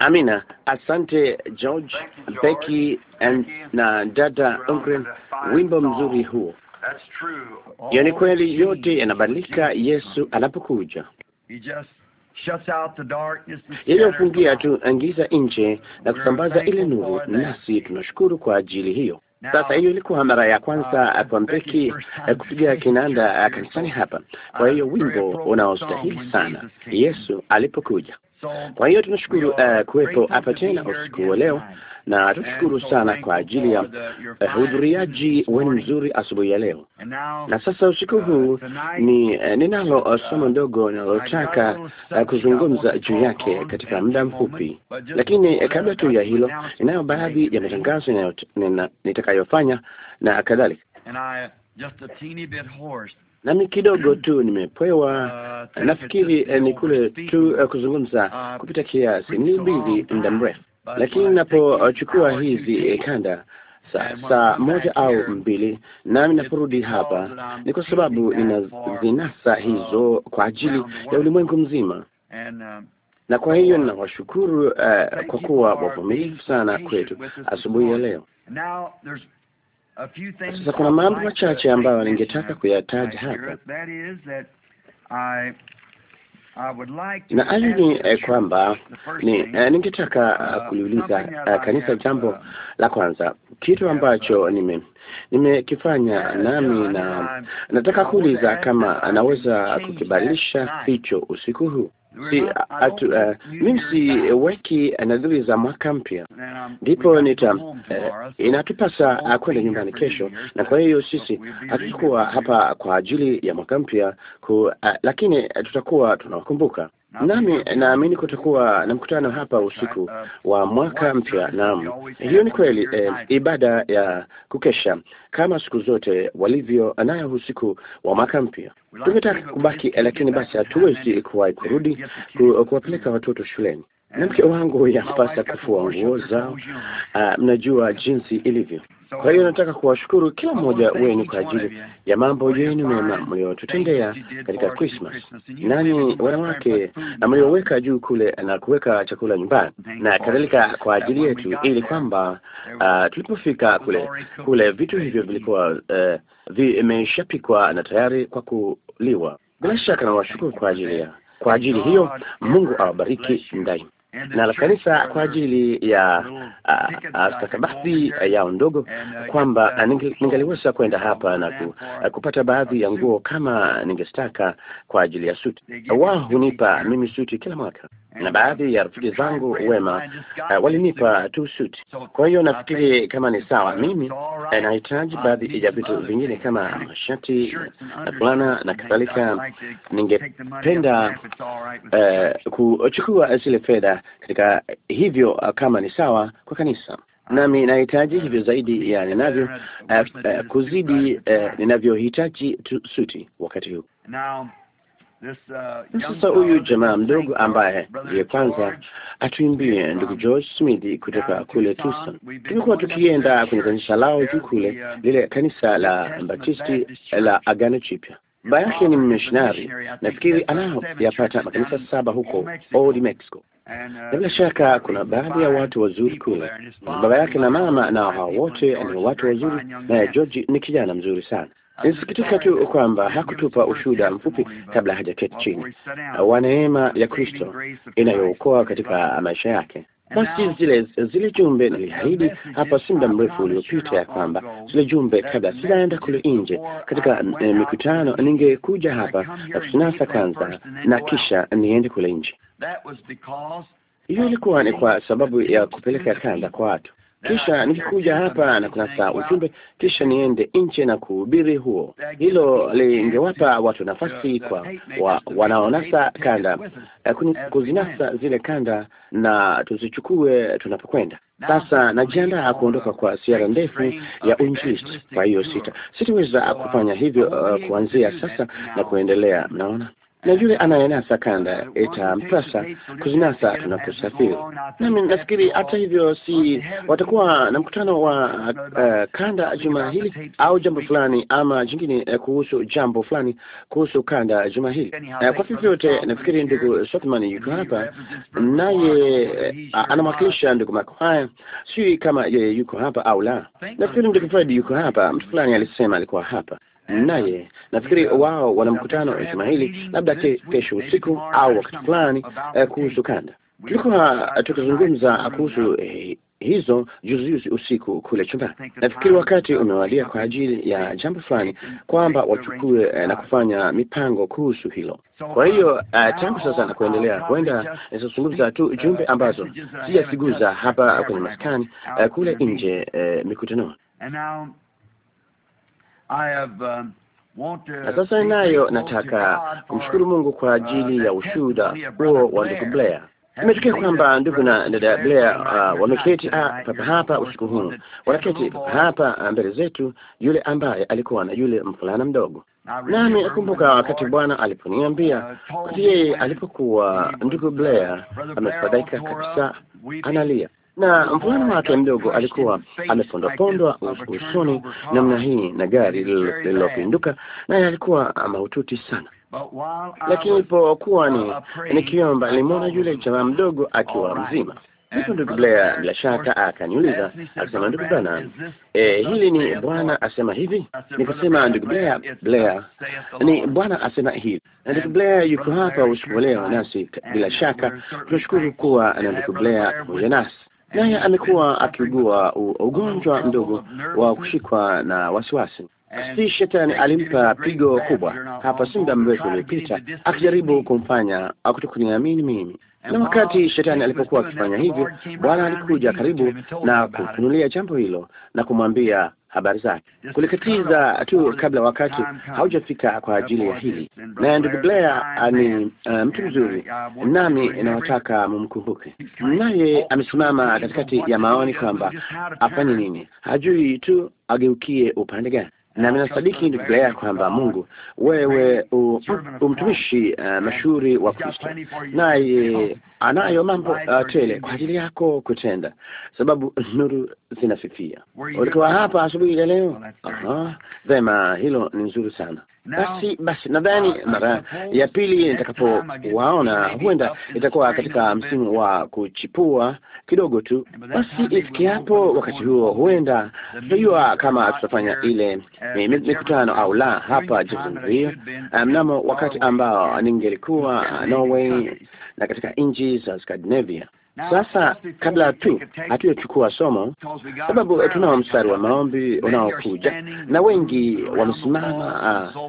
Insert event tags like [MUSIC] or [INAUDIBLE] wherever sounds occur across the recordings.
Amina, asante George, Becky na dada Ungren, wimbo mzuri huo. Hiyo ni kweli, oh, yote yanabadilika Yesu anapokuja. Yeye hufungia tu angiza nje na kusambaza ile nuru, nasi tunashukuru kwa ajili hiyo. Sasa hiyo ilikuwa mara ya kwanza kwa uh, Mbeki eh, kupiga kinanda kanisani hapa. Kwa uh, hiyo wimbo unaostahili sana Yesu alipokuja. Kwa hiyo tunashukuru uh, kuwepo hapa tena usiku wa leo, na tunashukuru sana kwa ajili ya uh, hudhuriaji wenu mzuri asubuhi ya leo. Na sasa usiku uh, huu ni eh, uh, ninalo uh, somo ndogo ninalotaka uh, kuzungumza juu yake katika muda mfupi, lakini uh, kabla tu ya hilo, ninayo baadhi ya matangazo nitakayofanya na kadhalika nami kidogo tu nimepewa. Uh, nafikiri eh, ni kule tu eh, kuzungumza uh, kupita kiasi, ni nilibidi muda mrefu, lakini ninapochukua hizi eh, kanda saa sa moja au mbili, nami naporudi hapa ni kwa sababu ninazinasa hizo kwa uh, ajili ya ulimwengu mzima um, na kwa hiyo ninawashukuru uh, kwa kuwa wavumilivu sana kwetu asubuhi ya leo. Sasa kuna mambo machache ambayo ningetaka kuyataja hapa na hayo eh, ni eh, kwamba ni eh, ningetaka eh, eh, uh, kuliuliza uh, kanisa jambo la kwanza, kitu ambacho uh, nime nimekifanya nami, na nataka kuuliza kama anaweza kukibadilisha hicho usiku huu si, uh, mimi siweki nadhiri za mwaka mpya, um, ndipo nita uh, inatupasa uh, kwenda nyumbani kesho, na kwa hiyo sisi hatukuwa hapa kwa ajili ya mwaka mpya ku, uh, lakini eh, tutakuwa tunawakumbuka Nami naamini kutakuwa na mkutano hapa usiku uh, wa mwaka mpya. Naam, hiyo ni kweli. E, ibada ya kukesha kama siku zote walivyo nayo usiku wa mwaka mpya. Tungetaka kubaki, lakini basi hatuwezi kuwahi kurudi kuwapeleka watoto shuleni na mke wangu yapasa kufua nguo zao. Uh, mnajua jinsi ilivyo. Kwa hiyo nataka kuwashukuru kila mmoja wenu kwa ajili ya mambo yenu mema mliotutendea katika Christmas, nanyi wanawake mlioweka juu kule na kuweka chakula nyumbani na kadhalika kwa ajili yetu, ili kwamba uh, tulipofika kule kule vitu hivyo vilikuwa uh, vimeshapikwa na tayari kwa kuliwa. Bila shaka nawashukuru kwa ajili ya kwa ajili hiyo. Mungu awabariki ndaima na la kanisa kwa ajili ya stakabadhi yao ndogo, uh, kwamba uh, ningeliweza kwenda hapa na ku, a, uh, kupata baadhi ya nguo kama ningestaka kwa ajili ya suti. Wao hunipa mimi suti kila mwaka na baadhi ya rafiki zangu wema uh, walinipa tu suti. Kwa hiyo nafikiri kama ni sawa, mimi eh, nahitaji baadhi ya vitu vingine kama mashati eh, na fulana na kadhalika. Ningependa uh, kuchukua zile fedha katika hivyo, uh, kama ni sawa kwa kanisa nami nahitaji hivyo zaidi ya ninavyo uh, uh, kuzidi uh, ninavyohitaji suti wakati huu. Sasa uh, huyu jamaa mdogo ambaye ndiye kwanza atuimbie ndugu um, George Smith kutoka kule Tucson, tulikuwa tukienda kwenye kanisa lao juu kule, um, lile kanisa la Batisti la Agano Chipya. Baba yake ni mmishinari, nafikiri uh, yapata makanisa saba huko Old Mexico, uh, na bila shaka kuna baadhi ya watu wazuri kule. Baba yake na mama na hao wote ni watu wazuri, naye George ni kijana mzuri sana. Nisikitika tu kwamba hakutupa ushuhuda mfupi kabla hajaketi chini wa neema ya Kristo inayookoa katika maisha yake. Basi zile zile jumbe niliahidi hapa si muda mrefu uliopita ya kwamba zile jumbe, kabla sijaenda kule nje katika eh, mikutano, ningekuja hapa na kusinasa kwanza na kisha niende kule nje. Hiyo ilikuwa ni kwa sababu ya kupeleka kanda kwa watu kisha nikikuja hapa na kunasa ujumbe, kisha niende nje na kuhubiri huo. Hilo lingewapa watu nafasi kwa wa, wanaonasa kanda eh, kuzinasa zile kanda na tuzichukue tunapokwenda. Sasa najiandaa kuondoka kwa siara ndefu ya uinjilisti, kwa hiyo sita sitaweza kufanya hivyo uh, kuanzia sasa na kuendelea. Mnaona, na yule anayenasa kanda itampasa kuzinasa tunaposafiri. Nami nafikiri hata hivyo, si watakuwa na mkutano wa uh, kanda juma hili au jambo fulani ama jingine, uh, kuhusu jambo fulani kuhusu kanda juma hili. Uh, kwa vyovyote, nafikiri ndugu Sotman yuko hapa, naye uh, anamwakilisha ndugu Makhaya, sijui kama yeye yuko hapa au la. Nafikiri ndugu Fred yuko hapa, mtu fulani alisema alikuwa hapa naye nafikiri wao wana mkutano Ismaili, labda kesho usiku au wakati fulani, eh, kuhusu kanda. Tulikuwa tukizungumza kuhusu eh, hizo juzijuzi usiku kule chumbani. Nafikiri wakati umewalia kwa ajili ya jambo fulani, kwamba wachukue eh, na kufanya mipango kuhusu hilo. Kwa um, hiyo tangu sasa na kuendelea, huenda nitazungumza tu uh, jumbe ambazo sijasigumza hapa kwenye maskani kule nje mikutano Um, na sasa ninayo nataka kumshukuru Mungu kwa uh, ajili ya ushuhuda huo wa ndugu Blair. Imetokea kwamba ndugu na dada Blair uh, wameketi papa hapa usiku huu, wanaketi papa hapa uh, mbele zetu, yule ambaye alikuwa na yule mfulana mdogo. Nami nakumbuka wakati Bwana aliponiambia uh, wakati yeye alipokuwa ndugu Blair amefadhaika kabisa, analia na mvulana wake mdogo alikuwa amepondwapondwa usoni namna hii na gari lililopinduka, naye alikuwa mahututi sana. Lakini ilipokuwa ni nikiomba, nilimwona yule jamaa mdogo akiwa mzima. Ndipo ndugu Blair bila shaka akaniuliza, akasema, ndugu bwana, eh, hili ni Bwana asema hivi. Nikasema, ndugu Blair, Blair, ni Bwana asema hivi. Na ndugu Blair yuko hapa usiku leo nasi, bila shaka tunashukuru kuwa na ndugu Blair pamoja nasi naye amekuwa akiugua ugonjwa mdogo wa kushikwa na wasiwasi. Si shetani alimpa pigo kubwa hapa si muda mrefu uliopita, akijaribu kumfanya akutokuniamini mimi. Na wakati shetani alipokuwa akifanya hivyo, Bwana alikuja karibu na kufunulia jambo hilo na kumwambia habari zake. Kulikatiza tu kabla wakati haujafika kwa ajili ya hili, na ndugu Blair ni uh, mtu mzuri, nami inawataka mumkumbuke. Naye amesimama katikati ya maoni kwamba afanye nini, hajui tu ageukie upande gani na ninasadiki ndugu ya kwamba Mungu, wewe umtumishi uh, mashuhuri wa Kristo, naye eh, anayo mambo uh, tele kwa ajili yako kutenda, sababu nuru zinafifia. Ulikuwa hapa asubuhi ya leo? vema, hilo ni nzuri sana. Basi basi, nadhani mara ya pili nitakapowaona, huenda itakuwa katika msimu wa kuchipua kidogo tu. Basi ifikiapo wakati huo huenda tutajua kama tutafanya ile uh, mikutano au la hapa Jacksonville, uh, mnamo wakati ambao ningelikuwa Norway na katika nchi za Scandinavia. Sasa kabla tu hatuyochukua somo, sababu tunao mstari wa maombi unaokuja, na wengi wamesimama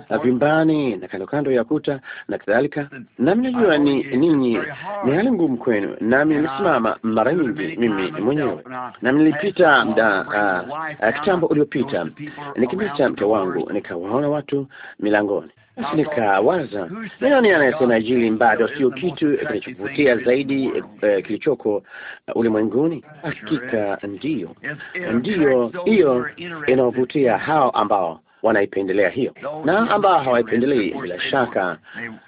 ah, vyumbani na kando kando ya kuta na kadhalika, nami najua ni ninyi ni hali ngumu kwenu, nami nimesimama mara nyingi mimi mwenyewe, na nilipita mda ah, ah, kitambo uliopita, nikipita mke wangu nikawaona watu milangoni nikawaza ni nani anayesema Injili bado sio kitu kinachovutia zaidi eh, kilichoko eh, ulimwenguni? Hakika ndiyo, ndiyo hiyo inaovutia hao ambao wanaipendelea hiyo, na ambao hawaipendelei bila shaka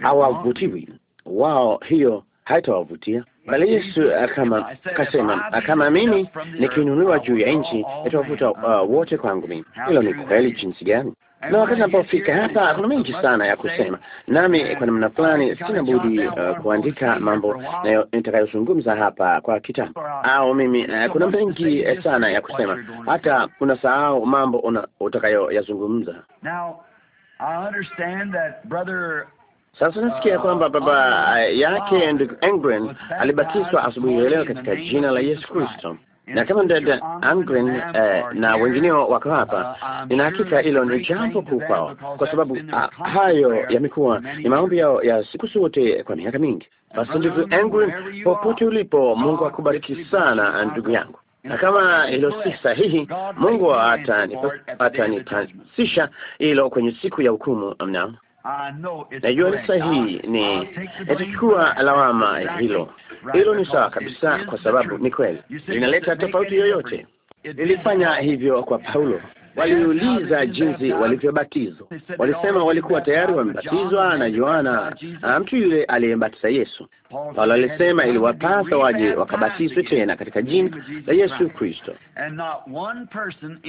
hawavutiwi wao, hiyo haitawavutia bali Yesu akama eh, kasema, kama mimi nikiinuliwa juu ya nchi nitawavuta uh, wote kwangu mimi. Hilo ni kweli jinsi gani! na wakati napofika hapa kuna mengi eh, eh, sana eh, ya kusema, nami kwa namna fulani sina budi uh, kuandika mambo nitakayozungumza hapa kwa kitabu au mimi uh, kuna mengi sana ya kusema, hata kuna sahau mambo utakayoyazungumza. Sasa nasikia kwamba baba yake Engren alibatizwa asubuhi ya leo katika jina la Yesu Kristo na kama dada Angren eh, na wengineo wako hapa, uh, um, nina hakika hilo ni jambo kuu kwao, kwa sababu ah, hayo yamekuwa ni maombi yao ya siku zote kwa miaka mingi. Basi ndivyo Angren, popote ulipo, Mungu akubariki sana ndugu yangu, na kama hilo si sahihi, Mungu atanipa, atanipasisha hilo kwenye siku ya hukumu. Mnaona najua ni sahihi, ni nitachukua lawama hilo. Hilo ni sawa kabisa, kwa sababu ni kweli, linaleta tofauti yoyote. lilifanya hivyo kwa Paulo waliuliza jinsi walivyobatizwa. Walisema walikuwa tayari wamebatizwa na Yohana, mtu yule aliyembatiza Yesu. Paulo alisema iliwapasa waje wakabatizwe tena katika jina la Yesu Kristo,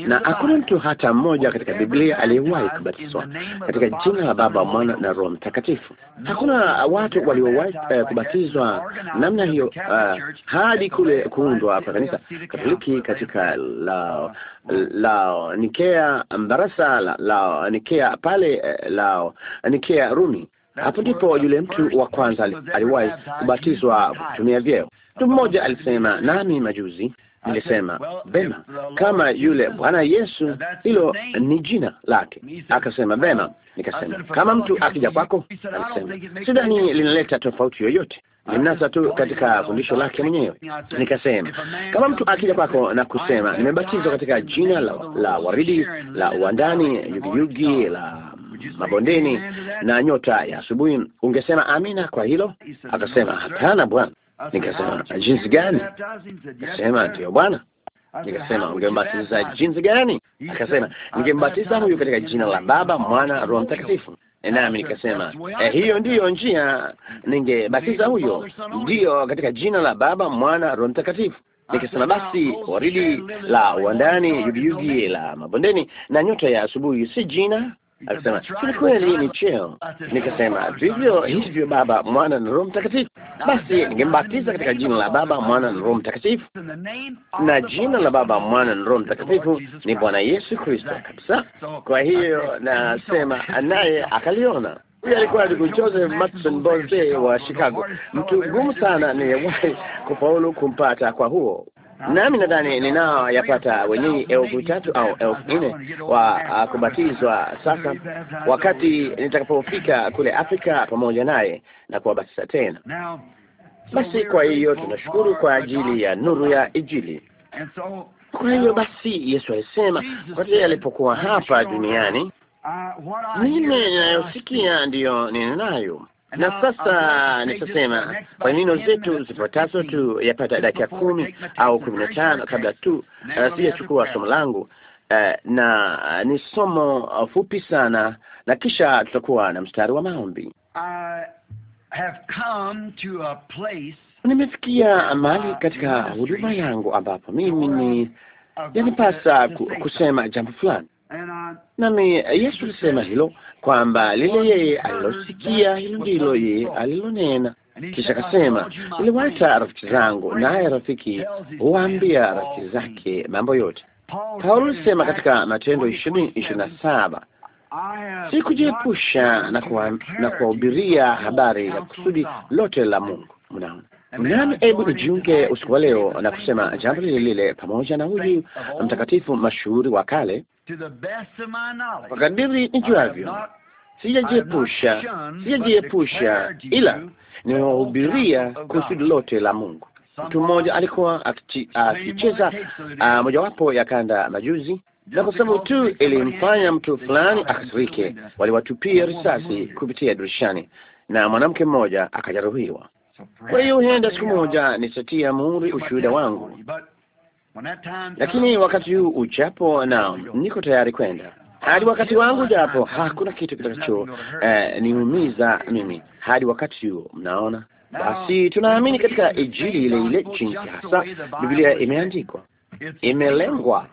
na hakuna mtu hata mmoja katika Biblia aliyewahi kubatizwa katika jina la Baba, Mwana na Roho Mtakatifu. Hakuna watu waliowahi uh, kubatizwa namna hiyo uh, hadi kule kuundwa hapa kanisa Katoliki katika la nikea mbarasa la nikea pale eh, nikea Rumi. Hapo ndipo yule mtu wa kwanza aliwahi kubatizwa kutumia vyeo. Mtu mmoja alisema nami majuzi, nilisema bema, kama yule Bwana Yesu, hilo ni jina lake. Akasema bema. Nikasema kama mtu akija kwako, alisema sidhani linaleta tofauti yoyote. Nimnasa tu katika fundisho lake mwenyewe. Nikasema, kama mtu akija kwako na kusema nimebatizwa katika jina la, la waridi la uandani yugiyugi la mabondeni na nyota ya asubuhi, ungesema amina kwa hilo? Akasema hapana bwana. Nikasema jinsi gani? Akasema ndiyo bwana. Nikasema ungembatiza jinsi gani? Akasema ningembatiza huyu katika jina la Baba, Mwana, Roho Mtakatifu. Eh, nami nikasema eh, hiyo ndiyo njia ningebatiza huyo, ndiyo katika jina la Baba, Mwana, Roho Mtakatifu. Nikasema basi waridi la uandani, yugiyugi la mabondeni na nyota ya asubuhi si jina alisema si kweli, ni cheo. Nikasema vivyo hivyo, Baba, Mwana na Roho Mtakatifu. Basi ningembatiza katika jina la Baba, Mwana na Roho Mtakatifu. Na jina la Baba, Mwana na Roho Mtakatifu ni Bwana Yesu Kristo kabisa. Kwa hiyo nasema, naye akaliona. Huyu alikuwa ndugu Joseph Matson Bolte wa Chicago, mtu mgumu sana, niyewahi kufaulu kumpata kwa huo nami nadhani ninao yapata wenyewe elfu tatu au elfu nne wa ah, kubatizwa sasa, wakati nitakapofika kule Afrika pamoja naye na kuwabatiza tena. Basi kwa hiyo tunashukuru kwa ajili ya nuru ya Injili. Kwa hiyo basi, Yesu alisema wakati alipokuwa hapa duniani, mimi ninayosikia ndiyo ninenayo na sasa nitasema kwa nino zetu zifuatazo tu yapata dakika kumi au kumi na tano kabla tu eh, sijachukua somo langu eh, na ni somo eh, fupi sana, na kisha tutakuwa na mstari wa maombi. Nimefikia mahali katika huduma yangu ambapo mimi ni yanipasa kusema jambo fulani, nami Yesu alisema hilo kwamba lile yeye alilosikia hilo ndilo yeye alilonena. Kisha akasema niliwaita rafiki zangu, naye rafiki huwaambia rafiki zake mambo yote. Paulo alisema katika Matendo ishirini ishirini na saba sikujiepusha na kuwahubiria habari ya kusudi lote la Mungu. Mnaona, Mnami, hebu tujiunge usiku wa leo na kusema jambo lile lile pamoja na huyu mtakatifu mashuhuri wa kale. Kwa kadiri nijuavyo, sijajiepusha sijajiepusha, ila niwahubiria kusudi lote la Mungu. Mtu mmoja alikuwa akicheza ah, mojawapo ya kanda majuzi na kwa sababu tu ilimfanya mtu fulani akasirike, waliwatupia risasi kupitia dirishani na mwanamke mmoja akajeruhiwa. Kwa hiyo huenda siku moja nitatia muhuri ushuhuda wangu, lakini wakati huu ujapo, na niko tayari kwenda hadi wakati wangu japo hakuna kitu kitakacho eh, niumiza mimi hadi wakati huo. Mnaona, basi tunaamini katika Injili ile ile, jinsi hasa Biblia imeandikwa, imelengwa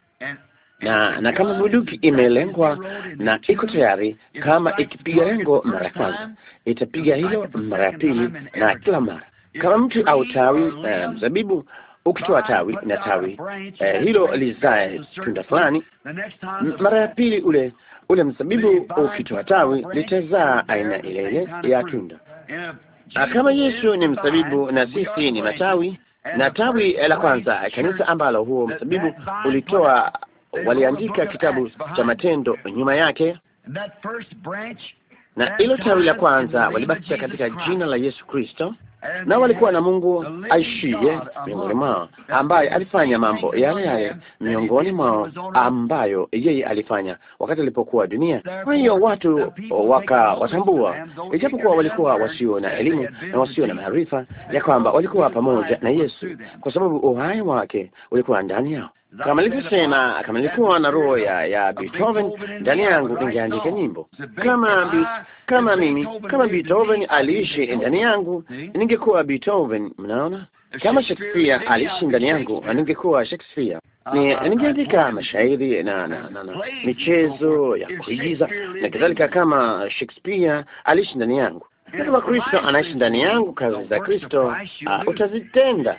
na na kama bunduki imelengwa na iko tayari, kama ikipiga lengo mara ya kwanza, itapiga hilo mara ya pili na kila mara. Kama mtu au tawi eh, mzabibu um, ukitoa tawi na tawi eh, hilo lizae tunda fulani, mara ya pili ule ule mzabibu ukitoa tawi litazaa aina ile ile ya tunda. Ah, kama Yesu ni mzabibu na sisi ni matawi, na tawi eh, la kwanza kanisa ambalo huo mzabibu ulitoa waliandika kitabu cha Matendo nyuma yake, na ilo tawi la kwanza walibakisha katika jina la Yesu Kristo, na walikuwa na Mungu aishiye miongoni mwao, ambaye alifanya mambo yale yale miongoni mwao ambayo yeye alifanya wakati alipokuwa dunia. Kwa hiyo watu wakawatambua, ijapokuwa walikuwa wasio na elimu na wasio na maarifa, ya kwamba walikuwa pamoja na Yesu, kwa sababu uhai wake ulikuwa ndani yao. Kama sema kama na roho ya, ya Beethoven ndani yangu, ningeandika nyimbo kama kama mimi kama Beethoven aliishi ndani yangu, ningekuwa Beethoven. Mnaona, kama Shakespeare aliishi ndani yangu, ningekuwa Shakespeare. Ni ningeandika mashairi na, na, na, na michezo ya kuigiza na kadhalika, kama Shakespeare aliishi ndani yangu Mtu wa Kristo anaishi ndani yangu, kazi za Kristo uh, utazitenda.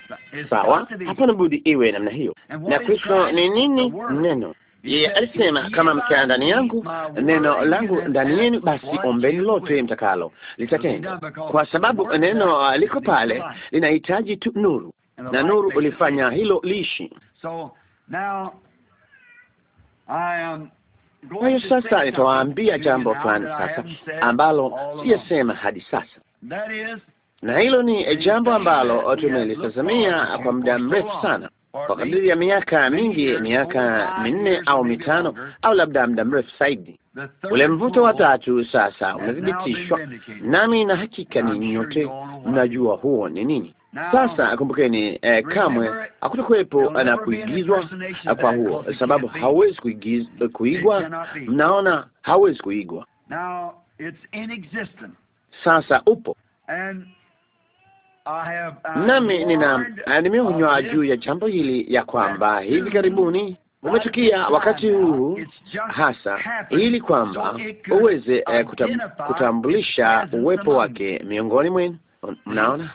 Sawa, hapana budi iwe namna hiyo. Na Kristo ni nini? Neno. Yeye alisema kama mkaa ndani yangu, neno langu ndani yenu, basi ombeni lote mtakalo litatenda, kwa sababu neno ah, liko pale, linahitaji tu nuru, na nuru ulifanya hilo liishi. So now I am kwa hiyo sasa nitawaambia jambo fulani sasa ambalo siyasema hadi sasa, na hilo ni jambo ambalo tumelitazamia kwa muda mrefu sana, kwa kadiri ya miaka mingi, miaka minne au mitano au labda muda mrefu zaidi. Ule mvuto wa tatu sasa umethibitishwa, nami na hakika ni nyote mnajua huo ni nini. Sasa kumbukeni, eh, kamwe hakutakuwepo na kuigizwa kwa huo, sababu hawezi kuigwa. Mnaona, hawezi kuigwa. Sasa upo uh, nami nina nimeonywa juu ya jambo hili ya kwamba hivi karibuni umetukia wakati huu hasa, ili kwamba uweze eh, kutambulisha uwepo wake miongoni mwenu. Mnaona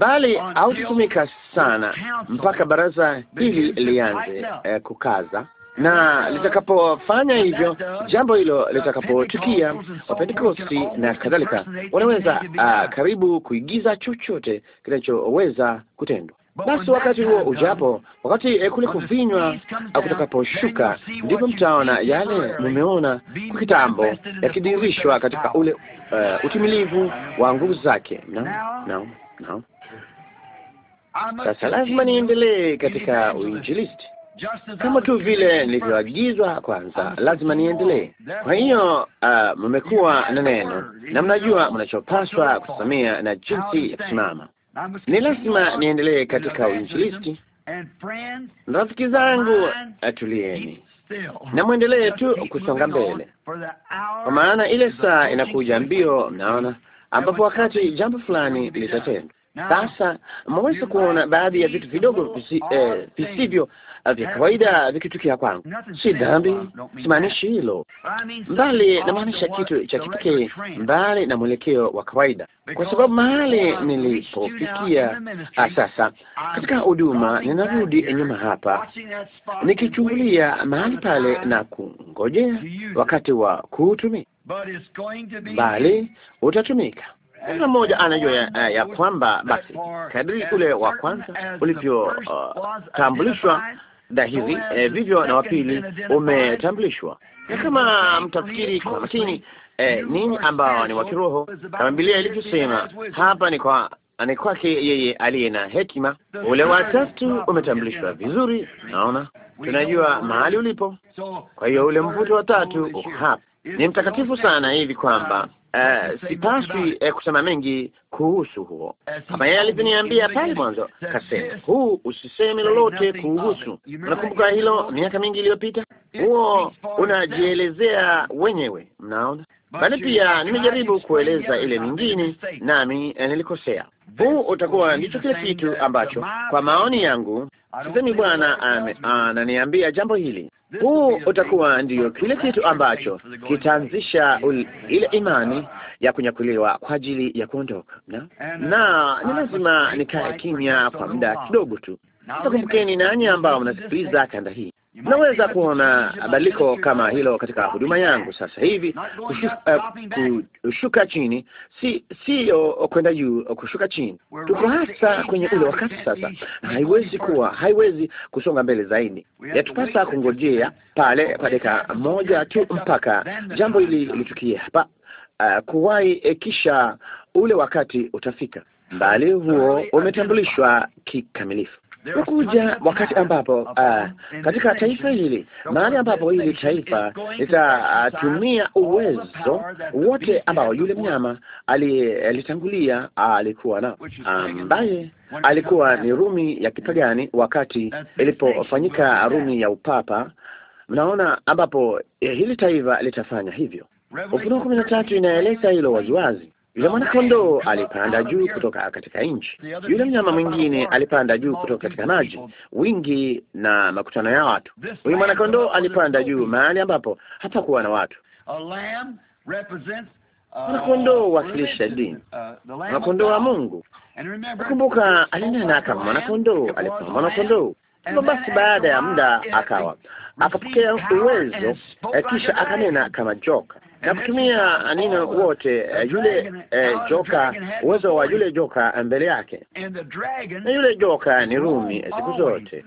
bali hautatumika sana mpaka baraza hili lianze eh, kukaza na litakapofanya hivyo, jambo hilo litakapotukia, Wapentekosti na kadhalika wanaweza uh, karibu kuigiza chochote kinachoweza kutendwa. Basi wakati huo ujapo, wakati eh, kule kuvinywa kutakaposhuka, ndipo mtaona yale mumeona kwa kitambo yakidirishwa katika ule uh, utimilivu wa nguvu zake. No, no, no. Sasa lazima niendelee katika uinjilisti kama tu vile nilivyoagizwa kwanza, lazima niendelee. Kwa hiyo uh, mmekuwa na neno na mnajua mnachopaswa kusimamia na jinsi ya kusimama. Ni lazima niendelee katika uinjilisti. Rafiki zangu, atulieni. Eh, na mwendelee tu kusonga mbele, kwa maana ile saa inakuja mbio, mnaona, ambapo wakati jambo fulani litatendwa. Sasa mwaweza kuona baadhi ya vitu vidogo eh, visivyo eh, vya kawaida vikitukia kwangu. Si dhambi, simaanishi hilo, mbali namaanisha kitu cha kipekee, mbali na mwelekeo wa kawaida, kwa sababu mahali nilipofikia ah, sasa katika huduma, ninarudi nyuma hapa nikichungulia mahali pale na kungojea wakati wa kuutumia, bali utatumika kila mmoja anajua ya, eh, ya kwamba basi kadri ule wa kwanza ulivyotambulishwa uh, na hizi eh, vivyo na wapili umetambulishwa. Na kama mtafikiri kwa makini eh, ninyi ambao ni wa kiroho, kama Biblia ilivyosema hapa ni kwa ni kwake yeye aliye na hekima. Ule wa tatu umetambulishwa vizuri, naona tunajua mahali ulipo. Kwa hiyo ule mvuto wa tatu uko hapa, ni mtakatifu sana hivi kwamba Eh, sipaswi eh, kusema mengi kuhusu huo. Eh, Kama yeye alivyoniambia pale mwanzo, kasema huu usiseme lolote kuhusu. Unakumbuka hilo miaka mingi iliyopita? Huo unajielezea wenyewe, mnaona. Bali pia nimejaribu kueleza ile mingine, nami eh, nilikosea. Huu utakuwa ndicho kile kitu ambacho kwa maoni yangu, sisemi Bwana ananiambia jambo hili huu utakuwa ndiyo kile kitu ambacho kitaanzisha ile imani ya kunyakuliwa kwa ajili ya kuondoka, na na ni lazima nikae kimya kwa muda kidogo tu. Sasa kumbukeni, nanyi ambao mnasikiliza kanda hii, Naweza kuona badiliko kama hilo katika huduma yangu sasa hivi. Eh, kushuka, chini, si siyo kwenda juu, kushuka chini. Tuko hasa kwenye ule wakati sasa, haiwezi kuwa, haiwezi kusonga mbele zaidi. Yatupasa kungojea pale kwa dakika moja tu mpaka jambo hili litukie hapa, uh, kuwahi, eh, kisha ule wakati utafika. Mbali huo umetambulishwa kikamilifu hukuja wakati ambapo uh, katika taifa hili, mahali ambapo hili taifa litatumia uh, uwezo wote ambao yule mnyama alitangulia ah, alikuwa na ah, ambaye alikuwa ni Rumi ya kipagani wakati ilipofanyika Rumi ya upapa. Mnaona ambapo eh, hili taifa litafanya hivyo. Ufunuo kumi na tatu inaeleza hilo waziwazi. Yule mwanakondoo alipanda juu kutoka katika nchi, yule mnyama mwingine alipanda juu kutoka katika maji, wingi na makutano ya watu. Huyu mwanakondoo alipanda juu mahali ambapo hapakuwa na watu. Mwanakondoo wakilisha dini, mwanakondoo wa Mungu. kumbuka alinena kama mwanakondoo, alikuwa mwanakondoo. Hivyo basi, baada ya muda akawa akapokea uwezo, eh, kisha akanena kama joka na kutumia wote, eh, yule eh, joka, uwezo wa yule joka mbele yake, na yule joka ni Rumi eh, siku zote.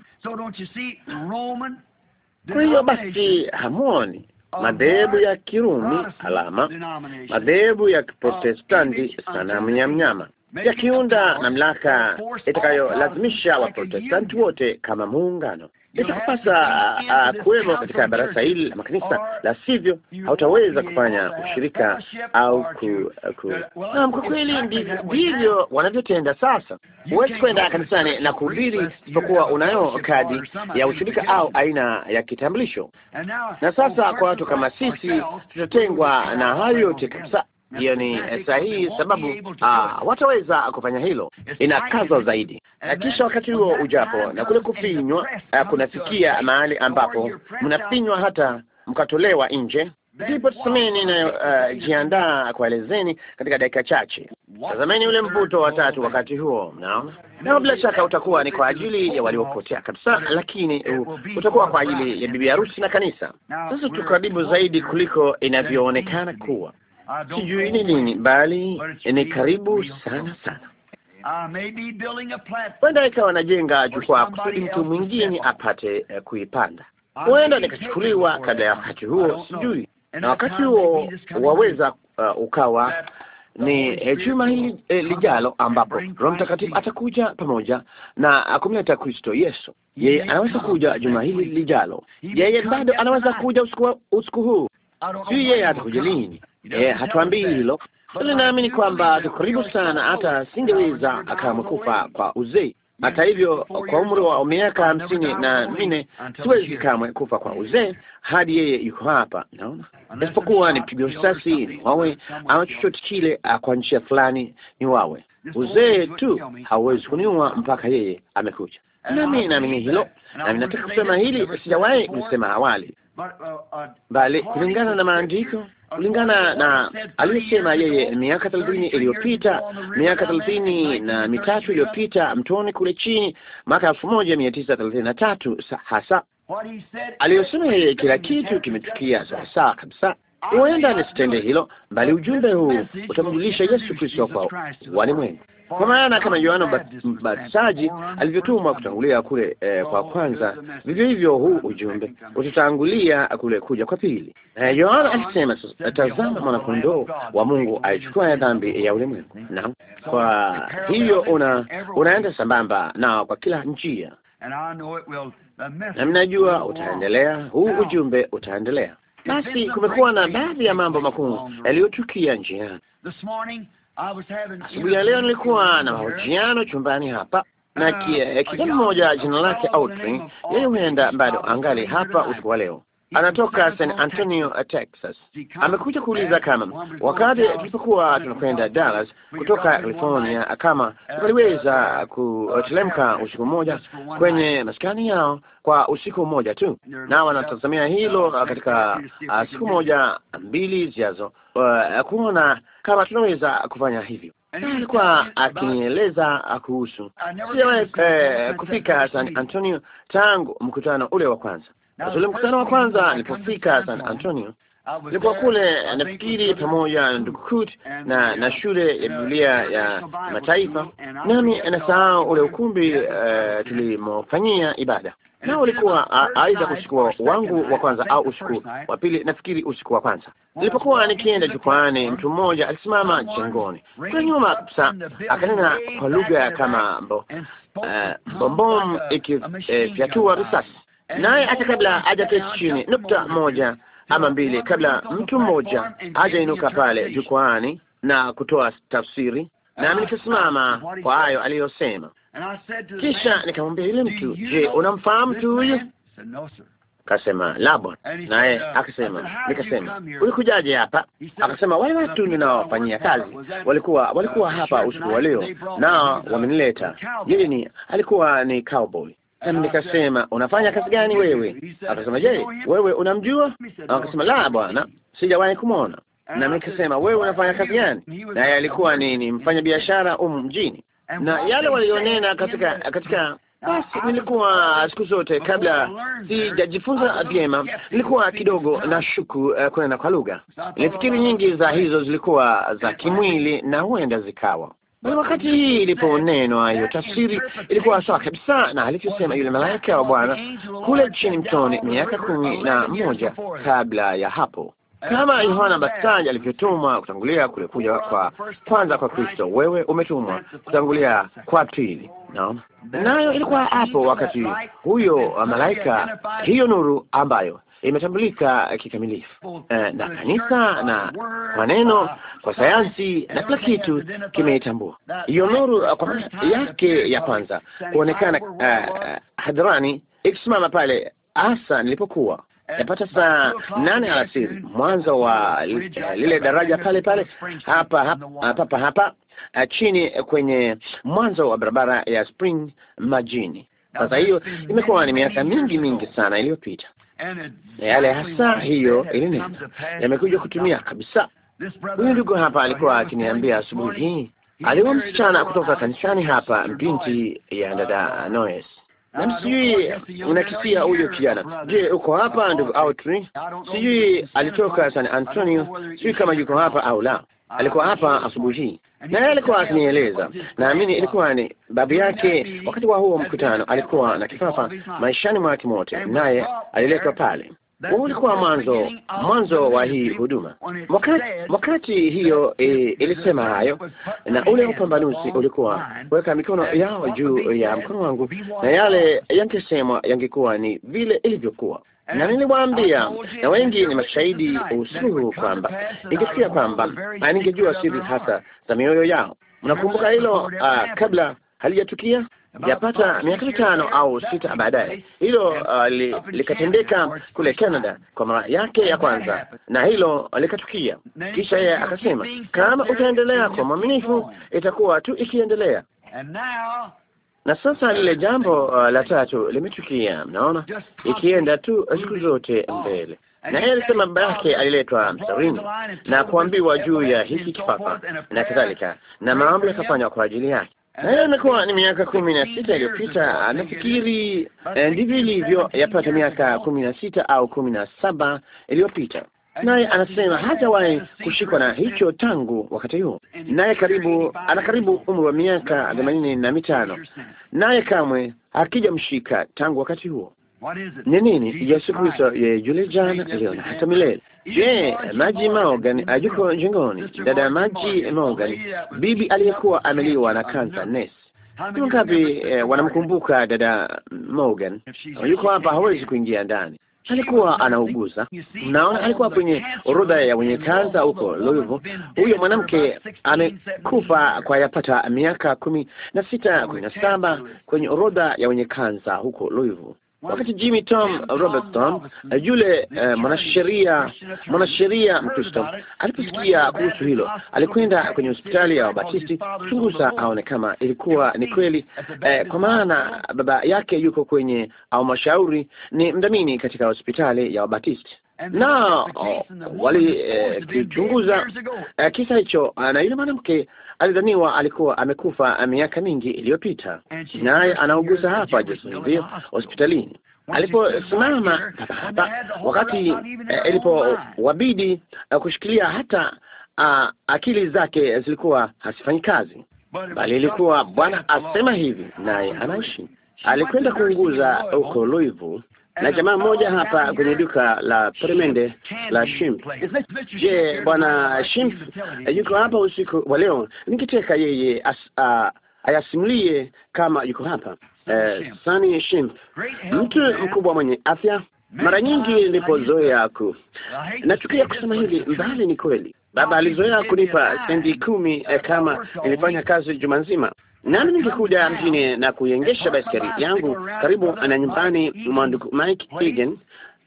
Kwa hiyo basi, hamwoni madhehebu ya Kirumi alama, madhehebu ya Kiprotestanti sanamu ya mnyama yakiunda mamlaka itakayolazimisha Waprotestanti wote kama muungano Itakupasa ah, kuwemo katika darasa hili la makanisa, la sivyo hautaweza kufanya uh, ushirika au ku, eh, ku. Naam, kwa kweli ndivyo wanavyotenda sasa. Huwezi kwenda kanisani na kuhubiri isipokuwa unayo kadi ya ushirika au aina ya kitambulisho. Na sasa kwa watu kama sisi tutatengwa na hayo yote kabisa hiyo ni eh, sahihi, sababu uh, ah, wataweza kufanya hilo. inakazwa zaidi, na eh, kisha wakati huo ujapo na kule kufinywa, uh, kunafikia mahali ambapo mnafinywa hata mkatolewa nje. Ndipo tazameni inayojiandaa uh, kuelezeni katika dakika chache. Tazameni ule mvuto wa tatu wakati huo, mnaona, na bila shaka utakuwa ni kwa ajili ya waliopotea kabisa, lakini uh, utakuwa kwa ajili ya bibi harusi na kanisa. Sasa tukaribu zaidi kuliko inavyoonekana kuwa sijui ni nini, bali ni karibu sana sana. Huenda ikawa najenga jukwaa kusudi mtu mwingine apate eh, kuipanda. Huenda nikachukuliwa kabla ya wakati huo, sijui. Na wakati huo waweza uh, ukawa ni eh, juma hili eh, lijalo ambapo Roho Mtakatifu atakuja pamoja na kumleta Kristo Yesu. Yeye anaweza kuja juma hili lijalo, yeye bado anaweza kuja usiku usiku huu, sijui yeye atakuja lini. Eh, hatuambii hilo bali naamini kwamba karibu sana, hata singeweza akamkufa kwa uzee. Hata hivyo, kwa umri wa miaka hamsini na nne siwezi kamwe kufa kwa uzee hadi yeye yuko hapa, naona isipokuwa nipigwe risasi ni wawe ama chochote kile, ah, kwa njia fulani ni wawe. Uzee tu hauwezi kuniua mpaka yeye amekuja, nami naamini hilo, nami nataka kusema hili, sijawahi kusema awali Uh, uh, bali kulingana na maandiko, kulingana na aliyosema yeye miaka thelathini iliyopita, miaka thelathini na mitatu iliyopita mtoni kule chini, mwaka elfu moja mia tisa thelathini na tatu hasa aliyosema yeye, kila kitu kimetukia sasa kabisa. Huenda nisitende hilo, bali ujumbe huu utamjulisha Yesu Kristo kwa walimwengu. Kwa maana kama Yohana Mbatizaji alivyotumwa kutangulia kule eh, kwa kwanza, vivyo hivyo huu ujumbe utatangulia kule kuja kwa pili. Na eh, Yohana alisema, tazama mwanakondoo wa Mungu aichukua dhambi ya ulimwengu. Na kwa hiyo una, unaenda sambamba na kwa kila njia, na mnajua utaendelea, huu ujumbe utaendelea. Basi kumekuwa na baadhi ya mambo makuu yaliyotukia njiani. Asubuhi ya leo nilikuwa na mahojiano chumbani hapa na ah, kijana eh, mmoja jina lake Autry, yeye huenda bado angali hapa usiku wa leo. Anatoka San Antonio, uh, Texas. Amekuja kuuliza kama wakati tulipokuwa tunakwenda Dallas kutoka California, kama tukaliweza uh, uh, kutelemka usiku mmoja kwenye maskani yao kwa usiku mmoja tu, na wanatazamia hilo katika siku moja mbili zijazo, uh, kuona kama tunaweza kufanya hivyo. Alikuwa akinieleza kuhusu, sijawahi eh, kufika San Antonio tangu mkutano ule wa kwanza. Ule mkutano wa kwanza nilipofika San Antonio Nilikuwa kule nafikiri pamoja na ndugu Kut na na shule uh, ya Biblia ya Mataifa, nami anasahau ule ukumbi uh, tulimofanyia ibada, na ulikuwa uh, aidha usiku wangu wa kwanza au usiku wa pili, nafikiri usiku wa kwanza. Nilipokuwa nikienda jukwaani, mtu mmoja alisimama jengoni kwa nyuma, akanena kwa lugha kama mbo, uh, bombom ikifyatua eh, risasi, naye hata kabla hajaketi chini nukta moja ama mbili kabla mtu mmoja hajainuka pale jukwaani na kutoa tafsiri, nami nikasimama kwa hayo aliyosema. Kisha nikamwambia yule mtu, je, unamfahamu mtu huyu? Akasema la bwana. Naye akasema, nikasema ulikujaje hapa? Akasema wale watu ninaowafanyia kazi walikuwa walikuwa hapa usiku wa leo, nao wamenileta. Yeye ni alikuwa ni cowboy Nikasema, unafanya kazi gani wewe? Akasema, je, wewe unamjua? Akasema, la bwana, sijawahi kumwona. Na nikasema, wewe unafanya kazi gani? Naye alikuwa ni, ni mfanya biashara humu mjini, na yale walionena katika katika basi nilikuwa siku zote kabla sijajifunza vyema, nilikuwa kidogo na shuku uh, eh, kunena kwa lugha. Nafikiri nyingi za hizo zilikuwa za kimwili na huenda zikawa Bali wakati hii iliponenwa hiyo tafsiri ilikuwa sawa kabisa na alichosema yule malaika wa Bwana kule chini mtoni, miaka kumi na moja kabla ya hapo, kama Yohana Mbatizaji alivyotumwa kutangulia kule kuja kwa kwanza kwa Kristo, wewe umetumwa kutangulia kwa pili. Naona nayo ilikuwa hapo wakati huyo malaika, hiyo nuru ambayo imetambulika kikamilifu eh, uh, na kanisa na kwa neno, kwa sayansi na kila kitu kimeitambua hiyo nuru uh, kwa yake ya kwanza kuonekana uh, hadharani ikisimama pale hasa nilipokuwa yapata saa nane alasiri mwanzo wa eh, lile daraja pale pale hapa hapa hapa, eh, hapa hapa chini kwenye mwanzo wa barabara ya Spring majini. Sasa hiyo imekuwa ni miaka mingi mingi sana iliyopita na yale hasa hiyo ilinena, yamekuja kutumia kabisa. Huyu ndugu hapa alikuwa akiniambia asubuhi hii, aliwa msichana kutoka kanisani hapa, binti ya uh, dada uh, Noes na sijui unakisia oh, huyo kijana. Je, uko hapa ndugu Autry? Sijui alitoka San Antonio, sijui kama yuko hapa au la. Ah, alikuwa hapa asubuhi hii, yeye alikuwa akinieleza, naamini ilikuwa ni babu yake. Wakati wa huo mkutano alikuwa na kifafa maishani mwake mote, naye aliletwa pale. Huu ulikuwa mwanzo mwanzo wa hii huduma. Wakati wakati hiyo e, ilisema hayo, na ule upambanuzi ulikuwa kuweka mikono yao juu ya mkono wangu, na yale yangesemwa yangekuwa ni vile ilivyokuwa na niliwaambia na wengi ni mashahidi usuhu kwamba ningesikia kwamba ningejua siri hasa za mioyo yao. Mnakumbuka hilo uh, kabla halijatukia yapata miaka mitano au sita baadaye, hilo uh, li, likatendeka kule Canada kwa mara yake ya kwanza, na hilo likatukia. Kisha yeye akasema, kama utaendelea kwa mwaminifu, itakuwa tu ikiendelea na sasa lile jambo uh, la tatu limetukia, mnaona, ikienda tu uh, siku zote mbele. Na yeye alisema baba yake aliletwa msarini na kuambiwa juu ya hiki kipapa na kadhalika, na maombi yakafanywa kwa ajili yake. Na yeye imekuwa ni miaka kumi na sita iliyopita, nafikiri eh, ndivyo ilivyo, yapata miaka kumi na sita au kumi na saba iliyopita naye anasema hajawahi kushikwa na hicho tangu wakati huo, naye karibu ana karibu umri wa miaka themanini na mitano, naye kamwe hakijamshika tangu wakati huo. Ni nini Yesu Kristo yeye yule jana, leo na hata milele? Je, Maji Morgan ajuko jengoni? Dada Maji Morgan, bibi aliyekuwa ameliwa na kansa nes, Ni wangapi eh, wanamkumbuka dada Morgan? Yuko hapa, hawezi kuingia ndani alikuwa anauguza. Mnaona, alikuwa kwenye orodha ya wenye kansa huko Louisville. Huyo mwanamke amekufa kwa yapata miaka kumi na sita kumi na saba kwenye orodha ya wenye kansa huko Louisville. Wakati Jimmy Tom Robertson eh, yule uh, mwanasheria mwanasheria Mkristo aliposikia kuhusu hilo, alikwenda kwenye hospitali ya Wabatisti kuchunguza aone kama ilikuwa ni kweli eh, kwa maana baba yake yuko kwenye mashauri ni mdhamini katika hospitali ya Wabatisti na walikichunguza eh, eh, kisa hicho, eh, na yule mwanamke alidhaniwa alikuwa amekufa miaka mingi iliyopita, naye anaugusa hapa Jacksonville hospitalini. Aliposimama hapa hapa wakati eh, ilipowabidi eh, eh, kushikilia hata ah, akili zake zilikuwa hazifanyi kazi, bali ilikuwa Bwana asema hivi, naye anaishi. Alikwenda kuunguza huko Louisville na jamaa mmoja hapa kwenye duka la peremende la Shimp. Je, bwana Shimp yuko hapa usiku wa leo? Ningeteka yeye ayasimulie kama yuko hapa. Eh, Sunny Shimp, mtu mkubwa mwenye afya. Mara nyingi nilipozoea ku, nachukia kusema hivi mbali ni kweli, baba alizoea kunipa sendi kumi eh, kama nilifanya kazi juma nzima nami nilikuja mjini na kuiengesha baiskeli yangu karibu na nyumbani mwa ndugu Mike Hagan,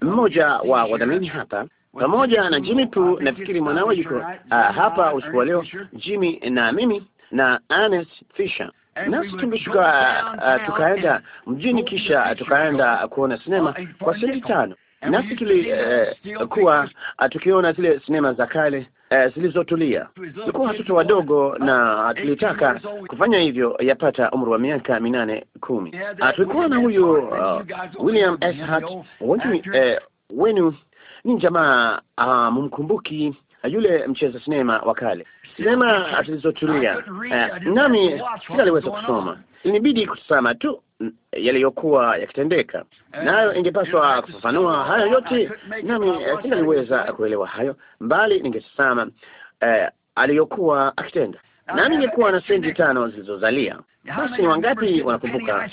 mmoja wa wadhamini hapa, pamoja na Jimmy tu Nafikiri mwanawe yuko ah, hapa usiku wa leo, Jimmy na mimi na Ernest Fisher nasi tungeshuka uh, ah, tukaenda mjini kisha tukaenda kuona sinema kwa senti tano. Nasi tulikuwa eh, uh, ah, tukiona zile sinema za kale eh, zilizotulia. Tulikuwa watoto wadogo na tulitaka kufanya hivyo, yapata umri wa miaka minane kumi. Uh, tulikuwa na huyu uh, William S. Hart eh, wenu ni jamaa uh, ah, mumkumbuki ah, yule mcheza sinema wa kale sinema zilizotulia, nami singaliweza kusoma, ilinibidi kutazama tu mm, yaliyokuwa yakitendeka, nayo ingepaswa kufafanua hayo yote, nami eh, singaliweza kuelewa hayo, mbali ningetazama eh, aliyokuwa akitenda nami ningekuwa na senti tano zilizozalia. Basi ni wangapi wanakumbuka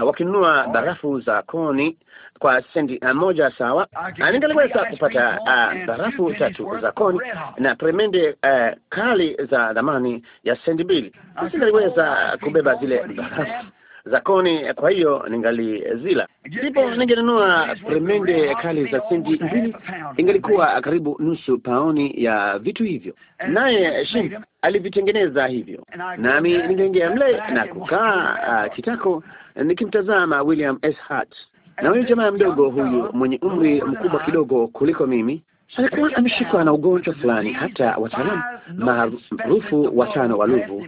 uh, wakinunua barafu za koni kwa sendi eh, moja sawa. Ah, ningeliweza kupata ah, barafu tatu za koni na premende uh, eh, kali za thamani ya sendi mbili. singaliweza kubeba zile barafu za koni, kwa hiyo ningalizila. Ndipo ningenunua premende kali za sendi mbili, ingelikuwa karibu nusu paoni ya vitu hivyo, naye Shim alivitengeneza hivyo, nami ningeingia mle na kukaa uh, kitako nikimtazama William S. Hart na huyu jamaa mdogo huyu mwenye umri mkubwa kidogo kuliko mimi alikuwa ameshikwa na ugonjwa fulani. Hata wataalamu maarufu watano wa luvu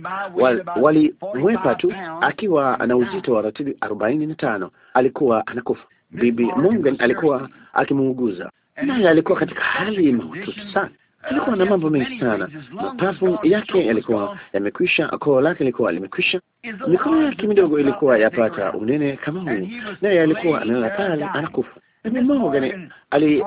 walimwepa tu akiwa na uzito wa ratili arobaini na tano. Alikuwa anakufa. Bibi Morgan alikuwa akimuuguza, naye alikuwa katika hali mahututi sana. Alikuwa na mambo mengi sana, mapafu yake yalikuwa yamekwisha, koo lake lilikuwa limekwisha, Mikono yake midogo ilikuwa yapata unene kama huu, naye alikuwa analala pale anakufa. gani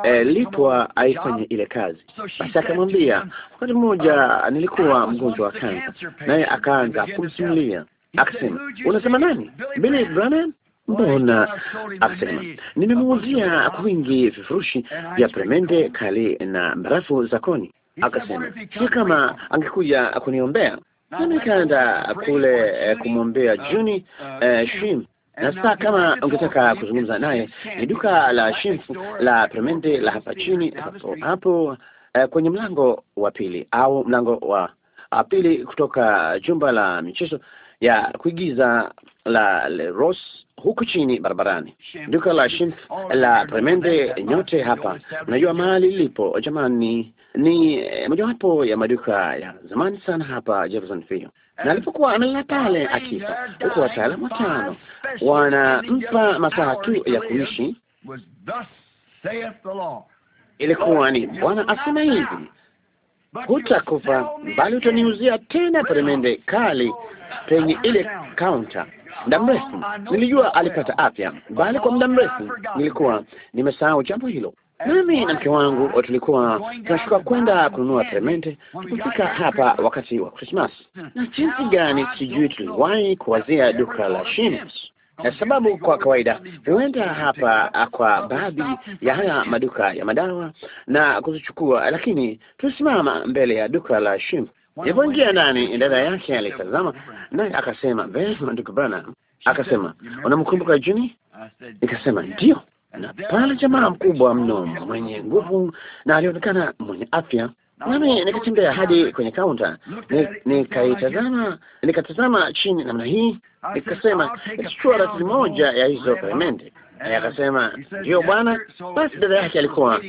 alilipwa eh, aifanye ile kazi. Basi akamwambia, wakati mmoja nilikuwa mgonjwa wa kansa, naye akaanza kumsimulia akasema, unasema nani? Billy Branham? Mbona akasema, nimemuuzia kwa wingi vifurushi vya peremende kali na barafu za koni. Akasema, si kama angekuja kuniombea nikaenda kule eh, kumwombea Juni eh, Shim na sasa kama ungetaka kuzungumza naye, ni duka la Shimfu la Premende la hapa chini hapo hapo, eh, kwenye mlango wa pili au mlango wa pili kutoka jumba la michezo ya kuigiza la Le huku chini barabarani, duka la Shim la premende Nyote hapa unajua mahali lipo, jamani. Ni eh, mojawapo ya maduka ya zamani sana hapa Jeffersonville, na alipokuwa amelala pale akifa, huku wataalamu watano wanampa masaa tu ya kuishi. Ilikuwa ni Bwana asema hivi, hutakufa bali utaniuzia tena peremende kali penye ile kaunta muda mrefu nilijua alipata afya, bali kwa muda mrefu nilikuwa nimesahau jambo hilo. Mimi na mke wangu eh, tulikuwa tunashuka kwenda kununua peremende tukifika hapa wakati wa Krismasi, na jinsi gani sijui tuliwahi kuwazia duka la Shines na sababu kwa kawaida huenda hapa eh, kwa baadhi ya haya maduka ya madawa na kuzichukua, lakini tulisimama mbele ya duka la Shim Nilipoingia ndani, dada yake alitazama, naye akasema, vema ndugu bana. akasema unamkumbuka Juni? Nikasema ndio. Na pale jamaa mkubwa mno mwenye nguvu na alionekana mwenye afya nami nikatembea hadi kwenye kaunta, nikaitazama nikatazama chini namna hii, nikasema itachukua ratili moja ya hizo peremende. Akasema ndio bwana. Basi dada yake alikuwa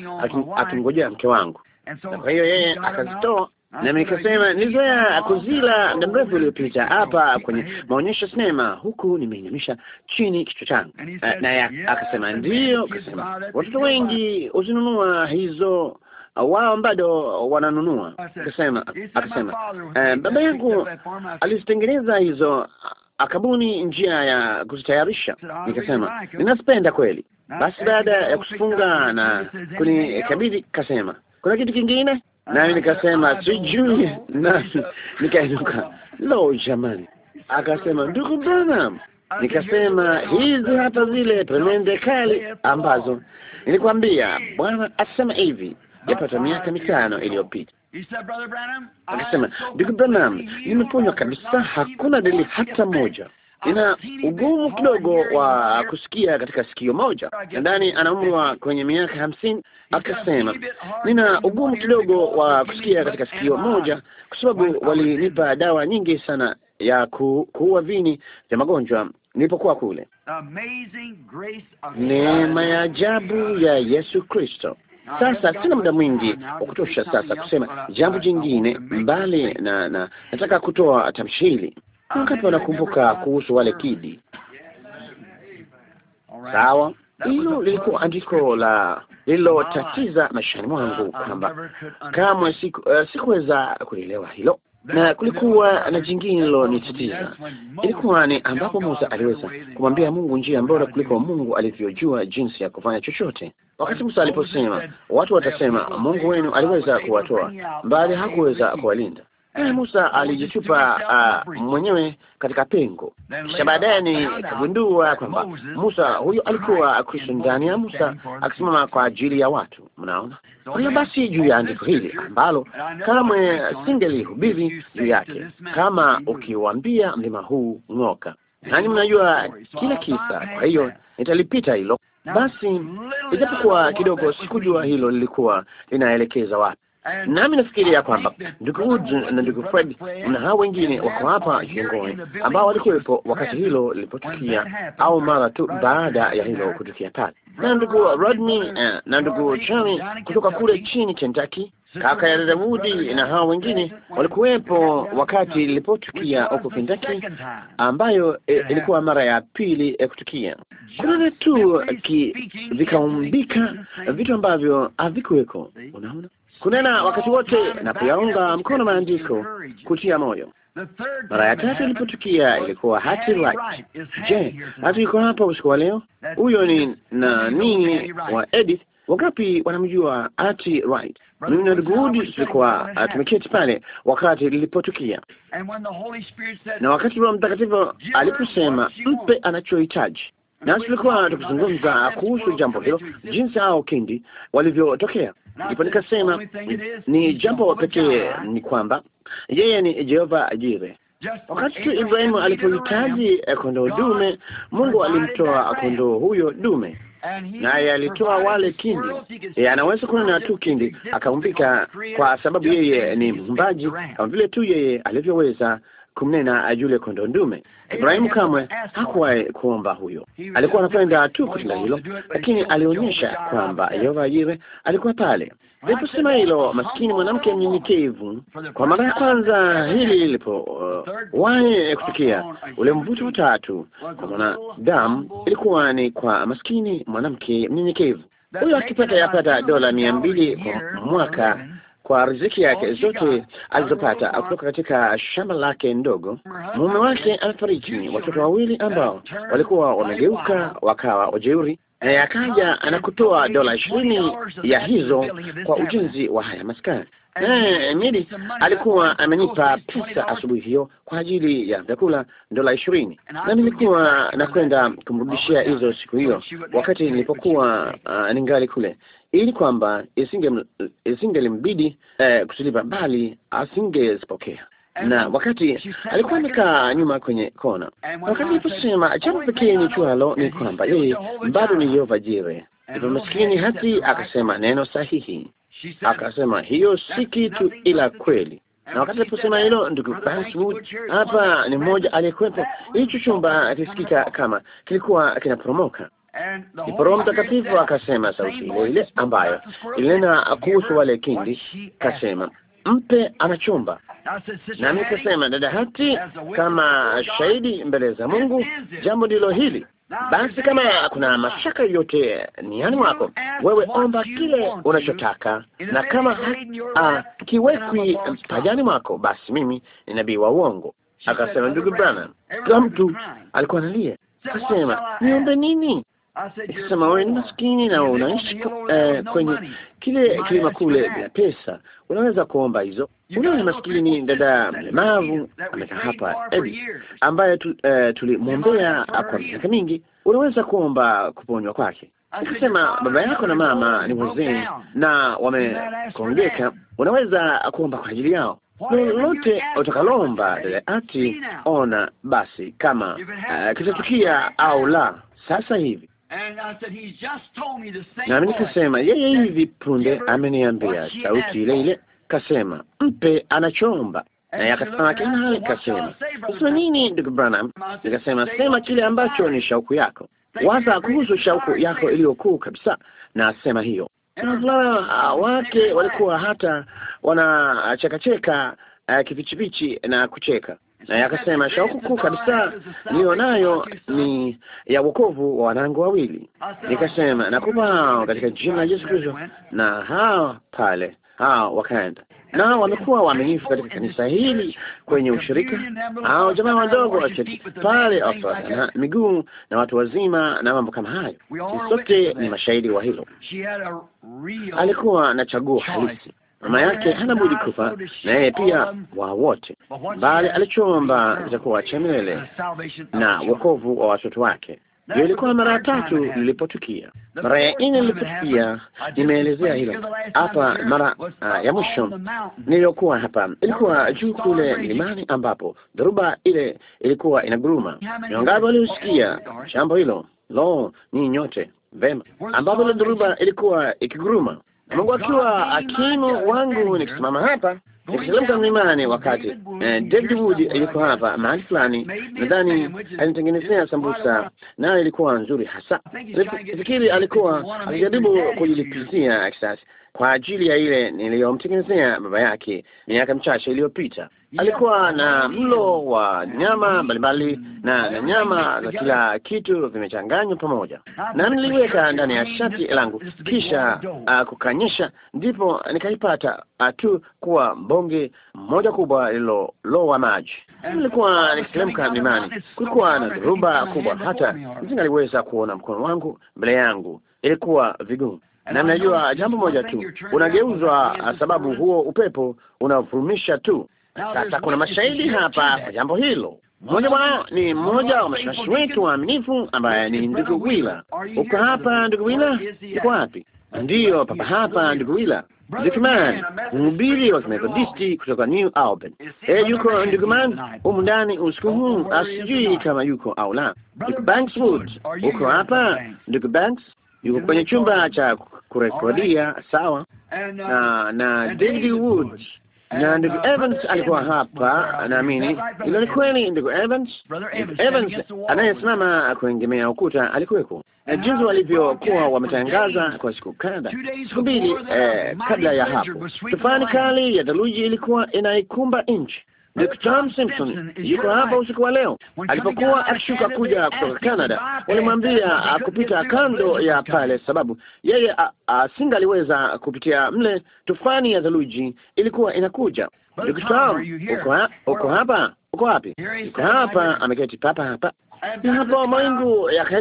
akimngojea mke wangu, na kwa hiyo yeye akazitoa nami nikasema nilizoea kuzila muda mrefu uliopita hapa kwenye maonyesho sinema, huku nimeinamisha chini kichwa changu. Eh, naye akasema ndiyo, akasema watoto wengi huzinunua hizo wao bado wananunua. Akasema akasema eh, baba yangu alizitengeneza hizo, akabuni njia ya kuzitayarisha. Nikasema ninazipenda kweli. Basi baada ya kusifunga na kunikabidhi, kasema kuna kitu kingine nami nikasema sijui, na nikainuka. Lo, jamani! Akasema, ndugu Branham. Nikasema, hizi hata zile peremende kali ambazo nilikwambia. Bwana asema hivi, yapata miaka mitano iliyopita Akasema, ndugu Branham, nimeponywa kabisa, hakuna dalili hata moja. ina ugumu kidogo wa kusikia katika sikio moja, nadhani ana umri wa kwenye miaka hamsini akasema, nina ugumu kidogo wa kusikia katika sikio moja, kwa sababu walinipa dawa nyingi sana ya ku, kuua vini vya magonjwa nilipokuwa kule. Neema ya ajabu ya Yesu Kristo. Sasa sina muda mwingi wa kutosha sasa kusema jambo jingine mbali na, na nataka kutoa tamshi hili wakati wanakumbuka kuhusu wale kidi. Sawa, hilo lilikuwa andiko la lililotatiza maishani mwangu uh, uh, kwamba kamwe siku, uh, sikuweza kulielewa hilo, na kulikuwa na jingine lilonitatiza. Ilikuwa ni ambapo Musa aliweza kumwambia Mungu njia bora kuliko Mungu alivyojua jinsi ya kufanya chochote. Wakati Musa aliposema, watu watasema Mungu wenu aliweza kuwatoa, bali hakuweza kuwalinda. Eh, Musa alijitupa uh, mwenyewe katika pengo, kisha baadaye nikagundua kwamba Musa huyo alikuwa Kristo ndani ya Musa akisimama kwa ajili ya watu. Mnaona? Kwa hiyo basi, juu ya andiko hili ambalo kamwe singelihubiri juu yake, kama ukiwaambia mlima huu ng'oka, nani, mnajua kila kisa. Kwa hiyo nitalipita hilo basi, ijapokuwa kidogo sikujua hilo lilikuwa linaelekeza wapi. Nami nafikiria kwamba ndugu Wood na ndugu Fred na hao wengine wako hapa jengoni ambao walikuwepo wakati hilo lilipotukia, au mara tu baada ya hilo kutukia pale, eh, na ndugu Rodney na ndugu Charlie kutoka kule chini Kentucky, kaka ya dada Wood na hao wengine walikuwepo wakati lilipotukia huko Kentucky, ambayo eh, ilikuwa mara ya pili ya eh, kutukia. Kuna tu vikaumbika vitu ambavyo havikuweko, unaona kunena wakati wote na kuyaunga mkono maandiko kutia moyo. Mara ya tatu ilipotukia ilikuwa hati right. Je, hati iko hapa usiku wa leo? Huyo ni nini wa Edith? Wangapi wanamjua hati right? Mimi na ndugu tulikuwa tumeketi pale wakati lilipotukia, na wakati Roho Mtakatifu aliposema mpe anachohitaji nasi tulikuwa tukizungumza kuhusu jambo hilo, jinsi hao kindi walivyotokea. Ndipo nikasema ni jambo pekee ni kwamba yeye ni Jehova Jire. Wakati tu Ibrahimu alipohitaji kondoo dume, Mungu alimtoa kondoo huyo dume, naye alitoa wale kindi. Yeye anaweza kunena tu kindi akaumbika, kwa sababu yeye ni mumbaji, kama vile tu yeye alivyoweza kumnena yule kondoo ndume. Ibrahimu kamwe hakuwahi kuomba huyo, alikuwa anapenda tu kutenda hilo, lakini alionyesha kwamba Yehova Jire alikuwa pale. Niliposema hilo, maskini mwanamke mnyenyekevu, kwa mara ya kwanza hili lilipowahi uh, kufikia ule mvuto wa tatu kwa mwanadamu, ilikuwa ni kwa maskini mwanamke mnyenyekevu huyo, akipata yapata dola mia mbili kwa mwaka kwa riziki yake zote alizopata kutoka katika shamba lake ndogo. Mume wake alifariki, watoto wawili ambao walikuwa wamegeuka wakawa wajeuri, naye akaja anakutoa dola ishirini ya hizo kwa ujenzi wa haya maskani. Naye alikuwa amenipa pesa asubuhi hiyo kwa ajili ya vyakula, dola ishirini, na nilikuwa nakwenda kumrudishia hizo siku hiyo, wakati nilipokuwa uh, ningali kule ili kwamba isingelimbidi eh, kutulipa, bali asingezipokea na wakati alikuwa amekaa nyuma kwenye kona, wakati aliposema jambo pekee ni chualo ni kwamba yeye bado ni Yehova Jire, ndipo maskini hati akasema neno sahihi, akasema hiyo si kitu ila kweli. Na wakati aliposema hilo, ndugu Banswood hapa ni mmoja aliyekwepo, hicho chumba kisikika kama kilikuwa kinaporomoka. Roho Mtakatifu akasema sauti ile ile ambayo ilinena kuhusu wale kindi, kasema mpe anachumba. Nami kasema dada Hati, kama shahidi mbele za Mungu, jambo ndilo hili. Basi kama kuna mashaka yote niani wako wewe, omba kile unachotaka, na kama hakiwekwi pajani mwako, basi mimi ni nabii wa uongo. Akasema ndugu Branham, kila mtu alikuwa analia, akasema niombe nini? Sema wewe ni maskini na unaishi eh, kwenye kile kilima kule bila pesa, unaweza kuomba hizo. Unaona, ni maskini dada mlemavu amekaa hapa Ebi, ambaye tu, eh, tulimwombea kwa miaka mingi. Unaweza kuomba kuponywa kwake. Nikasema baba yako na mama ni wazee na wamekongeka, unaweza kuomba kwa ajili yao lolote utakalomba dada ati ona basi kama uh, eh, kitatukia au la. Sasa hivi nami nikasema, yeye hivi punde ameniambia sauti ile ile, kasema mpe anachomba naye akasema kila hali. Kasema sema nini, ndugu Branham? Nikasema sema kile ambacho ni shauku yako, waza kuhusu shauku yako iliyokuu kabisa, na sema hiyo. Na wake walikuwa hata wanachekacheka uh, eh, kivichivichi na kucheka naye akasema, shauku kuu kabisa nayo ni ya wokovu wa wanangu wawili. Nikasema, nakupa hao katika jina la Yesu Kristo, na hao pale hao wakaenda na wamekuwa waaminifu katika kanisa hili kwenye ushirika. Hao jamaa wadogo wacheti pale na miguu na watu wazima na mambo kama hayo, sote ni mashahidi wa hilo. Alikuwa na chaguo halisi mama yake hana budi kufa naye pia oh, um, wa wote, bali alichoomba itakuwa cha milele na wokovu wa watoto wake. Hiyo ilikuwa mara ya tatu lilipotukia. Mara ya nne lilipotukia, nimeelezea hilo hapa. Mara uh, ya mwisho niliyokuwa hapa ilikuwa juu kule mlimani ambapo dhoruba ile ilikuwa inaguruma. Ni wangapi waliosikia jambo hilo? Lo, ni nyote vema, ambapo ile dhoruba ilikuwa ikiguruma Mungu akiwa akimu wangu nikisimama hapa nikisalimka mlimani, wakati eh, David Wood yuko hapa mahali fulani, nadhani alinitengenezea sambusa, nayo ilikuwa nzuri hasa. Fikiri alikuwa akijaribu kujilipizia kisasi kwa ajili ya ile niliyomtengenezea baba yake miaka michache iliyopita alikuwa na mlo wa nyama mbalimbali na, na nyama na kila kitu vimechanganywa pamoja, na niliweka ndani ya shati langu kisha uh, kukanyesha, ndipo nikaipata ah, tu kuwa bonge moja kubwa lililolowa maji. Nilikuwa nikiteremka mlimani, kulikuwa na dhoruba kubwa, hata nisingaliweza kuona mkono wangu mbele yangu, ilikuwa vigumu na mnajua jambo moja tu, unageuzwa ah, sababu huo upepo unavurumisha tu. Sasa kuna mashahidi hapa kwa jambo hilo. Mmoja wao ni mmoja wa mashahidi wetu waaminifu ambaye ni ndugu Wila. Uko hapa ndugu Wila? Uko wapi? Ndiyo, papa hapa ndugu Wila. man, mhubiri wa kimethodisti kutoka New Albany. Eh, yuko man humu ndani usiku huu, asijui kama yuko au la. Ndugu Bankswood, uko hapa ndugu Banks? Yuko kwenye chumba cha kurekodia, sawa uh, na na David Woods na ndugu Evans alikuwa hapa, naamini hilo ni kweli. Ndugu Evans Evans anayesimama kuengemea ukuta alikuweko, jinsi walivyokuwa wametangaza kwa siku kadha, siku mbili eh, kabla ya hapo, tufani kali ya theluji ilikuwa inaikumba nchi Dr. Simpson yuko hapa usiku wa leo. Alipokuwa akishuka kuja kutoka Canada, walimwambia akupita kando ya pale, sababu yeye asingaliweza kupitia mle. Tufani ya theluji ilikuwa inakuja. Dr. Tom, uko hapa? Uko wapi? Uko hapa, ameketi papa hapa na hapo mawingu yaka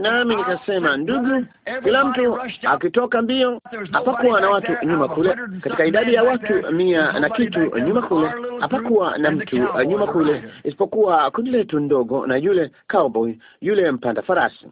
nami nikasema, ndugu, kila mtu akitoka mbio. Hapakuwa na watu nyuma kule, katika idadi ya watu mia na kitu nyuma kule, hapakuwa na mtu nyuma kule, isipokuwa kundi letu ndogo na yule cowboy, yule mpanda farasi,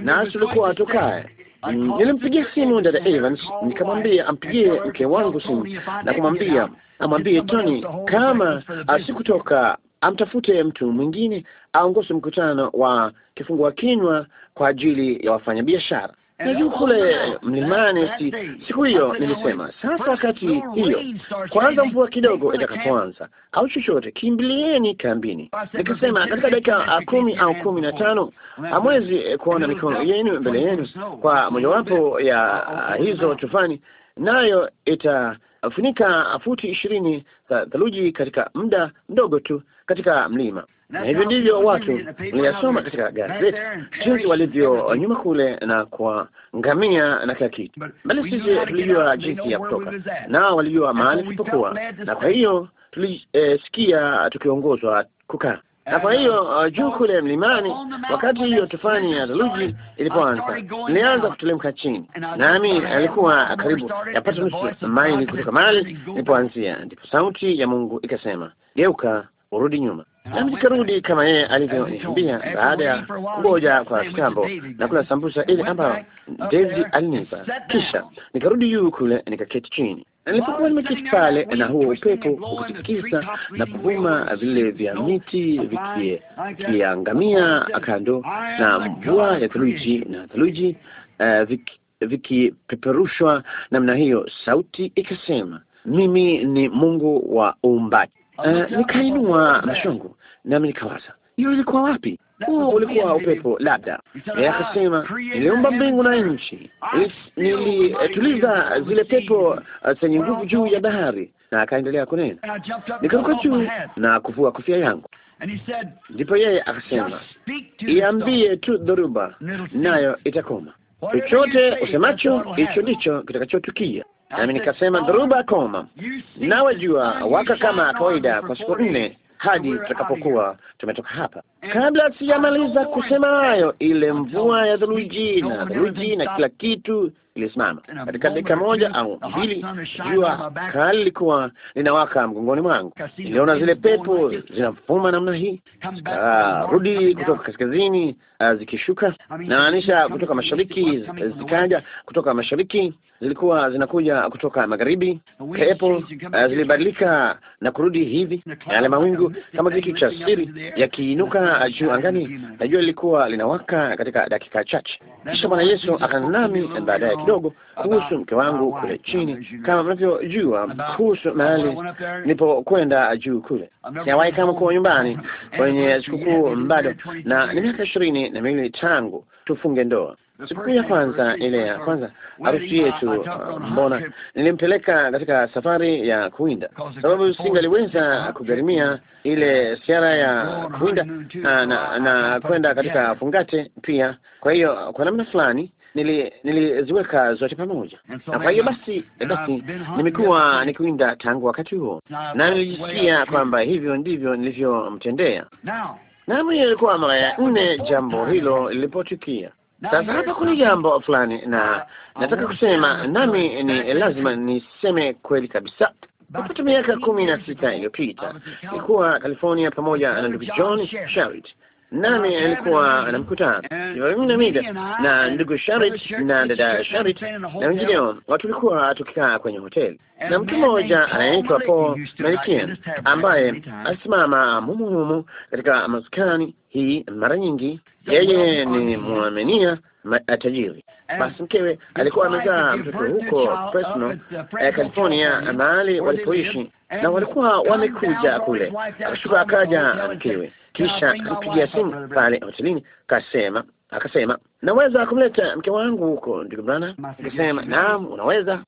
nasi tulikuwa tukae Nilimpigia simu dada Evans, nikamwambia ampigie mke wangu simu na kumwambia amwambie Tony kama asikutoka amtafute mtu mwingine aongoze mkutano wa kifungua kinywa kwa ajili ya wafanyabiashara na juu kule mlimani. Si siku hiyo nilisema, sasa wakati hiyo kwanza, mvua kidogo itakapoanza au chochote, kimbilieni kambini, nikisema katika dakika kumi au kumi na tano hamwezi eh, kuona mikono yenu mbele yenu kwa mojawapo ya hizo tufani, nayo ita funika futi ishirini za theluji katika muda mdogo tu katika mlima. Na hivyo ndivyo watu waliyasoma katika gazeti, jinsi walivyo nyuma kule na kwa ngamia na kila kitu, bali sisi tulijua jinsi ya kutoka, nao walijua mahali kupokuwa, na kwa hiyo tulisikia eh, tukiongozwa kukaa na kwa eh, hiyo uh, juu kule mlimani, wakati hiyo tufani ya theluji ilipoanza, nilianza kutelemka chini, nami oh, alikuwa karibu yapata nusu maili kutoka mali nilipoanzia. Ndipo sauti ya Mungu ikasema, geuka, urudi nyuma, nami nikarudi kama yeye alivyoniambia, baada ya kungoja kwa kitambo na kula sambusa ile ambayo David alinipa. Kisha nikarudi juu kule, nikaketi chini Nilipokuwa nimeketi pale na huo upepo ukitikisa na kuvuma vile vya miti vikiangamia kando, na mvua ya theluji na theluji uh, vikipeperushwa viki namna hiyo, sauti ikasema, mimi ni Mungu wa uumbaji. Uh, nikainua mashungu nami nikawaza hiyo ilikuwa wapi? Huo ulikuwa upepo labda. Yeye akasema niliumba mbingu na nchi, nilituliza zile pepo uh, zenye nguvu juu ya bahari. Na akaendelea kunena, nikaruka juu na kuvua kofia yangu. Ndipo yeye akasema, iambie tu dhoruba, nayo itakoma. Chochote usemacho, hicho ndicho kitakachotukia. Nami nikasema, dhoruba koma, nawe jua waka kama kawaida kwa siku nne hadi tutakapokuwa tumetoka hapa. Kabla sijamaliza kusema hayo, ile mvua ya theluji na theluji na kila kitu ilisimama katika dakika moja au mbili. Jua kali lilikuwa linawaka mgongoni mwangu, niliona zile pepo zinafuma namna hii, rudi kutoka kaskazini Uh, zikishuka, namaanisha kutoka mashariki, eh, zikaja kutoka mashariki, zilikuwa zinakuja kutoka magharibi. Pepo uh, zilibadilika na kurudi hivi, yale mawingu kama kitu cha siri yakiinuka juu angani, na jua lilikuwa linawaka katika dakika chache. Kisha Bwana Yesu akanami baadaye kidogo kuhusu mke wangu kule chini, kama mnavyojua kuhusu mahali nilipokwenda juu kule. Sijawahi kama kuwa nyumbani kwenye sikukuu mbado, na ni miaka ishirini na mimi tangu tufunge ndoa. Siku ya kwanza ile ya kwanza harusi yetu, uh, mbona nilimpeleka katika safari ya kuwinda, sababu singaliweza kugharimia ile siara ya kuwinda na, na, na kwenda katika fungate pia. Kwa hiyo kwa namna fulani nili- niliziweka zote pamoja, na kwa hiyo basi basi nimekuwa nikiwinda tangu wakati huo, na nilijisikia kwamba hivyo ndivyo nilivyomtendea nami ilikuwa mara ya nne jambo hilo lilipotukia. Sasa hapa kuna jambo fulani, na nataka kusema, nami ni lazima niseme kweli kabisa. Kupata miaka kumi na sita iliyopita nilikuwa California pamoja na ndugu John Sherrit nami alikuwa anamkuta na mida na ndugu Sharit na dada Sharit na wengineo, watu tukikaa kwenye hoteli, na mtu mmoja anaitwa Paul Malikian ambaye alisimama mumu katika maskani hii mara nyingi. Yeye ni mwamenia eh, tajiri. Basi mkewe alikuwa amezaa mtoto huko uh, eh, Fresno, California, mahali walipoishi, na walikuwa wamekuja kule. Akashuka akaja mkewe kisha kupigia simu pale hotelini, kasema akasema naweza kumleta mke wangu huko ndugu bwana. Akasema naam, unaweza.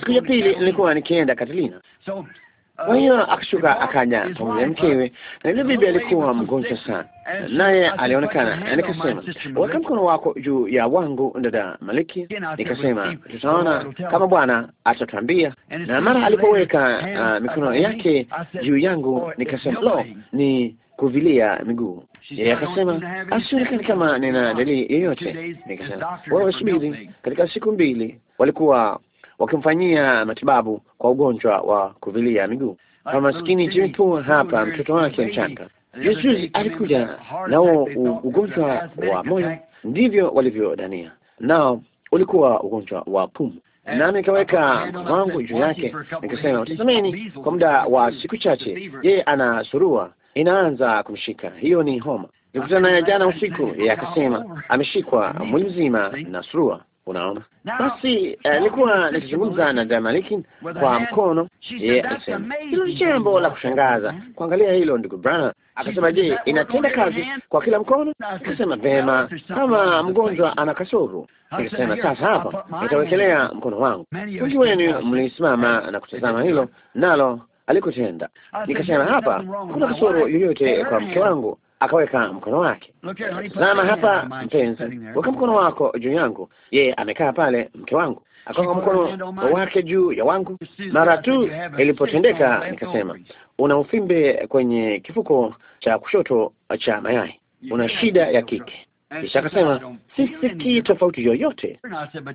Siku ya pili nilikuwa nikienda Katilina, uh, kwa hiyo akashuka akaja pamoja mkewe, na ile bibi alikuwa mgonjwa sana, naye alionekana. Nikasema weka mkono wako juu ya wangu, dada Maliki. Nikasema tutaona kama Bwana atatuambia. Na mara alipoweka uh, mikono yake juu yangu, nikasema lo, ni kuvilia miguu. Yeye akasema asionekani kama nina dalili yoyote. Nikasema wewe subiri, katika siku mbili walikuwa wakimfanyia matibabu kwa ugonjwa wa kuvilia miguu. Kwa maskini Jimpo hapa, mtoto wake mchanga Yesu alikuja nao ugonjwa wa moyo, ndivyo walivyodania nao ulikuwa ugonjwa wa pumu, nami nikaweka mkono wangu juu yake, nikasema, tazameni, kwa muda wa siku chache yeye ana surua inaanza kumshika. Hiyo ni homa. Nikutana naye jana usiku, yeye akasema ameshikwa mwili mzima na surua. Unaona, basi eh, nilikuwa nikizungumza na Damaliki kwa mkono, yeye akasema hilo ni jambo la kushangaza kuangalia hilo, ndugu Brana. Akasema, je, inatenda kazi kwa kila mkono? Akasema vema, kama mgonjwa ana kasoro. Nikasema sasa hapa nitawekelea mkono wangu. Wengi wenu mlisimama na kutazama hilo nalo alikotenda. Nikasema hapa kuna kasoro yoyote kwa mke wangu. Akaweka mkono wake, tazama hapa mpenzi, weka mkono wako juu yangu. Yeye amekaa pale, mke wangu akaweka mkono wake juu ya wangu. Mara tu ilipotendeka, nikasema una ufimbe kwenye kifuko cha kushoto cha mayai, una shida ya kike. Eh, Kisha akasema sisikii tofauti yoyote.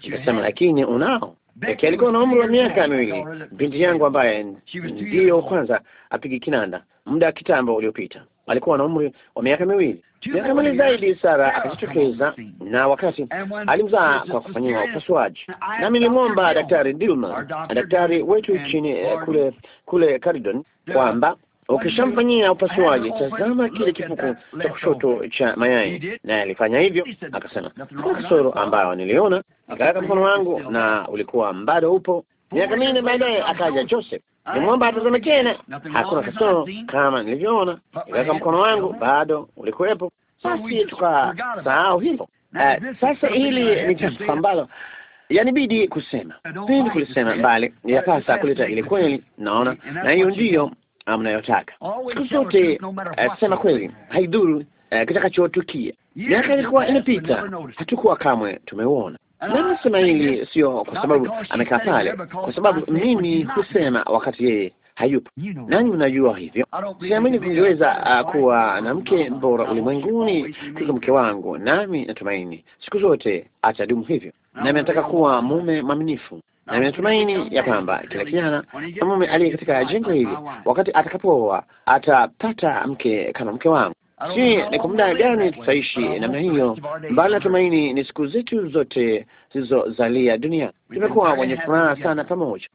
Akasema lakini unao Beki Alikuwa na umri wa miaka miwili, binti yangu ambaye ndiyo kwanza apigi kinanda muda kitambo uliopita, alikuwa na umri wa miaka miwili, miaka miwili zaidi. Sara akajitokeza, na wakati alimzaa kwa kufanyiwa upasuaji, nami nilimwomba Daktari Dilma, daktari wetu chini eh, kule kule Caridon, kwamba ukishamfanyia upasuaji, tazama kile kifuko cha kushoto cha mayai. Naye alifanya hivyo, akasema hakuna kasoro ambayo niliona. Akaweka mkono wangu na ulikuwa mbado upo. Miaka minne baadaye akaja Joseph, nimwomba atazame tena, hakuna kasoro kama nilivyoona. Nikaweka mkono wangu, bado ulikuwepo. Basi tukasahau hivyo. Eh, sasa hili ni jambo ambalo yanibidi kusema, sipendi kulisema, bali yapasa kuleta ile kweli, naona, na hiyo ndiyo mnayotaka siku zote. sema kweli, haidhuru eh, kitakachotukia. Miaka ilikuwa imepita, hatukuwa kamwe tumeuona. Nami ah, sema hili sio kwa sababu amekaa pale, kwa sababu mimi husema wakati yeye hayupo, nani mnajua hivyo. Siamini ningeweza ah, kuwa na mke bora ulimwenguni kuliko mke wangu, nami natumaini siku zote atadumu hivyo, nami nataka kuwa mume mwaminifu na natumaini ya kwamba kila kijana mume aliye katika jengo hili wakati atakapooa atapata mke kama mke wangu. Si ni kwa muda gani tutaishi namna hiyo, bali natumaini ni siku zetu zote zilizozalia dunia. Tumekuwa wenye furaha sana pamoja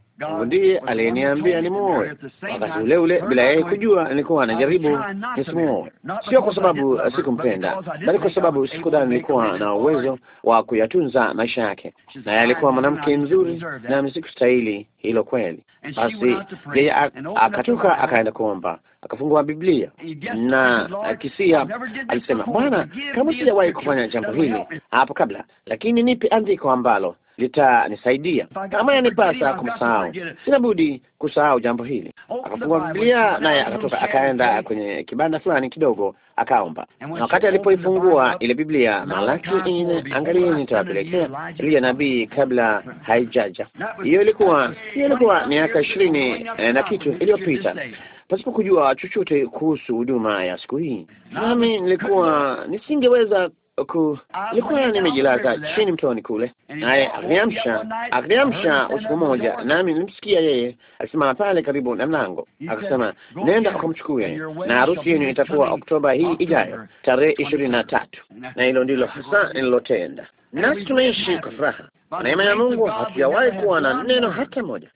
ndiye aliyeniambia ni muoe. Wakati ule ule, bila yeye kujua, nilikuwa najaribu nisimuoe, sio kwa sababu sikumpenda, bali kwa sababu sikudhani nilikuwa na uwezo wa kuyatunza maisha yake, na alikuwa mwanamke mzuri, nami sikustahili hilo kweli. Basi yeye akatoka akaenda kuomba, akafungua Biblia na akisia, alisema Bwana, kama sijawahi kufanya jambo hili hapo kabla, lakini nipe andiko ambalo litanisaidia. Kama yanipasa kumsahau, sinabudi kusahau jambo hili. Akafungua Biblia naye akatoka akaenda kwenye kibanda fulani kidogo akaomba, na wakati alipoifungua ile Biblia, Malaki nne, angalia, nitawapelekea Eliya nabii kabla haijaja. Hiyo ilikuwa hiyo ilikuwa miaka ishirini eh, na kitu iliyopita pasipo kujua chochote kuhusu huduma ya siku hii, nami nilikuwa nisingeweza ku nilikuwa nimejilaza chini mtoni kule, naye akaniamsha akaniamsha usiku mmoja, nami nilimsikia yeye akisimama pale karibu na mlango, akasema, nenda ukamchukue, na harusi yenu itakuwa Oktoba hii ijayo tarehe ishirini na tatu. Na hilo ndilo hasa nililotenda, nasi tumeishi kwa furaha na ya Mungu. Hatujawahi kuwa na neno hata moja.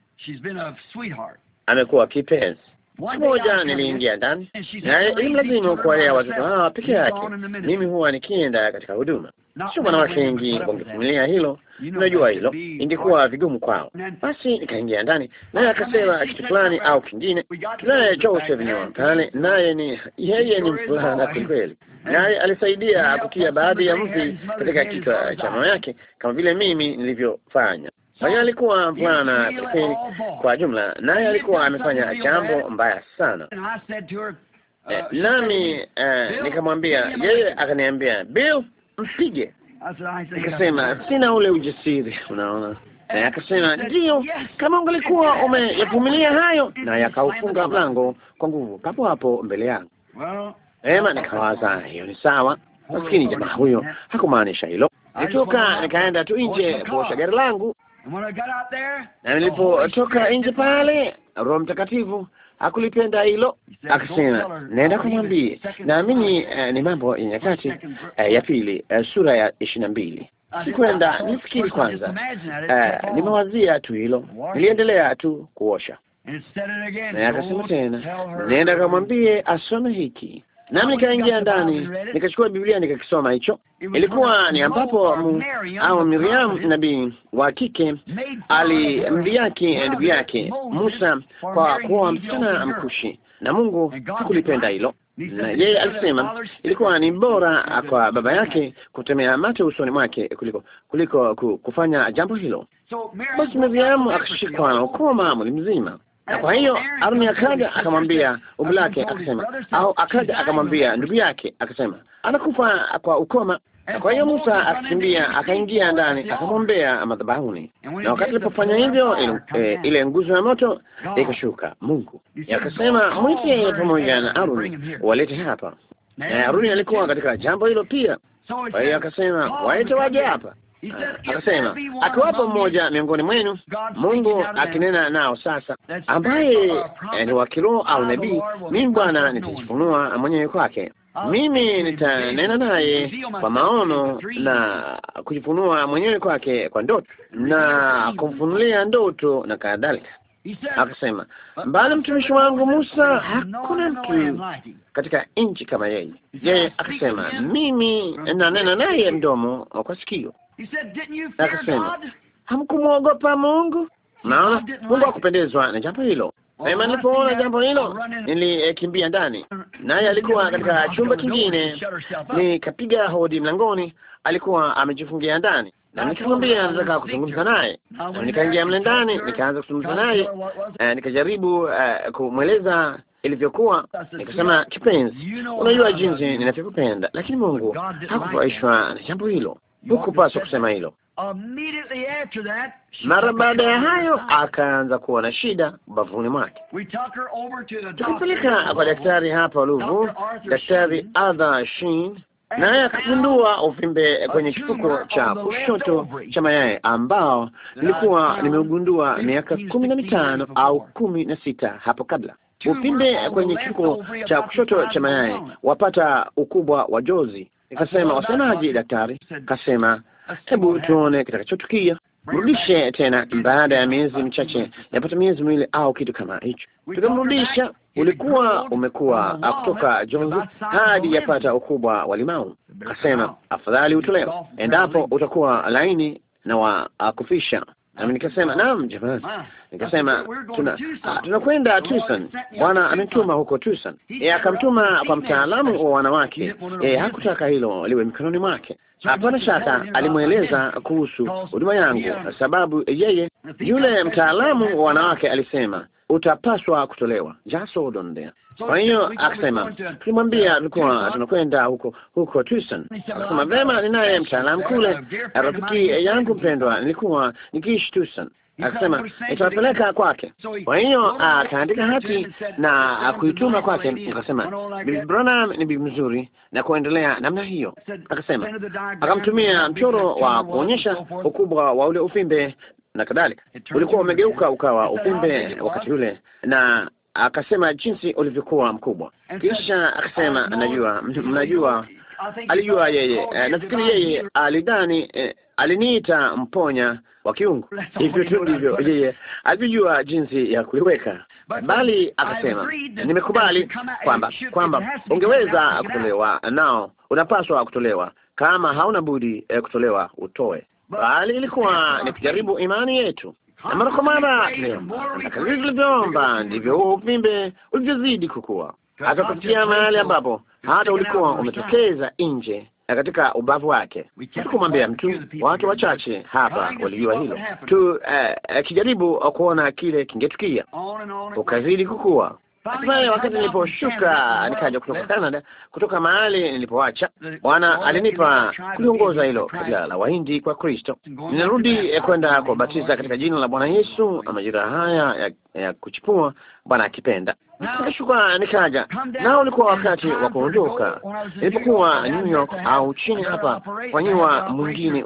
Amekuwa kipenzi Siku moja niliingia ndani, naye ilimlazimu kuwalea watoto hawa peke yake. Mimi huwa nikienda katika huduma, sio wanawake wengi wangevumilia hilo, unajua hilo, ingekuwa vigumu kwao. Basi nikaingia ndani, naye akasema kitu fulani au kingine, naye chose vinyoa pale, naye ni yeye ni mvulana kwelikweli, naye alisaidia kutia baadhi ya mvi katika kichwa cha mama yake kama vile mimi nilivyofanya. Kwa alikuwa mvulana Christine kwa jumla, naye alikuwa amefanya jambo mbaya sana. Eh, uh, nami eh, nikamwambia yeye, akaniambia Bill, mpige. Nikasema sina ule ujasiri, unaona eh, naye akasema ndio, kama ungelikuwa umeyavumilia hayo. na yakaufunga mlango kwa nguvu papo hapo mbele yangu. Ema, nikawaza hiyo ni sawa. Maskini jamaa huyo hakumaanisha hilo. Nitoka nikaenda tu nje kuosha gari langu, na nilipotoka oh, nje pale, Roho Mtakatifu hakulipenda hilo, akasema naenda kumwambie. Naamini uh, ni mambo ya nyakati uh, ya pili uh, sura ya ishirini na mbili. Sikwenda nifikiri kwanza, uh, nimewazia tu hilo, niliendelea tu kuosha, na akasema tena, naenda kamwambie asome hiki nami nikaingia ndani nikachukua Biblia nikakisoma hicho. Ilikuwa ni ambapo au Miriam nabii wa kike alimdhihaki ndugu yake Musa kwa kuwa msichana mkushi, na Mungu hakulipenda hilo, na yeye alisema ilikuwa ni bora kwa baba yake kutemea mate usoni mwake kuliko kuliko kufanya jambo hilo. Basi Miriam akashikwa na ukoma mwili mzima na kwa hiyo Aroni akaja akamwambia ubu akasema, au akaja akamwambia ndugu yake akasema anakufa kwa ukoma. Na kwa hiyo Musa akakimbia akaingia ndani akamwombea madhabahuni, na wakati alipofanya hivyo e, ile nguzo ya moto ikashuka. Mungu akasema mwite pamoja na aruni walete hapa, na Aroni alikuwa katika jambo hilo pia. Kwa hiyo akasema waite waje hapa Ah, anasema akiwapo mmoja miongoni mwenu, Mungu akinena nao sasa, ambaye eh, ni wa kiroho au nabii, mimi Bwana nitajifunua mwenyewe kwake ah, mimi nitanena naye kwa maono na kujifunua mwenyewe kwake kwa ndoto na kumfunulia ndoto na kadhalika. Akasema, mbali mtumishi wangu Musa, hakuna mtu katika nchi kama yeye. Yeye akasema, mimi nanena naye mdomo kwa sikio Akasema, hamkumwogopa Mungu. Naona Mungu hakupendezwa na jambo hilo. Naima nilipoona jambo hilo nilikimbia ndani, uh, naye alikuwa katika uh, chumba kingine. Nikapiga hodi mlangoni, alikuwa amejifungia ndani, na nikamwambia nataka kuzungumza naye. Nikaingia mle ndani, nikaanza kuzungumza naye, nikajaribu uh, kumweleza ilivyokuwa. Nikasema, kipenzi, unajua jinsi ninavyokupenda. Lakini Mungu hakufurahishwa na jambo hilo hukupaswa kusema hilo. Mara baada ya hayo akaanza kuwa na shida bavuni mwake. Tukipeleka kwa daktari hapa Luvu, Daktari Arthur Sheen, naye akagundua uvimbe kwenye kifuko cha kushoto cha mayai ambao nilikuwa nimeugundua miaka kumi na mitano au kumi na sita hapo kabla. Uvimbe kwenye kifuko cha kushoto cha mayai wapata ukubwa wa jozi Nikasema, wasemaje daktari? Kasema, hebu tuone kitakachotukia, mrudishe tena baada ya miezi michache, yapata miezi miwili au kitu kama hicho. Tukamrudisha, ulikuwa umekuwa kutoka jonzi hadi yapata ukubwa wa limau. Kasema, afadhali utolewe endapo utakuwa laini na wa uh, kufisha Nami nikasema naam, jamani, ah, nikasema ah, tunakwenda Tucson, Bwana ametuma huko Tucson. Yeye eh, akamtuma kwa mtaalamu wa wanawake. Yeye eh, hakutaka hilo liwe mikononi mwake. Hapana shaka alimweleza kuhusu huduma yangu, sababu yeye yule mtaalamu wa wanawake alisema utapaswa kutolewa. Just hold on there. Kwa hiyo akasema, tulimwambia tulikuwa eh, tunakwenda huko huko Tucson. Akasema vema, ninaye eh, mtaalamu eh, kule, rafiki yangu mpendwa, nilikuwa nikiishi Tucson. Akasema nitawapeleka kwake. Kwa hiyo ah, akaandika hati na kuituma kwake, akasema Bibi Branham ni bibi mzuri na kuendelea namna hiyo. Akasema akamtumia mchoro wa kuonyesha ukubwa wa ule ufimbe na kadhalika, ulikuwa umegeuka ukawa upembe wakati ule, na akasema jinsi ulivyokuwa mkubwa. Kisha akasema najua, mnajua, alijua yeye, eh, nafikiri yeye alidhani eh, aliniita mponya wa kiungu, [LAUGHS] hivyo tu ndivyo yeye alijua jinsi ya kuiweka, bali akasema nimekubali kwamba kwamba ungeweza kutolewa nao, unapaswa kutolewa, kama hauna budi eh, kutolewa, utoe bali ilikuwa ni kujaribu imani yetu, na mara kwa mara kadiri tulivyoomba ndivyo huo uvimbe ulivyozidi kukua hata kufikia mahali ambapo hata ulikuwa umetokeza nje katika ubavu wake. kumwambia mtu, watu wachache hapa walijua hilo tu, Uh, kijaribu kuona kile kingetukia, ukazidi kukua Hatimaye wakati niliposhuka nikaja kutoka Canada, kutoka mahali nilipoacha, Bwana alinipa kuliongoza hilo kabila la Wahindi kwa Kristo. Ninarudi eh, kwenda kuwabatiza katika jina la Bwana Yesu majira haya ya, ya kuchipua Bwana akipenda. Nikashuka nikaja, nao ulikuwa wakati wa kuondoka, nilipokuwa New York au chini hapa, kufanyiwa mwingine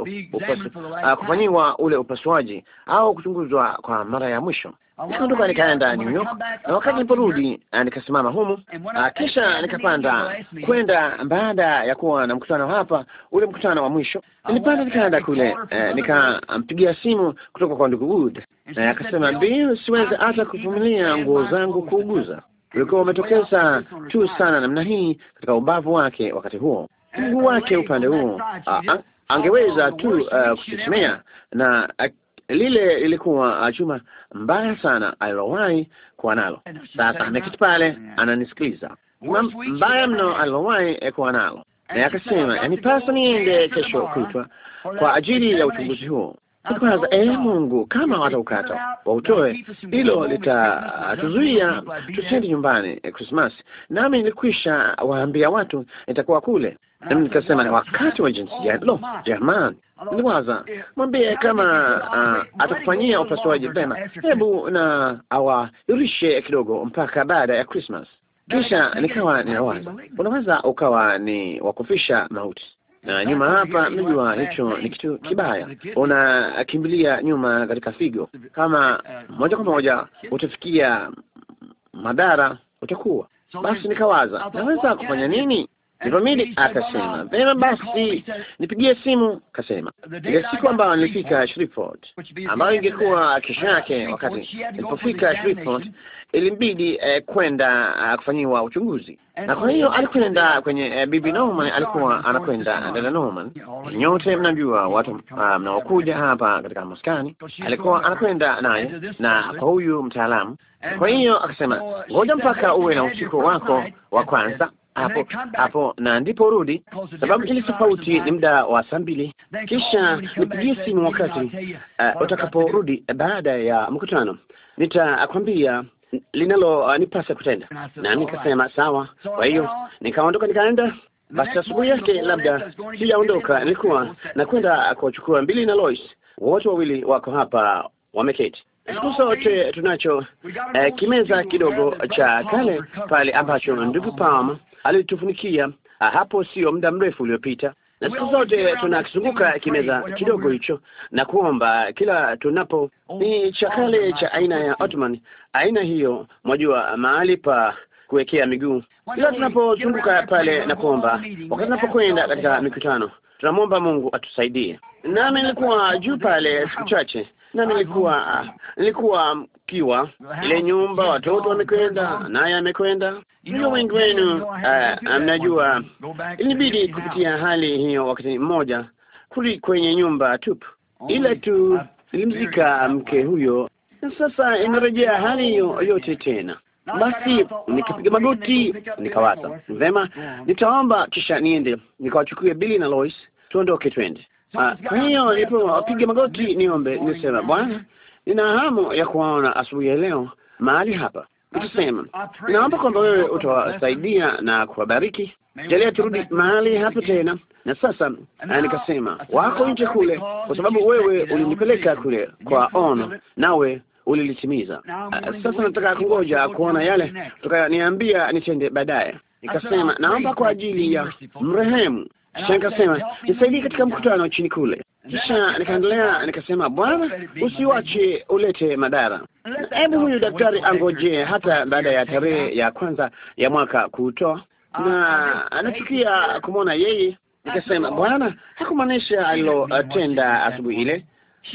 ah, kufanyiwa ule upasuaji au kuchunguzwa kwa mara ya mwisho. Nikaondoka nikaenda New York, na wakati niliporudi ah, nikasimama humu, ah, kisha nikapanda kwenda baada ya kuwa na mkutano hapa, ule mkutano wa mwisho nilipanda nikaenda kule eh, nikampigia ah, simu kutoka kwa ndugu Wood, na akasema Bill, siwezi hata kuvumilia nguo zangu kuuguza. Ulikuwa umetokeza tu sana namna hii katika ubavu wake wakati huo, mguu wake upande huo. Ah, ah, angeweza tu uh, eh, kusisimia na uh, lile lilikuwa chuma mbaya sana alilowahi kuwa nalo. Sasa amekiti pale ananisikiliza, mbaya mno alilowahi eh, kuwa nalo naye akasema yaani pasa niende kesho kutwa kwa ajili ya uchunguzi huo. Kwanza e, eh, Mungu, kama wataukata wautoe, hilo litatuzuia tusende nyumbani Krismasi. Nami nilikwisha waambia watu nitakuwa kule, nami nikasema ni wakati wa jinsi gani? Lo, jamani, niliwaza mwambie kama uh, atakufanyia upasuaji vema, hebu na awairishe kidogo mpaka baada ya Krismasi. Kisha nikawa ninawaza, unaweza ukawa ni wakufisha mauti na nyuma hapa, najua hicho ni kitu kibaya, unakimbilia nyuma katika figo, kama eh, eh, moja kwa moja utafikia madhara utakuwa. Basi nikawaza naweza kufanya nini? Nivamili akasema vema, basi nipigie simu. Kasema ile siku ambayo nilifika Shreveport, ambayo ingekuwa kesho yake, wakati nilipofika Shreveport ilimbidi eh, kwenda uh, kufanyiwa uchunguzi, na kwa hiyo alikwenda kwenye uh, bibi Norman, alikuwa anakwenda dada Norman. Nyote mnajua watu uh, mnaokuja hapa katika maskani, alikuwa anakwenda naye na kwa huyu mtaalamu. Kwa hiyo akasema, ngoja mpaka uwe na usiku wako wa kwanza hapo hapo na ndipo rudi sababu ile tofauti ni muda wa saa mbili. Kisha nipigie simu wakati uh, utakaporudi baada ya mkutano, nitakwambia linalonipasa uh, kutenda. Na nikasema sawa. Kwa hiyo nikaondoka nikaenda basi asubuhi yake labda sijaondoka, nilikuwa nakwenda kuchukua mbili na Lois, wote wawili wako hapa wameketi. Siku zote tunacho eh, kimeza kidogo cha kale pale ambacho ndugu Pam alitufunikia ah, hapo sio muda mrefu uliopita, na siku zote tunakizunguka kimeza kidogo hicho na kuomba kila tunapo. Ni chakale cha aina ya Ottoman, aina hiyo, mwajua, mahali pa kuwekea miguu. Kila tunapozunguka pale na kuomba, wakati tunapokwenda katika mikutano, tunamwomba Mungu atusaidie. Nami nilikuwa juu pale siku chache, nami nilikuwa nilikuwa kiwa ile nyumba, watoto wamekwenda, naye amekwenda. hiyo wengi wenu eh, mnajua, ilibidi kupitia hali hiyo wakati mmoja, kuli kwenye nyumba tupu, ila tu ilimzika mke huyo, sasa imerejea hali hiyo yote tena. Basi nikapiga magoti, nikawaza vema, nitaomba kisha niende nikawachukue Billy na Lois, tuondoke twende. Ah, kwa hiyo nilipopiga magoti niombe, nisema Bwana nina hamu ya kuwaona asubuhi ya leo mahali hapa. Nikisema naomba kwamba wewe utawasaidia na kuwabariki, jalia turudi mahali hapa tena. Na sasa nikasema, wako nje kule, kwa sababu wewe ulinipeleka kule kwa ono, nawe ulilitimiza. Ah, sasa nataka kungoja kuona yale tukaniambia nitende baadaye. Nikasema naomba kwa ajili ya mrehemu. Kisha nikasema nisaidie katika mkutano chini kule, kisha nikaendelea nikasema, Bwana, usiwache ulete madhara. Hebu huyu daktari angoje hata baada ya tarehe ya kwanza ya mwaka kuutoa, na anachukia kumwona yeye. Nikasema, Bwana, hakumaanisha alilotenda asubuhi ile,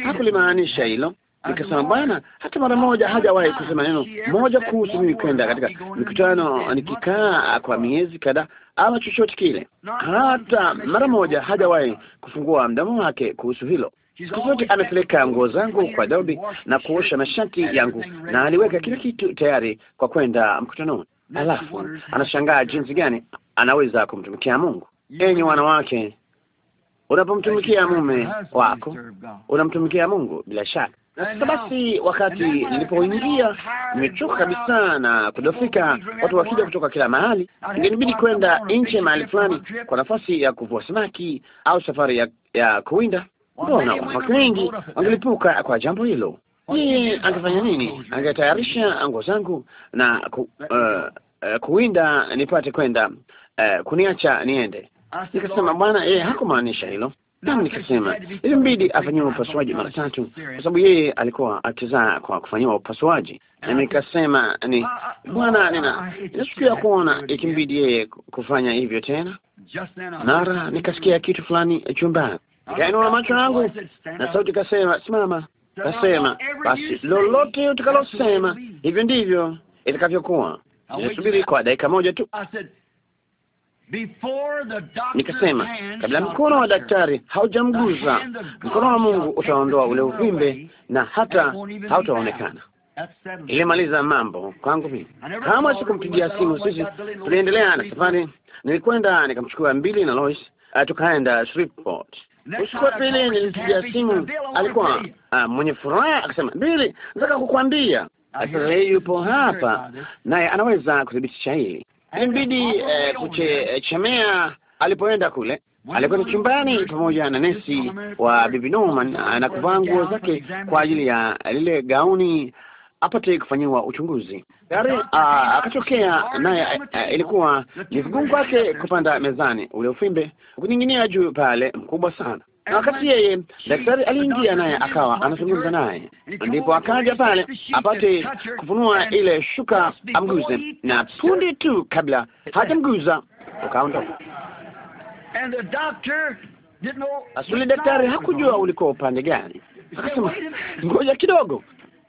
hakulimaanisha hilo Nikasema, Bwana hata mara moja hajawahi kusema neno moja kuhusu mimi kwenda katika mikutano nikikaa kwa miezi kadhaa ama chochote kile. Hata mara moja hajawahi kufungua mdomo wake kuhusu hilo. Siku zote amepeleka nguo zangu kwa Daudi na kuosha mashati yangu, na aliweka kila kitu tayari kwa kwenda mkutanoni. Alafu anashangaa jinsi gani anaweza kumtumikia Mungu. Enyi wanawake, unapomtumikia mume wako unamtumikia Mungu bila shaka. Sasa basi, wakati nilipoingia nimechoka kabisa na kudofika, watu wakija kutoka kila mahali, ingenibidi kwenda nje mahali fulani kwa nafasi ya kuvua samaki au safari ya, ya kuwinda. Mbona wanawake wengi wangelipuka kwa jambo hilo? Yeye angefanya nini? Angetayarisha nguo zangu na ku, uh, uh, kuwinda nipate kwenda, uh, kuniacha niende. Nikasema bwana, yeye hakumaanisha hilo damu nikasema, ilimbidi afanyiwe upasuaji mara tatu, kwa sababu yeye alikuwa akizaa kwa kufanyiwa upasuaji. Na nikasema ni Bwana, nina nasikia kuona ikimbidi yeye kufanya hivyo tena. Mara nikasikia kitu fulani chumbani, nikainua macho yangu na sauti kasema, simama. Kasema basi, lolote utakalosema hivyo ndivyo itakavyokuwa. Nilisubiri kwa dakika moja tu, Nikasema, kabla mkono wa daktari haujamguza, mkono wa Mungu utaondoa ule uvimbe na hata hautaonekana. Ilimaliza mambo kwangu mimi. Kama sikumpigia simu, sisi tuliendelea na safari. Nilikwenda nikamchukua mbili na Lois, eh, tukaenda Shreveport. Usiku wa pili nilimpigia simu, alikuwa eh, mwenye furaha, akasema, Bili, nataka kukwambia Asilei yupo hapa, naye anaweza kuthibitisha hili ilimbidi eh, kuchechemea eh. eh, alipoenda kule. Alikwenda chumbani pamoja na nesi wa Bibi Norman eh, na kuvaa nguo zake kwa ajili ya lile gauni apate kufanyiwa uchunguzi. Gari ah, akatokea naye, ilikuwa ni vigumu kwake kupanda mezani, ule ufimbe ukining'inia juu pale, mkubwa sana na wakati yeye daktari aliingia naye akawa anazungumza naye, ndipo akaja pale apate kufunua ile shuka amguze, na punde tu kabla hajamguza ukaondoka. Asuli daktari hakujua ulikuwa upande gani, akasema ngoja kidogo,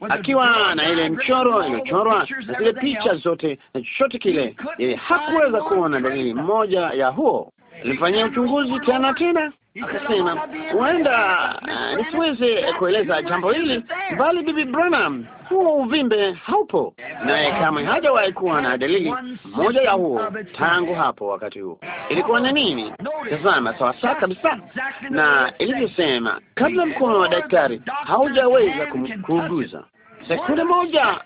akiwa na ile mchoro iliyochorwa na zile picha zote na chochote kile, yeye hakuweza kuona dalili moja ya huo. Alimfanyia uchunguzi tena tena akasema, huenda uh, nisiweze kueleza jambo hili, bali Bibi Branham, huo uvimbe haupo, naye kamwe hajawahi kuwa na dalili moja ya huo tangu hapo wakati huo. Ilikuwa ni nini? Tazama sawasawa kabisa na ilivyosema, kabla mkono wa daktari haujaweza kuuguza sekunde moja,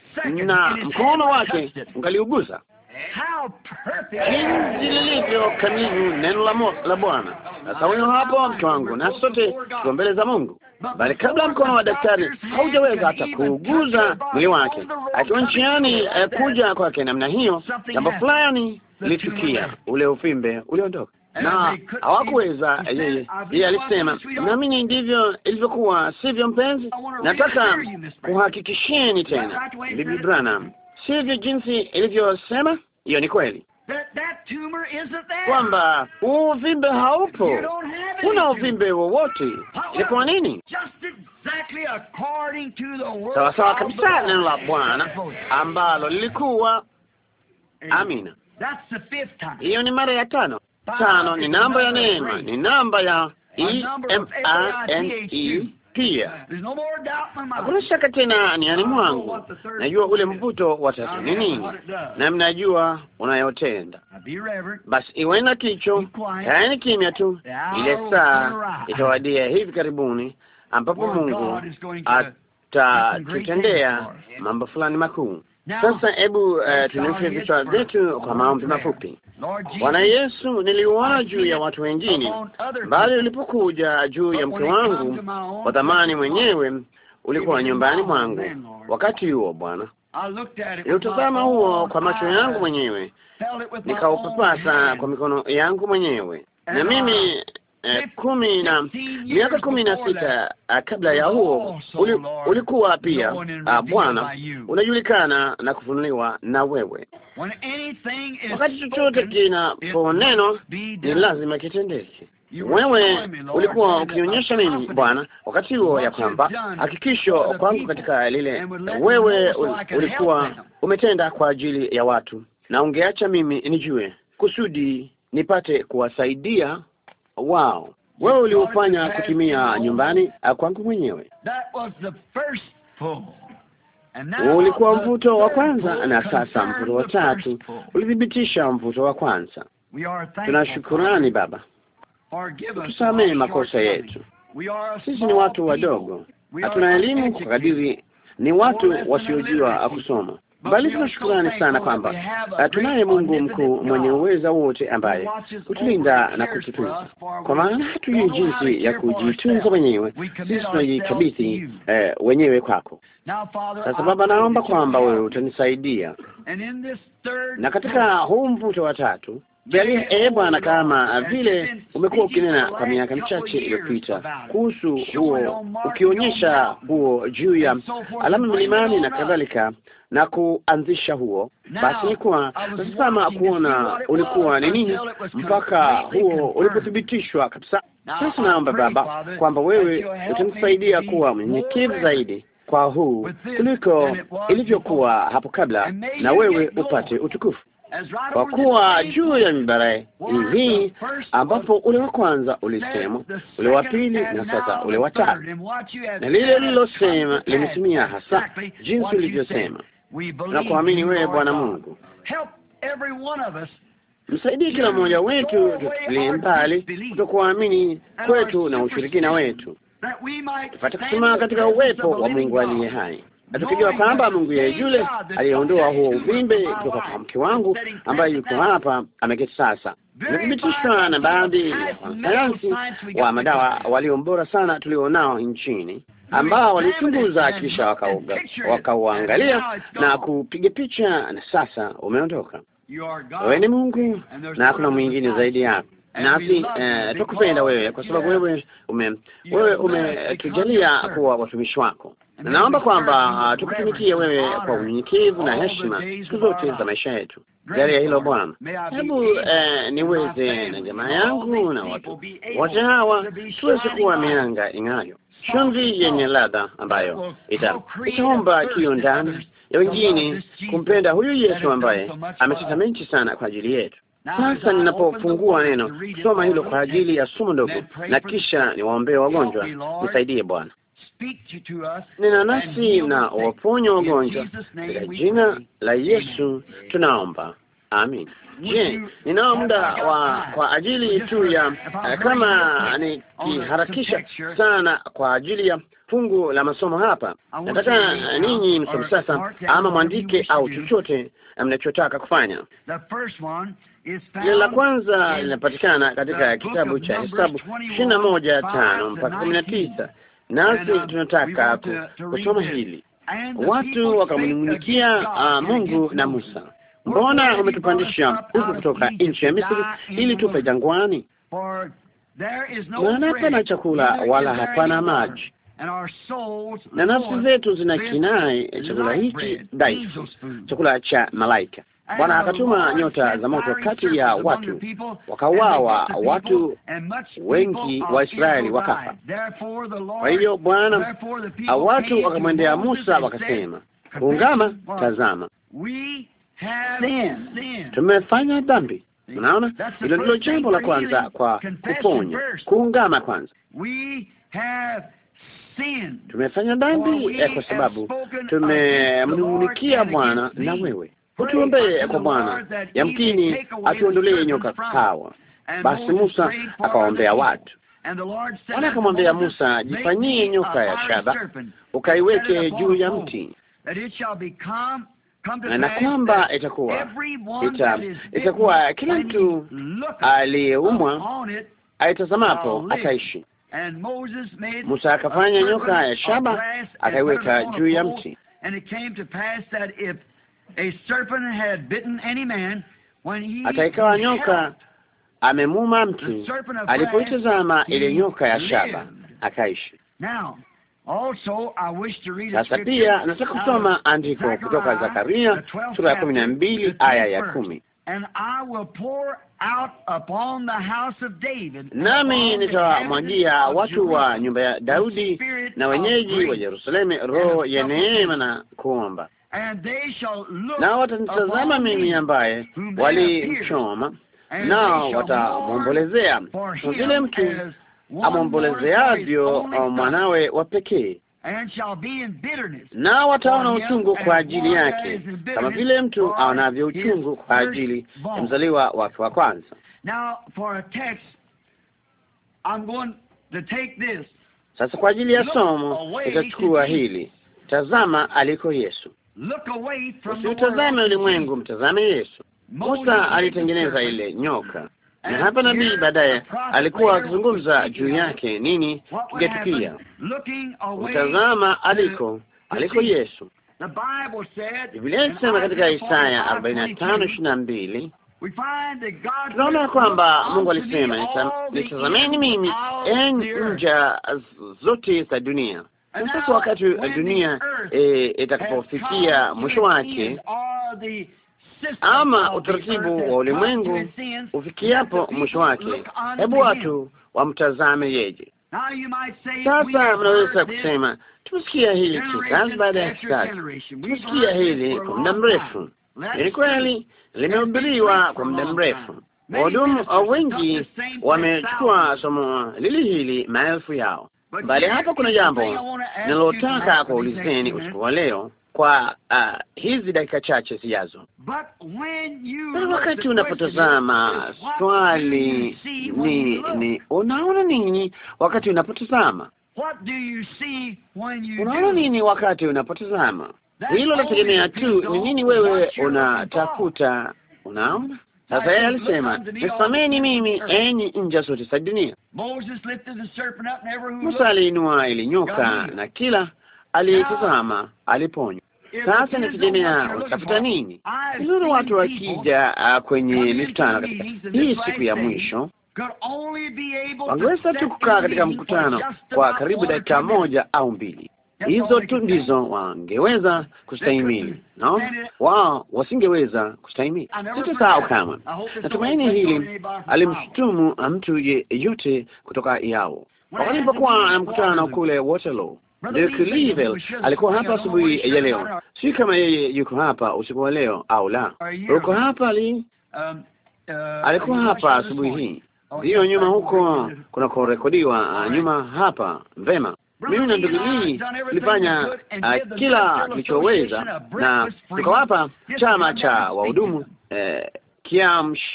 na mkono wake ungaliuguza jinsi lilivyo kamili neno la Bwana. Sasa huyo hapo mtu wangu, na sote tuko mbele za Mungu, bali kabla mkono wa daktari haujaweza hata kuuguza mwili wake, akiwa njiani eh, kuja kwake namna hiyo, jambo fulani litukia, ule ufimbe uliondoka na hawakuweza eh, yeye. Yeye alisema naamini ndivyo ilivyokuwa, sivyo mpenzi? Nataka kuhakikisheni tena, Bibi Branham, sivyo jinsi ilivyosema hiyo ni kweli kwamba huu uvimbe haupo, huna uvimbe wowote. Ni kwa nini? Sawasawa kabisa neno la Bwana ambalo lilikuwa amina. Hiyo ni mara ya tano. Tano ni namba ya neema, ni namba ya E M A N E pia hakuna shaka tena niani mwangu, najua ule mvuto wa tatu ni nini, na mnajua unayotenda. Basi iwe na kicho tayani, kimya tu, ile saa itawadia hivi karibuni, ambapo Mungu atatutendea mambo fulani makuu. Sasa hebu uh, tuinamishe vichwa vyetu kwa maombi mafupi. Bwana Yesu, niliuona juu ya watu wengine, bali ulipokuja juu ya mke wangu wa thamani mwenyewe, ulikuwa nyumbani mwangu. Wakati huo Bwana, niliutazama huo kwa macho yangu mwenyewe, nikaupapasa kwa mikono yangu mwenyewe, na mimi Eh, kumi na miaka kumi na sita eh, kabla ya huo uli, ulikuwa pia ah, Bwana unajulikana na kufunuliwa na wewe. Wakati chochote kinapo ni lazima kitendeke. Wewe ulikuwa ukionyesha mimi Bwana wakati huo ya kwamba hakikisho kwangu katika lile wewe ulikuwa umetenda kwa ajili ya watu, na ungeacha mimi nijue kusudi nipate kuwasaidia wao wewe uliofanya kutimia nyumbani ah, kwangu mwenyewe. Ulikuwa mvuto wa kwanza, na sasa mvuto wa tatu ulithibitisha mvuto wa kwanza. Tunashukurani Baba, tusamehe makosa yetu. Sisi ni watu wadogo, hatuna elimu kwa kadiri, ni watu wasiojua kusoma bali tuna shukrani sana kwamba uh, tunaye Mungu mkuu mwenye uweza wote ambaye hutulinda na kututunza, kwa maana hatujui jinsi ya kujitunza wenyewe, sisi tunajikabidhi eh, wenyewe kwako. Sasa Baba, naomba kwamba wewe utanisaidia, na katika huu mvuto wa tatu Angalia ee Bwana, kama vile umekuwa ukinena kwa miaka michache iliyopita kuhusu huo, ukionyesha huo juu ya alama milimani na kadhalika, na kuanzisha huo, basi nilikuwa nasisama kuona ulikuwa ni nini mpaka huo ulipothibitishwa kabisa. Sasa naomba Baba kwamba wewe utamsaidia kuwa mnyenyekevu zaidi kwa huu kuliko ilivyokuwa hapo kabla, na wewe upate utukufu kwa kuwa juu ya mibara hii ambapo ule wa kwanza ulisema, ule wa pili na sasa ule wa tatu, na lile lilosema limesimia hasa jinsi ulivyosema. Tunakuamini wewe Bwana Mungu, msaidie kila mmoja wetu tutupilie mbali kutokuamini kwetu na ushirikina wetu, tupate kusimama katika uwepo wa Mungu aliye hai na tukijua kwamba Mungu yeye yule aliyeondoa huo uvimbe kutoka kwa mke wangu ambaye yuko hapa ameketi sasa. Imethibitishwa na baadhi ya wanasayansi wa madawa walio bora sana tulionao nchini ambao walichunguza kisha wakauangalia na kupiga picha, na sasa umeondoka. Wewe ni Mungu na hakuna mwingine zaidi yako. Nasi eh, tukupenda wewe kwa sababu wewe ume- wewe umetujalia kuwa watumishi wako na naomba kwamba ah, tukutumikie wewe kwa unyenyekevu na heshima siku zote za maisha yetu. jalia ya hilo Bwana, hebu eh, niweze na jamaa yangu na watu wote hawa tuweze kuwa mianga ing'ayo, chumvi yenye ladha ambayo itaomba kiyo ndani ya wengine kumpenda huyu Yesu ambaye ametetamenti sana kwa ajili yetu. Sasa ninapofungua neno kusoma hilo kwa ajili ya somo ndogo, na kisha niwaombee wagonjwa, nisaidie Bwana nena nasi na waponya wagonjwa katika jina la Yesu tunaomba, amin. Je, ninao muda wa kwa ajili tu ya eh, kama nikiharakisha sana kwa ajili ya fungu la masomo hapa, nataka ninyi um, msome sasa, ama mwandike au chochote eh, mnachotaka kufanya. la kwanza linapatikana katika kitabu cha Hesabu ishirini na moja tano mpaka kumi na tisa nasi um, tunataka kusoma hili. Watu wakamnung'unikia uh, Mungu na Musa, mbona umetupandisha huku kutoka nchi ya Misri ili tupe jangwani? Maana hapana chakula wala hapana maji, na nafsi zetu zina chakula hiki dhaifu, chakula cha malaika Bwana akatuma nyota za moto kati ya watu, wakauawa watu wengi wa Israeli wakafa. Kwa hiyo Bwana watu wakamwendea Musa wakasema, ungama, tazama, tumefanya dhambi. Unaona, hilo ndilo jambo la kwanza kwa kuponya, kuungama kwanza tumefanya dhambi eh, kwa sababu tumemnung'unikia Bwana na wewe Tutuombee kwa Bwana, yamkini atuondolee nyoka hawa. Basi Musa akawaombea watu, Bwana akamwambia Musa, jifanyie nyoka ya shaba, ukaiweke juu ya mti na kwamba itakuwa ita, itakuwa kila mtu aliyeumwa aitazamapo ataishi. Musa akafanya nyoka ya shaba akaiweka juu ya mti, Akaikawa nyoka amemuma mtu, alipoitazama ile nyoka ya shaba akaishi. Sasa pia nataka kusoma andiko kutoka Zakaria sura ya kumi na mbili aya ya kumi nami nitawamwagia watu wa nyumba ya Daudi na wenyeji wa Yerusalemu roho ya neema na kuomba na watanitazama mimi ambaye walimchoma, nao watamwombolezea vile mtu amwombolezeavyo mwanawe wa pekee, nao wataona uchungu kwa ajili yake, kama vile mtu aonavyo uchungu kwa ajili ya mzaliwa wake wa kwanza. Sasa kwa ajili ya somo itachukua hili, tazama aliko Yesu Usiutazame ulimwengu, mtazame Yesu. Musa alitengeneza ile nyoka, na hapa nabii baadaye alikuwa akizungumza juu yake, nini kingetukia. Utazama aliko, aliko Yesu. Biblia inasema katika Isaya arobaini na tano ishirini na mbili tunaona kwamba Mungu alisema, nitazameni mimi enyi zote za dunia sasa wakati dunia eh, itakapofikia mwisho wake, ama utaratibu wa ulimwengu ufikiapo mwisho wake, hebu watu wamtazame yeje. Sasa mnaweza kusema tumesikia hili kizazi baada ya kizazi, tumesikia hili kwa muda mrefu. Ni kweli, limehubiriwa kwa muda mrefu. Wahudumu wengi wamechukua somo lili hili maelfu yao Bali hapa kuna jambo ninalotaka kuulizeni usiku wa leo kwa uh, hizi dakika chache zijazo. Wakati unapotazama swali ni ni unaona nini? Wakati unapotazama unaona nini? Wakati unapotazama hilo, lategemea tu ni nini wewe unatafuta. Unaona sasa yeye alisema nisameni mimi, enyi nja zote za dunia. Musa aliinua ile nyoka na kila aliyetazama aliponywa. Sasa nikijemea watafuta nini? Vizuri, watu wakija ah, kwenye mikutano katika hii siku ya mwisho wangeweza tu kukaa katika mkutano kwa karibu dakika moja au mbili. Hizo tu ndizo wangeweza kustahimili. No, wao wasingeweza kustahimili. Sitasahau kama natumaini hili alimshutumu mtu yeyote kutoka yao wakati nilipokuwa na mkutano kule Waterloo. Dirk alikuwa hapa asubuhi ya leo, si kama yeye yuko hapa usiku wa leo au la. Uko hapa li alikuwa hapa asubuhi hii, hiyo nyuma huko kunakorekodiwa, nyuma hapa. Vema mimi na ndugu hii tulifanya uh, kila tulichoweza na tukawapa chama cha wahudumu eh, kiamsha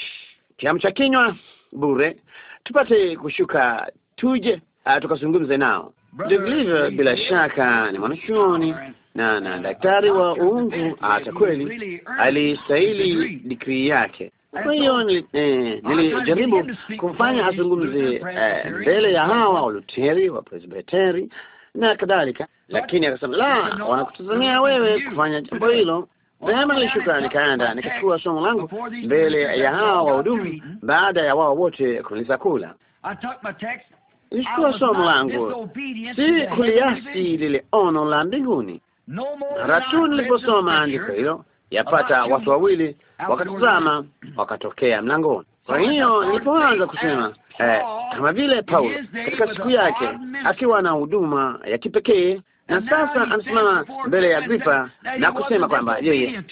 cha kinywa bure, tupate kushuka tuje, uh, tukazungumze nao. Ndugu bila shaka ni mwanachuoni na na daktari wa uungu, ah, hata kweli alistahili dikrii yake kwa hiyo nilijaribu eh, kumfanya azungumze eh, mbele ya hawa Waluteri, Wapresbiteri na kadhalika, lakini akasema la, wanakutazamia wewe kufanya jambo hilo. Daima nilishuka nikaenda nikachukua somo langu mbele ya hawa wahudumu, baada ya wao wote kuniza kula Nilichukua somo langu, si kuliasi lile ono la mbinguni. Mara tu niliposoma andiko hilo, yapata watu wawili wakatazama, wakatokea mlangoni. Kwa hiyo nilipoanza kusema eh, kama vile Paulo katika siku yake akiwa na huduma ya kipekee na sasa anasimama mbele ya Agripa na kusema kwamba yeye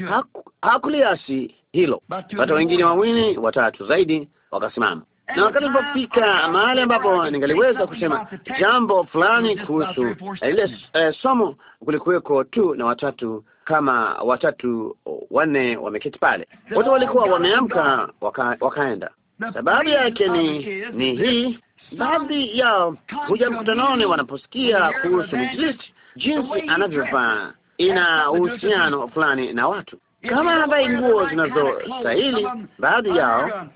hakuliasi hilo. Watu wengine wawili watatu zaidi wakasimama, na wakati nilipofika mahali ambapo ningaliweza kusema jambo fulani kuhusu eh, ile eh, somo, kulikuweko tu na watatu kama watatu wanne wameketi pale, wote walikuwa wameamka waka, wakaenda. Sababu yake ni ni hii, baadhi yao huja mkutanoni wanaposikia kuhusu mjilisti, jinsi anavyovaa ina uhusiano fulani na watu kama havai nguo zinazostahili. Baadhi yao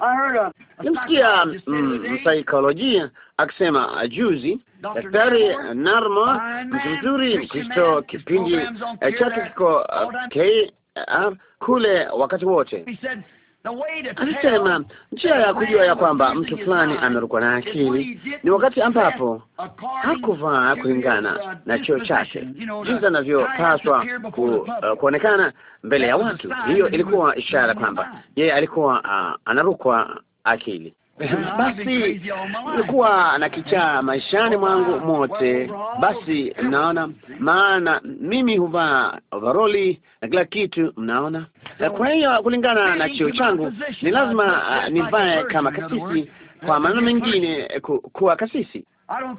nimsikia mm, msaikolojia akisema juzi Daktari narma mtu mzuri Mkristo, kipindi eh, chake kiko uh, KR uh, kule wakati wote alisema njia ya kujua ya kwamba mtu fulani amerukwa na akili ni wakati ambapo hakuvaa kulingana uh, na cheo chake, jinsi anavyopaswa ku, uh, kuonekana mbele ya watu. Hiyo ilikuwa ishara kwamba yeye alikuwa uh, anarukwa akili. Ah, [LAUGHS] Basi nilikuwa na kichaa maishani mwangu mote. Basi mnaona, maana mimi huvaa ovaroli na kila kitu, mnaona. Kwa hiyo kulingana na cheo changu ni lazima uh, uh, nivae kama kasisi. Kwa maneno mengine, ku, kuwa kasisi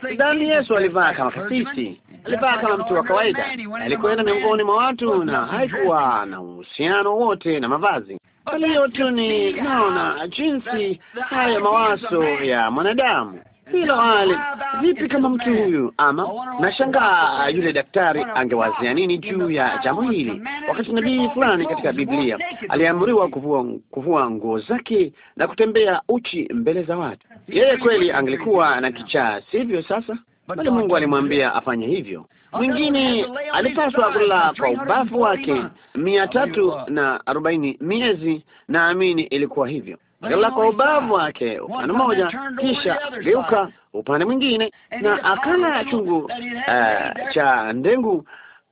Sidhani Yesu alivaa kama kasisi, alivaa kama mtu wa kawaida. Alikwenda miongoni mwa watu, na haikuwa na uhusiano wote na mavazi. Kwa hiyo tu ni naona jinsi haya mawazo ya mwanadamu hilo hali vipi, kama mtu huyu ama, nashangaa yule daktari angewazia nini juu ya jambo hili, wakati nabii fulani katika Biblia aliamriwa kuvua kuvua nguo zake na kutembea uchi mbele za watu. Yeye kweli angelikuwa na kichaa, sivyo? Sasa bali Mungu alimwambia afanye hivyo, mwingine alipaswa kula kwa ubavu wake mia tatu na arobaini miezi, naamini ilikuwa hivyo. Kula kwa ubavu wake upande mmoja, kisha geuka upande mwingine, na akala chungu uh, cha ndengu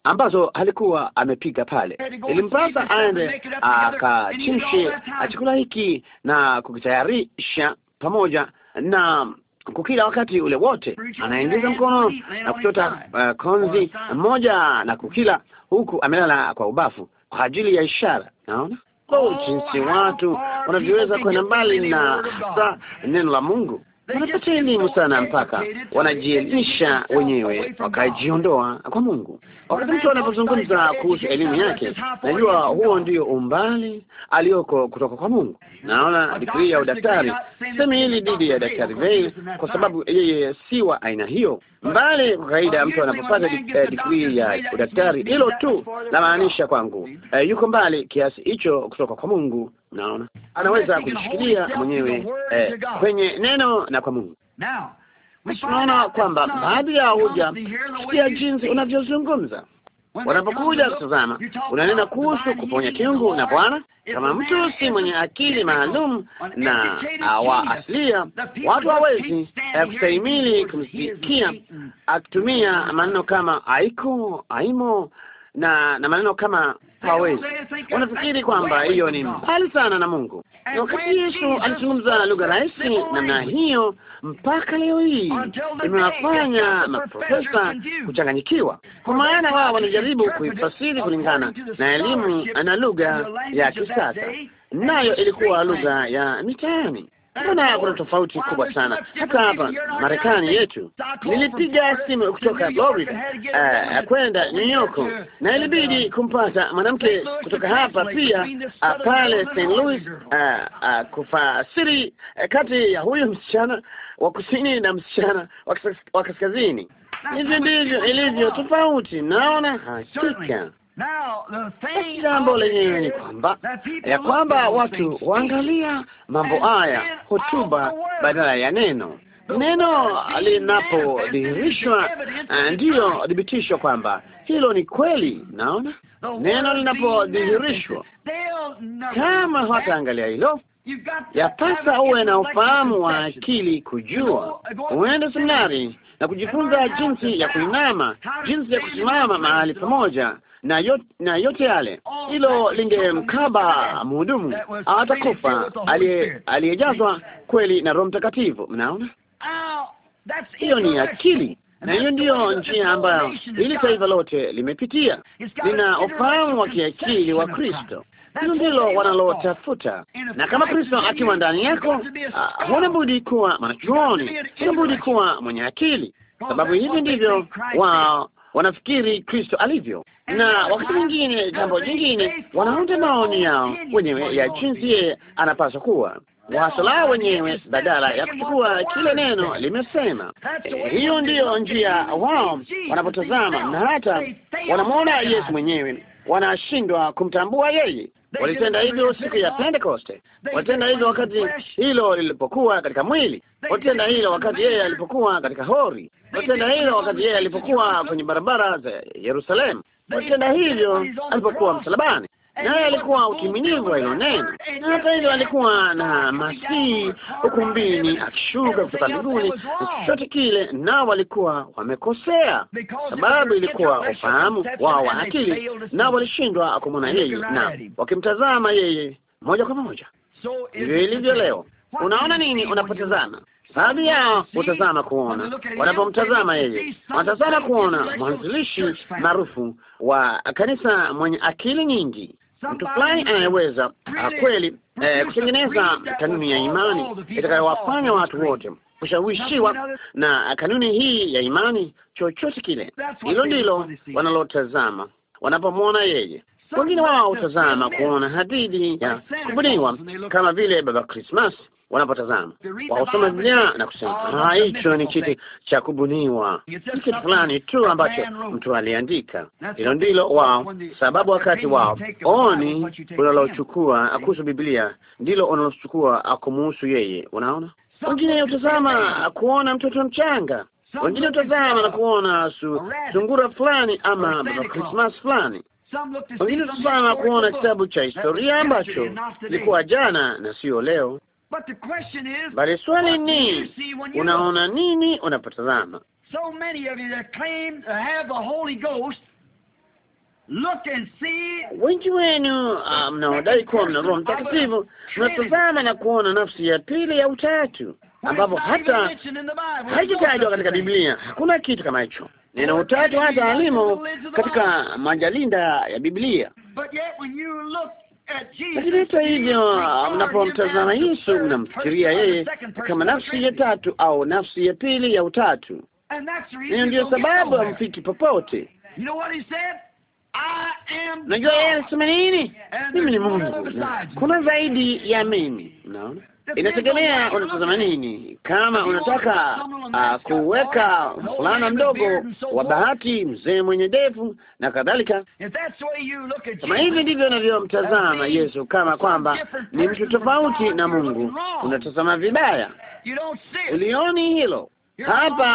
ambazo alikuwa amepiga pale. Ilimpasa aende akachishe chakula hiki na kukitayarisha pamoja na kwa kila wakati ule wote anaingiza mkono na kuchota uh, konzi mmoja na kukila huku amelala kwa ubafu kwa ajili ya ishara. Naona oh, oh jinsi watu wanavyoweza kwenda mbali na hasa neno la Mungu. Wanapata elimu sana mpaka wanajielimisha wenyewe wakajiondoa kwa Mungu. Wakati mtu anapozungumza kuhusu elimu yake, najua huo ndio umbali alioko kutoka kwa Mungu. Naona digrii ya udaktari, sema hili dhidi ya daktari Vei kwa sababu yeye si wa aina hiyo. Mbali kwa kawaida, mtu anapopata digrii eh, ya udaktari, hilo tu namaanisha kwangu, eh, yuko mbali kiasi hicho kutoka kwa Mungu. Naona anaweza kujishikilia mwenyewe eh, kwenye neno na kwa Mungu tunaona kwamba baadhi ya huja kusikia jinsi unavyozungumza wanapokuja kutazama unanena kuhusu kuponya kiungu na Bwana. Kama mtu si mwenye akili maalum na awa asilia, watu hawezi kustahimili kumsikia akitumia maneno kama aiko aimo na na maneno kama hawezi. Unafikiri kwamba hiyo ni mbali sana na Mungu? Na wakati Yesu alizungumza lugha rahisi namna hiyo, mpaka leo hii imewafanya maprofesa kuchanganyikiwa, kwa maana wao wanajaribu kuifasiri kulingana na elimu na lugha ya kisasa, nayo ilikuwa lugha ya mitaani. Naona kuna tofauti kubwa sana hata hapa Marekani yetu. Nilipiga simu kutoka Florida uh, eh, kwenda New York, na ilibidi kumpata mwanamke kutoka hapa pia pale St. Louis uh, uh, kufasiri kati ya huyu msichana wa kusini na msichana wa kaskazini. Hivi ndivyo ilivyo tofauti, naona hakika Jambo lenyewe ni kwamba ya kwamba watu waangalia mambo haya hotuba badala ya neno. Neno linapodhihirishwa eh, ndiyo thibitisho kwamba hilo ni kweli. Naona neno linapodhihirishwa, kama hawataangalia hilo, yapasa uwe na ufahamu wa akili kujua, uende seminari na kujifunza jinsi ya kuinama, jinsi ya kusimama mahali pamoja na yote, na yote yale hilo lingemkaba mhudumu, atakufa aliyejazwa kweli na Roho Mtakatifu. Mnaona, hiyo ni akili na hiyo ndiyo njia ambayo hili taifa lote limepitia. Lina ufahamu wa kiakili wa Kristo, hilo ndilo wanalotafuta. Na kama Kristo akiwa ndani yako, ah, huna budi kuwa mwanachuoni, huna budi kuwa mwenye akili, sababu hivi ndivyo wao wanafikiri Kristo alivyo, na wakati mwingine jambo jingine wanaunda maoni yao wenyewe ya jinsi yeye anapaswa kuwa wasolaa wenyewe badala ya kuchukua kile neno limesema. E, hiyo ndiyo njia wao wanapotazama, na hata wanamwona Yesu mwenyewe wanashindwa kumtambua yeye. Walitenda hivyo siku ya Pentekoste, walitenda hivyo wakati hilo lilipokuwa katika mwili, walitenda hilo wakati yeye alipokuwa katika hori, walitenda hilo wakati yeye alipokuwa kwenye barabara za Yerusalemu, walitenda hivyo alipokuwa msalabani naye alikuwa utimilivu wa hilo neno, na hata hivyo alikuwa na Masihi ukumbini akishuka kutoka mbinguni na chochote kile, nao walikuwa wamekosea, sababu ilikuwa ufahamu wao wa akili, nao walishindwa kumwona yeye na wakimtazama yeye moja kwa moja. Ndivyo ilivyo leo. Unaona nini unapotazama? Baadhi yao hutazama kuona, wanapomtazama yeye wanatazama kuona mwanzilishi maarufu wa kanisa mwenye akili nyingi Mtu fulani anayeweza ah, kweli eh, kutengeneza kanuni ya imani itakayowafanya watu wote kushawishiwa na kanuni hii ya imani, chochote kile. Hilo ndilo wanalotazama wanapomwona yeye wengine wao hutazama kuona hadithi ya kubuniwa kama vile Baba Christmas wanapotazama wausoma Biblia na kusema ah, hicho ni kitu cha kubuniwa, kitu fulani tu ambacho mtu aliandika. Hilo ndilo wao, sababu wakati wao oni unalochukua kuhusu Biblia ndilo unalochukua kumuhusu yeye. Unaona, wengine utazama kuona mtoto mchanga, wengine utazama na kuona sungura fulani ama Baba Christmas fulani wengine na kuona kitabu cha historia ambacho ilikuwa jana na sio leo, bali swali ni unaona nini unapotazama? Wengi wenu ah, mnaodai kuwa mna Roho Mtakatifu mnatazama na kuona nafsi ya pili ya utatu, ambapo hata haikitajwa katika Biblia. Hakuna kitu kama hicho nina utatu hata alimu katika majalinda ya Biblia, lakini hata hivyo, mnapomtazama Yesu mnamfikiria yeye kama nafsi ya tatu au nafsi ya pili ya utatu. Hiyo ndiyo sababu hamfiki popote. Najua yeye alisema nini? Mimi ni Mungu, kuna zaidi ya mimi. Unaona? inategemea unatazama nini. Kama unataka uh, kuweka fulana mdogo wa bahati, mzee mwenye ndevu na kadhalika, kama hivi ndivyo unavyomtazama Yesu, kama kwamba ni mtu tofauti na Mungu, unatazama vibaya. Ulioni hilo? Hapa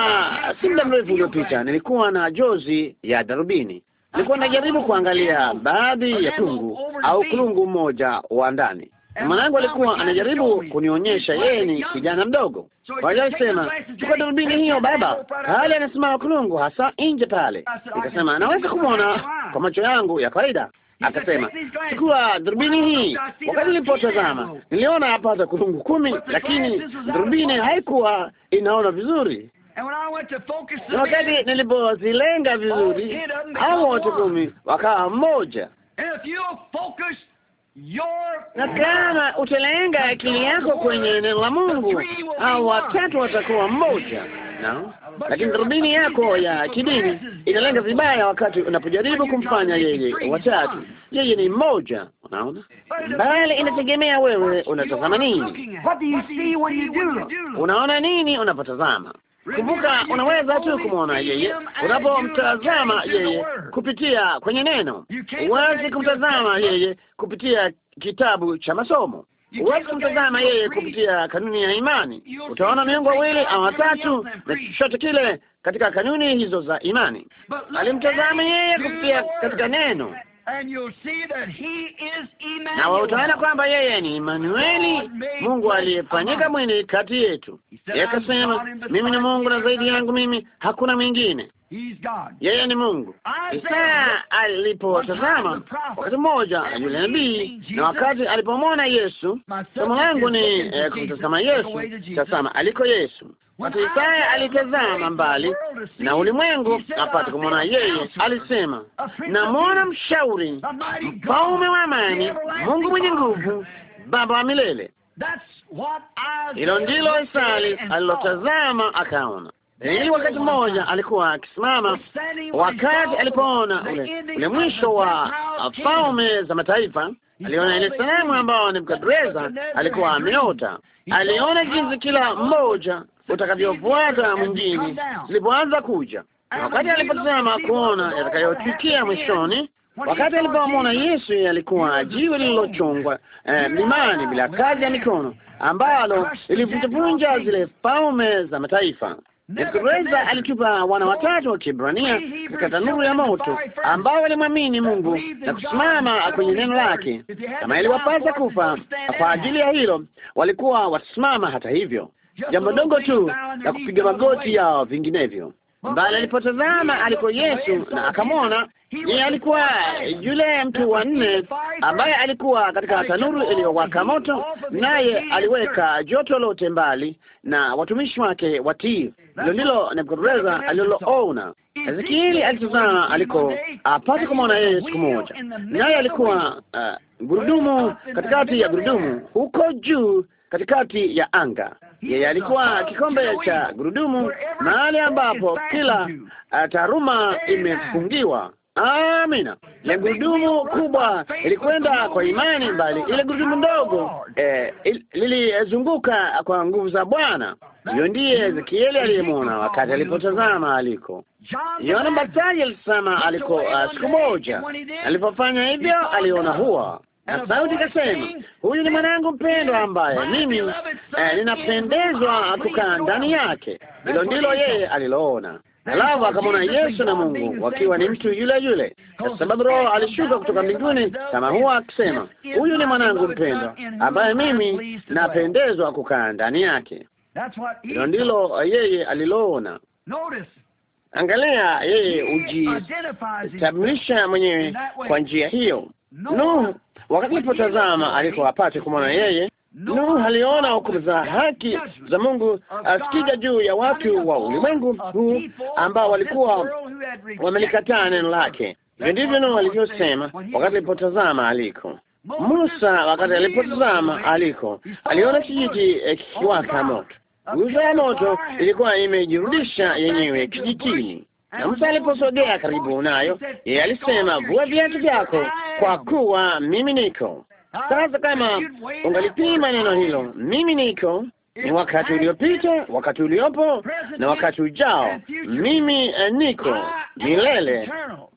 ah, si muda mrefu uliopita nilikuwa na jozi ya darubini, nilikuwa najaribu kuangalia baadhi ya tungu au kulungu mmoja wa ndani Eh, mwanangu alikuwa anajaribu kunionyesha yeye ni kijana mdogo. Kwa hiyo alisema, chukua darubini hiyo baba, hali anasimama kulungu hasa nje pale. Nikasema anaweza kumwona kwa macho yangu ya kawaida. Akasema chukua darubini hii. Wakati nilipotazama niliona apata kulungu kumi, lakini darubini haikuwa inaona vizuri na wakati nilipozilenga oh, vizuri, hao wote kumi wakawa mmoja na kama utalenga akili yako kwenye neno la Mungu, au watatu watakuwa mmoja no? Lakini darubini yako ya kidini inalenga vibaya wakati unapojaribu kumfanya yeye watatu. Yeye ni mmoja, unaona, bali inategemea wewe unatazama nini, unaona nini unapotazama. Kumbuka, unaweza tu kumwona yeye unapomtazama yeye kupitia kwenye neno. Huwezi kumtazama yeye kupitia kitabu cha masomo, huwezi kumtazama yeye kupitia kanuni ya imani. Utaona miungu wawili au watatu na chochote kile katika kanuni hizo za imani, alimtazama yeye kupitia katika neno na wautaona kwamba yeye ni Emanueli, Mungu aliyefanyika mwili kati yetu. Yeye akasema, mimi ni Mungu na zaidi yangu mimi hakuna mwingine. Yeye ni Mungu. Isaya alipotazama wakati mmoja yule nabii, na wakati alipomwona Yesu, somo langu ni eh, kumtazama Yesu, tazama aliko Yesu basi Isaya alitazama mbali na ulimwengu apate kumwona yeye, alisema, namwona mshauri, mfalme wa amani, Mungu mwenye nguvu, Baba wa milele. Hilo ndilo Isaya alilotazama akaona. Ili wakati mmoja alikuwa akisimama wakati alipoona ule, ule mwisho wa falme za mataifa. Aliona ile sehemu ambayo Nebukadreza alikuwa ameota, aliona jinsi kila mmoja utakavyofuata mwingine zilipoanza kuja, na wakati alipotazama kuona yatakayotukia mwishoni, wakati alipomwona Yesu alikuwa jiwe lililochongwa eh, mlimani eh, bila kazi ya mikono ambalo ilivunjavunja zile falme za mataifa. Nebukadreza alitupa wana watatu wa Kiebrania katika tanuru ya moto ambao walimwamini Mungu na kusimama kwenye neno lake. Kama iliwapasa kufa kwa ajili ya hilo, walikuwa watasimama hata hivyo jambo dogo tu la kupiga magoti yao, vinginevyo. Mbali alipotazama aliko Yesu na akamwona yeye, alikuwa yule mtu wa nne ambaye alikuwa katika tanuru iliyowaka moto, naye aliweka joto lote mbali na watumishi wake watii. Hilo ndilo Nebukadreza aliloona. Ezekieli alitazama aliko apate kumwona yeye siku moja, naye alikuwa uh, gurudumu katikati ya gurudumu huko juu katikati ya anga. Yeye alikuwa kikombe cha gurudumu, mahali ambapo kila taruma imefungiwa. Amina. Ile gurudumu kubwa ilikwenda kwa imani mbali, ile gurudumu ndogo eh, lilizunguka kwa nguvu za Bwana. Hiyo ndiye Ezekieli aliyemwona wakati alipotazama aliko. Yohana Mbatizaji alisema aliko ah, siku moja, alipofanya hivyo aliona hua na sauti ikasema, huyu ni mwanangu mpendwa ambaye mimi eh, ninapendezwa kukaa ndani yake. Hilo ndilo yeye aliloona. Alafu akamwona Yesu na Mungu wakiwa ni mtu yule yule, kwa sababu Roho alishuka kutoka mbinguni kama huwa akisema, huyu ni mwanangu mpendwa ambaye mimi napendezwa kukaa ndani yake. Hilo ndilo yeye aliloona. Angalia, yeye hujitambulisha mwenyewe kwa njia hiyo. Nuhu wakati alipotazama aliko apate kumwona yeye. Nuhu aliona hukumu za haki za Mungu asikija juu ya watu wa ulimwengu huu ambao walikuwa wamelikataa neno lake. Hivyo ndivyo Nuhu alivyosema wakati alipotazama aliko. Musa wakati alipotazama aliko, aliona kijiji eh, kikiwaka moto. Nguzo ya moto ilikuwa imejirudisha yenyewe kijitini na Musa aliposogea karibu nayo, yeye alisema, vua viatu vyako kwa kuwa mimi niko. Sasa kama ungalipima neno hilo, mimi niko ni wakati uliopita, wakati uliopo na wakati ujao. Mimi eh, niko milele,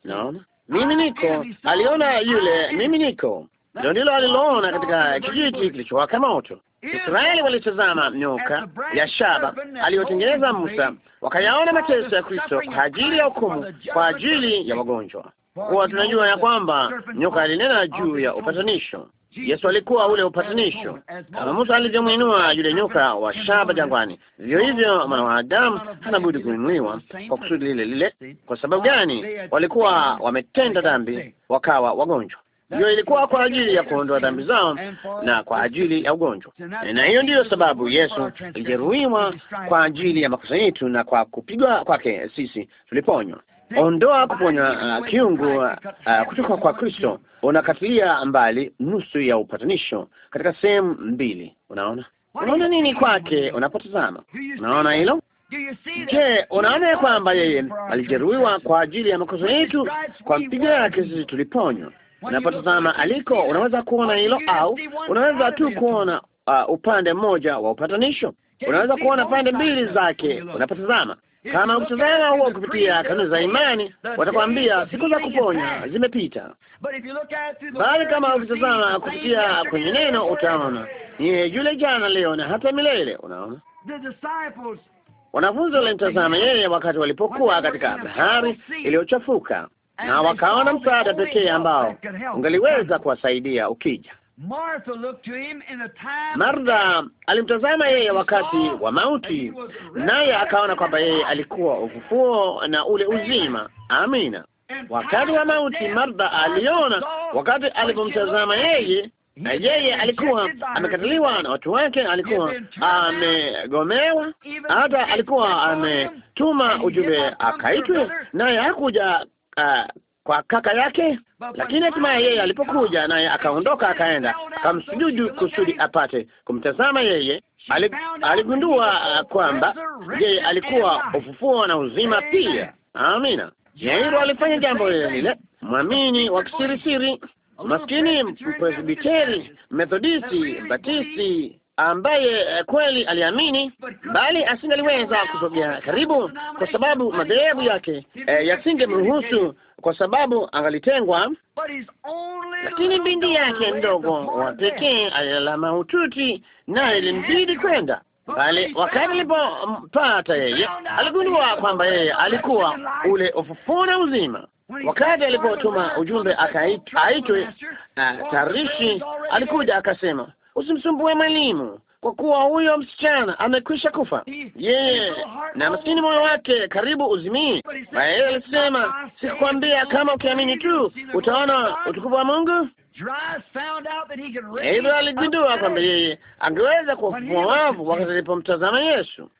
naona mimi niko. Aliona yule mimi niko, ndio ndilo aliloona katika kijiti kilichowaka moto. Israeli walitazama nyoka ya shaba aliyotengeneza Musa, wakayaona mateso ya Kristo kwa ajili ya hukumu, kwa ajili ya wagonjwa. Huwa tunajua ya kwamba nyoka alinena juu ya upatanisho. Yesu alikuwa ule upatanisho, kama Musa alivyomwinua yule nyoka wa shaba jangwani, vivyo hivyo mwana wa Adamu hana budi kuinuliwa kwa kusudi lile lile. Kwa sababu gani? Walikuwa wametenda dhambi, wakawa wagonjwa. Hiyo ilikuwa kwa ajili ya kuondoa dhambi zao na kwa ajili ya ugonjwa, na hiyo ndiyo sababu Yesu alijeruhiwa kwa ajili ya makosa yetu, na kwa kupigwa kwake sisi tuliponywa. Ondoa kuponya uh, kiungu uh, uh, kutoka kwa Kristo, unakatilia mbali nusu ya upatanisho katika sehemu mbili. Unaona, unaona nini kwake unapotazama? Unaona hilo? Je, unaona kwamba yeye alijeruhiwa kwa ajili ya makosa yetu, kwa mpigo yake sisi tuliponywa Unapotazama aliko, unaweza kuona hilo, au unaweza tu kuona uh, upande mmoja wa upatanisho. Unaweza kuona pande mbili zake unapotazama. Kama ukitazama huo kupitia kanuni za imani, watakwambia siku za kuponya zimepita, bali kama ukitazama kupitia kwenye neno, utaona ni yule jana, leo na hata milele. Unaona, wanafunzi walimtazama yeye wakati walipokuwa katika bahari iliyochafuka na wakaona msaada pekee ambao ungaliweza kuwasaidia ukija. Martha alimtazama yeye wakati wa mauti, naye akaona kwamba yeye alikuwa ufufuo na ule uzima. Amina. Wakati wa mauti, Martha aliona wakati alipomtazama yeye, na yeye alikuwa amekataliwa na watu wake, alikuwa amegomewa, hata alikuwa ametuma ujumbe akaitwe, naye hakuja uh, kwa kaka yake, lakini hatimaye yeye alipokuja naye akaondoka akaenda akamsujudu kusudi apate kumtazama yeye. Aligundua uh, kwamba yeye alikuwa ufufuo na uzima pia. Amina. Yairo alifanya jambo lile lile, mwamini wa kisirisiri, maskini Mpresbiteri, Methodisti, Batisti ambaye eh, kweli aliamini, bali asingaliweza kusogea karibu kwa sababu madhehebu yake e, yasingemruhusu kwa sababu angalitengwa. Lakini bindi yake mdogo wa pekee alilala mahututi, naye ilimbidi kwenda bali wakati alipompata yeye aligundua kwamba yeye alikuwa ule ufufuo na uzima. Wakati alipotuma ujumbe akaitwe uh, eh, tarishi, alikuja akasema usimsumbue mwalimu, kwa kuwa huyo msichana amekwisha kufa yeye, na maskini moyo wake karibu uzimii. Naye yeye alisema, sikukwambia kama ukiamini tu utaona utukufu wa Mungu. Hivyo aligundua kwamba yeye angeweza kuwafufua wafu. Wakati alipomtazama Yesu,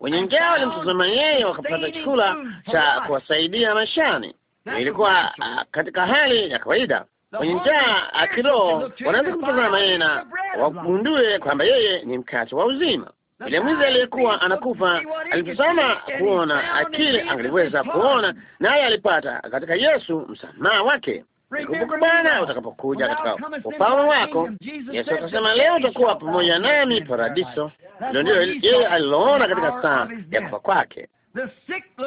wenye njaa walimtazama yeye, wakapata chakula cha kuwasaidia maishani. Ilikuwa ah, katika hali ya kawaida kwenye njaa akiroho wanaanza kumtazama yeye na wagundue kwamba yeye ni mkate wa uzima. Ile mwizi aliyekuwa anakufa alitazama kuona akili angaliweza kuona, naye alipata katika Yesu msamaha wake. Kumbuka Bwana utakapokuja katika ufalme wako, Yesu akasema leo utakuwa pamoja nami paradiso. Hilo ndio yeye aliloona katika saa ya kufa kwake.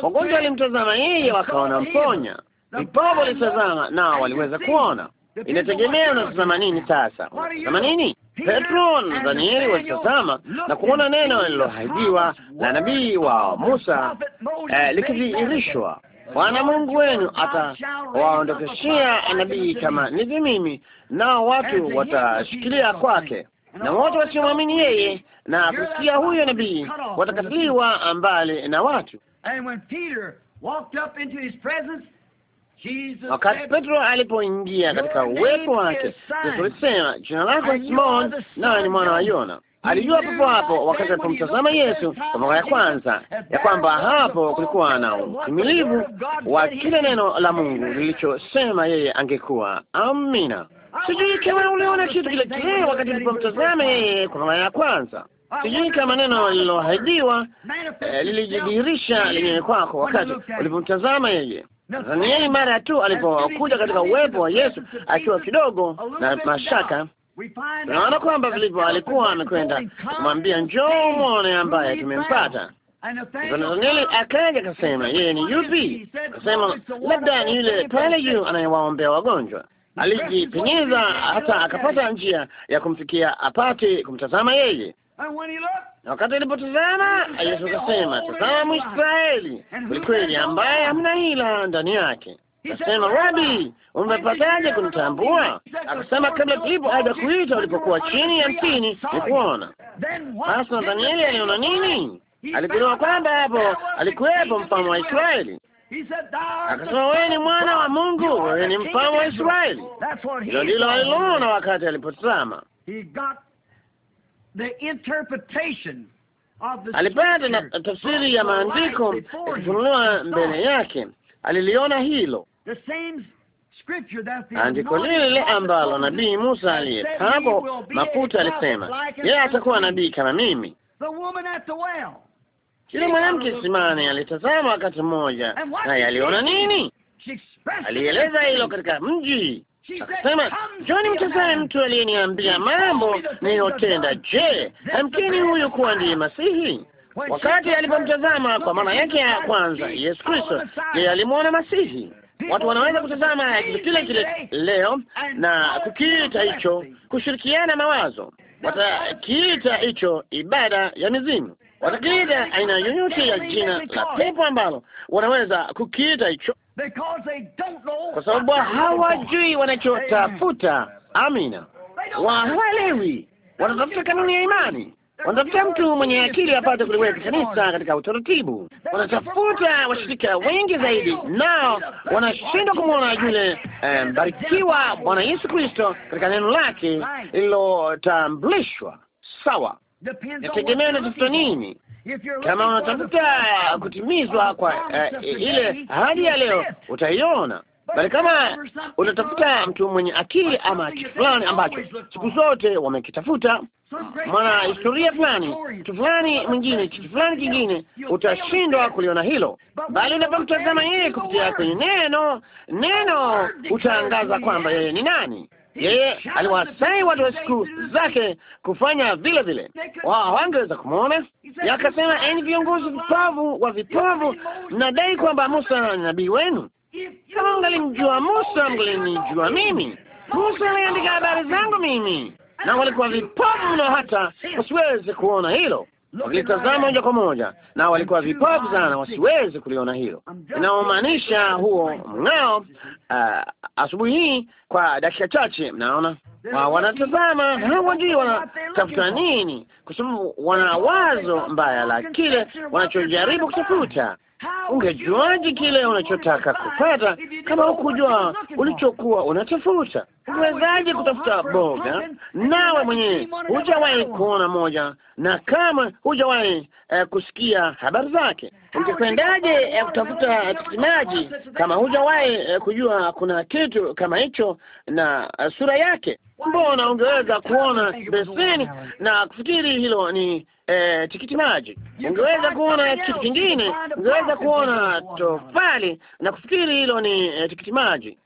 Wagonjwa alimtazama yeye, wakaona mponya vipofu walitazama na waliweza kuona. Inategemea unatazama nini sasa. Unatazama nini? Petro na Danieli walitazama na kuona neno lililoahidiwa la nabii wa Musa eh, likidhihirishwa. Bwana Mungu wenu atawaondokeshea nabii kama nivi mimi, nao watu watashikilia kwake, na wote wasiomwamini yeye na kusikia huyo nabii watakatiliwa mbali na watu. Wakati Petro alipoingia katika uwepo wake, Yesu alisema, jina lako ni Simon, nawe ni mwana wa Yona. Alijua papo hapo, wakati alipomtazama Yesu kwa mara ya kwanza, ya kwamba hapo kulikuwa na utimilivu wa kile neno la Mungu lilichosema yeye angekuwa. Amina. Sijui kama uliona kitu kile kile wakati alipomtazama yeye kwa mara ya kwanza. Sijui kama neno lililoahidiwa eh, lilijidhihirisha lenyewe kwako wakati ulipomtazama yeye Tanzanieni mara tu alipokuja katika uwepo wa Yesu akiwa kidogo na mashaka, tunaona kwamba vilivyo alikuwa amekwenda kumwambia njoo mwone ambaye tumempata. Nathanieli akaja akasema, yeye ni yupi? Akasema labda ni yule pale juu anayewaombea wagonjwa. Alijipenyeza hata akapata njia ya kumfikia apate kumtazama yeye. Ah, wakati alipotazama Yesu akasema, tazama Mwisraeli kwelikweli ambaye hamna hila ndani yake. Akasema, Rabi, umepataje kunitambua? Akasema, kabla tulipo hajakuita ulipokuwa chini ya mtini nikuona. Basi danieli aliona nini? Aligundua kwamba hapo alikuwepo mfalme wa Israeli. Akasema, wewe ni mwana wa Mungu, wewe ni mfalme wa Israeli. Hilo ndilo aliloona wakati alipotazama alipata na tafsiri ya maandiko ikifunuliwa mbele yake, aliliona hilo andiko lile lile ambalo nabii Musa aliyetabo mafuta alisema yeye atakuwa nabii kama mimi. Yule mwanamke simani alitazama wakati mmoja, naye aliona nini? Alieleza hilo katika mji Sema, njoni mtazame mtu aliyeniambia mambo niliyotenda. Je, amkini huyu kuwa ndiye Masihi? Wakati alipomtazama kwa maana yake ya kwanza Yesu Kristo, yeye alimwona Masihi. Watu wanaweza kutazama kitu kile kile leo na kukiita hicho kushirikiana mawazo, watakiita hicho ibada ya mizimu, watakiita aina yoyote ya jina la pepo ambalo wanaweza kukiita hicho kwa sababu hawajui wanachotafuta. Amina, wahalewi wanatafuta kanuni ya imani, wanatafuta mtu mwenye akili apate kuliweka kanisa katika utaratibu, wanatafuta washirika wengi zaidi, nao wanashindwa kumwona yule eh, mbarikiwa Bwana Yesu Kristo katika neno lake lililotambulishwa. Sawa, nategemea natafuta nini? Kama unatafuta kutimizwa kwa uh, ile ahadi ya leo utaiona, bali kama unatafuta mtu mwenye akili ama kitu fulani ambacho siku zote wamekitafuta, mwana historia fulani, mtu fulani mwingine, kitu fulani kingine, utashindwa kuliona hilo, bali unapomtazama yeye kupitia kwenye neno neno, utaangaza kwamba yeye ni nani yeye aliwasai watu wa siku zake kufanya vile vile, hawangeweza kumwona. Yakasema, enyi viongozi vipavu wa vipavu, mnadai kwamba Musa ni nabii wenu. Kama ngalimjua Musa, mngalinijua mimi. Musa aliandika habari zangu mimi. Na walikuwa vipavu mno, hata wasiweze kuona hilo Wakilitazama moja kwa moja, na walikuwa vipofu sana, wasiweze kuliona hilo. Inaomaanisha huo mng'ao. Uh, asubuhi hii kwa dakika chache. Mnaona wa ah, ah, wanatazama, hawajui wanatafuta nini, kwa sababu wana wazo mbaya la kile wanachojaribu kutafuta. Ungejuaje kile unachotaka kupata kama hukujua ulichokuwa unatafuta? Unawezaje kutafuta boga nawe mwenyewe hujawahi kuona moja, na kama hujawahi eh, kusikia habari zake? ungependaje eh, kutafuta maji kama hujawahi eh, kujua kuna kitu kama hicho na eh, sura yake? Mbona ungeweza kuona beseni na kufikiri hilo ni eh, tikiti maji. Ungeweza kuona kitu kingine, ungeweza kuona tofali na kufikiri hilo ni eh, tikiti maji,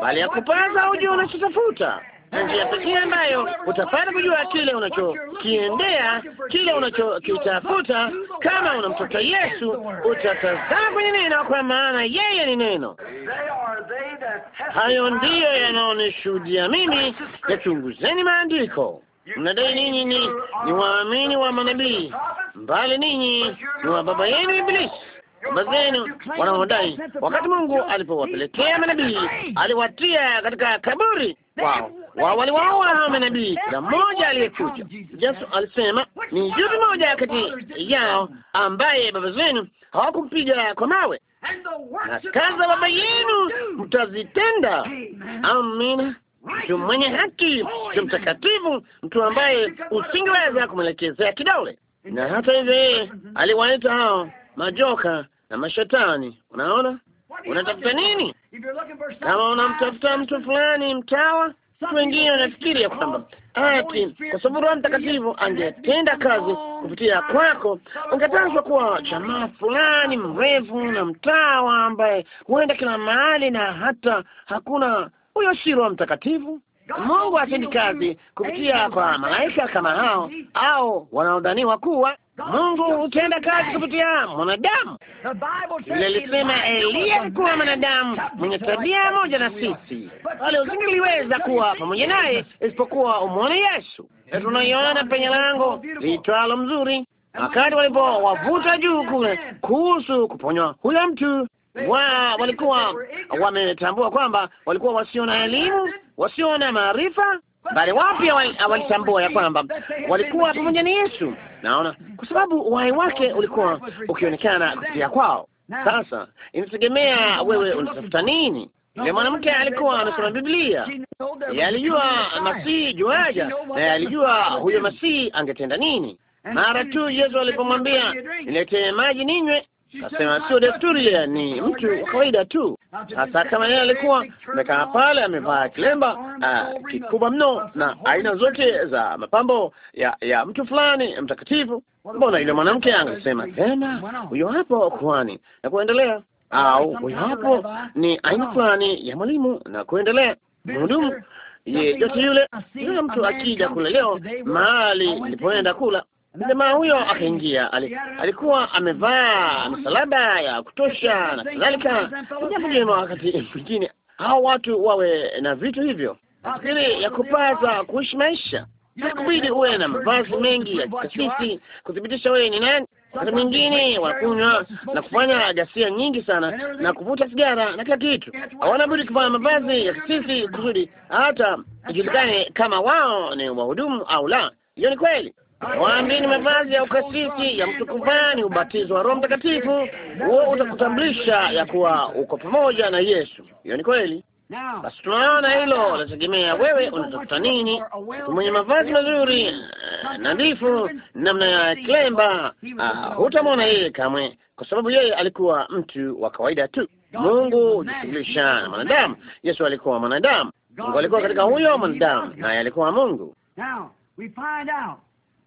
bali ya kupaza ujue unachotafuta na njia pekee ambayo utapata kujua kile unachokiendea, kile unachokitafuta, kama unamtafuta Yesu, utatazama kwenye neno, kwa maana yeye ni neno. Hayo ndiyo yanaonishuhudia mimi, yachunguzeni maandiko. Mnadai ninyi ni ni waamini wa manabii, mbali ninyi ni wa baba yenu Ibilisi. Baba zenu wanaodai wakati Mungu alipowapelekea manabii aliwatia katika kaburi wao wa waliwaua hao manabii, kila mmoja aliyekuja. Yesu alisema ni yupi mmoja kati yao ambaye baba zenu hawakumpiga kwa mawe, na kazi za baba yenu mtazitenda. Amina. Mtu mwenye haki, mtu mtakatifu, mtu ambaye usingeweza kumwelekezea kidole. Na hata hivyo, yeye aliwaita hao majoka na mashetani. Unaona, unatafuta nini? Kama unamtafuta mtu fulani mtawa Siku wengine wanafikiri ya kwamba ati ah, kwa sababu Roho Mtakatifu angetenda kazi kupitia kwako, ungepaswa kuwa jamaa fulani mrefu na mtawa ambaye huenda kila mahali na hata hakuna. Huyo si Roho Mtakatifu. Mungu hatendi kazi kupitia kwa malaika kama hao au wanaodhaniwa kuwa Mungu ukienda kazi kupitia mwanadamu. Biblia ilisema Eliya alikuwa mwanadamu mwenye tabia moja na sisi, wale usingeliweza kuwa pamoja naye isipokuwa umwone Yesu. Tunaiona penye lango liitwalo mzuri, wakati walipowavuta juu kule kuhusu kuponywa huyo mtu wa walikuwa wametambua kwamba walikuwa wasio na elimu, wasio na maarifa, bali wao pia walitambua ya kwamba walikuwa pamoja na Yesu, naona kwa sababu uhai wake ulikuwa ukionekana kupitia kwao. Sasa inategemea wewe unatafuta nini. Yule mwanamke alikuwa anasoma Biblia, yalijua Masihi juaja, na yalijua huyo Masihi angetenda nini. Mara tu Yesu alipomwambia niletee maji ninywe, Nasema sio desturi, ni mtu wa kawaida tu. Hasa kama yeye alikuwa amekaa pale amevaa kilemba ah, kikubwa mno na aina zote za mapambo ya ya mtu fulani mtakatifu, mbona yule mwanamke angesema tena, huyo hapo kwani na kuendelea, au huyo hapo ni aina fulani ya mwalimu na kuendelea, mhudumu ye yule. Yule mtu akija kule leo mahali nilipoenda kula Mjamaa huyo akaingia, alikuwa amevaa msalaba ya kutosha na kadhalika. Jambo jema, wakati mwingine hao watu wawe na vitu hivyo, nafikiri ya kupaza kuishi maisha Hakubidi uwe na mavazi mengi ya kikasisi kuthibitisha wewe ni nani. Wakati mwingine wanakunywa na kufanya ghasia nyingi sana na kuvuta sigara na kila kitu. Hawana budi kuvaa mavazi ya kisisi kusudi hata ijulikane kama wao ni wahudumu au la. Hiyo ni kweli waambini mavazi ya ukasisi ya mtukufani, ubatizo wa Roho Mtakatifu, huo utakutambulisha ya kuwa uko pamoja na Yesu. Hiyo ni kweli. Basi tunaona hilo linategemea wewe unatafuta nini. Mtu mwenye mavazi mazuri eh, nadhifu, namna ya kilemba, ah, hutamwona yeye kamwe, kwa sababu yeye alikuwa mtu wa kawaida tu. Mungu hujishughulisha na mwanadamu. Yesu alikuwa mwanadamu, Mungu alikuwa katika huyo mwanadamu, naye alikuwa Mungu. Now we find out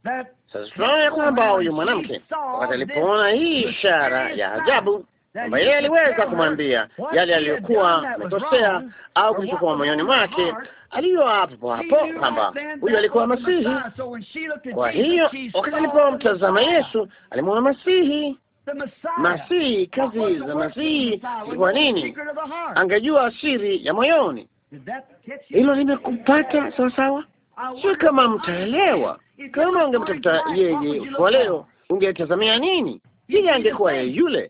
sasa ya kwamba huyu mwanamke wakati alipoona hii ishara ya ajabu kwamba yeye aliweza kumwambia yale aliyokuwa ametosea au kilichokuwa moyoni mwake, aliyo hapo hapo kwamba huyu alikuwa Masihi. Kwa hiyo wakati alipomtazama Yesu, alimwona Masihi. Masihi, kazi za Masihi kwa nini? Angejua siri ya moyoni. Hilo limekupata sawasawa? Sio kama mtaelewa kama ungemtafuta yeye kwa leo, ungetazamia nini? Yeye angekuwa ye yule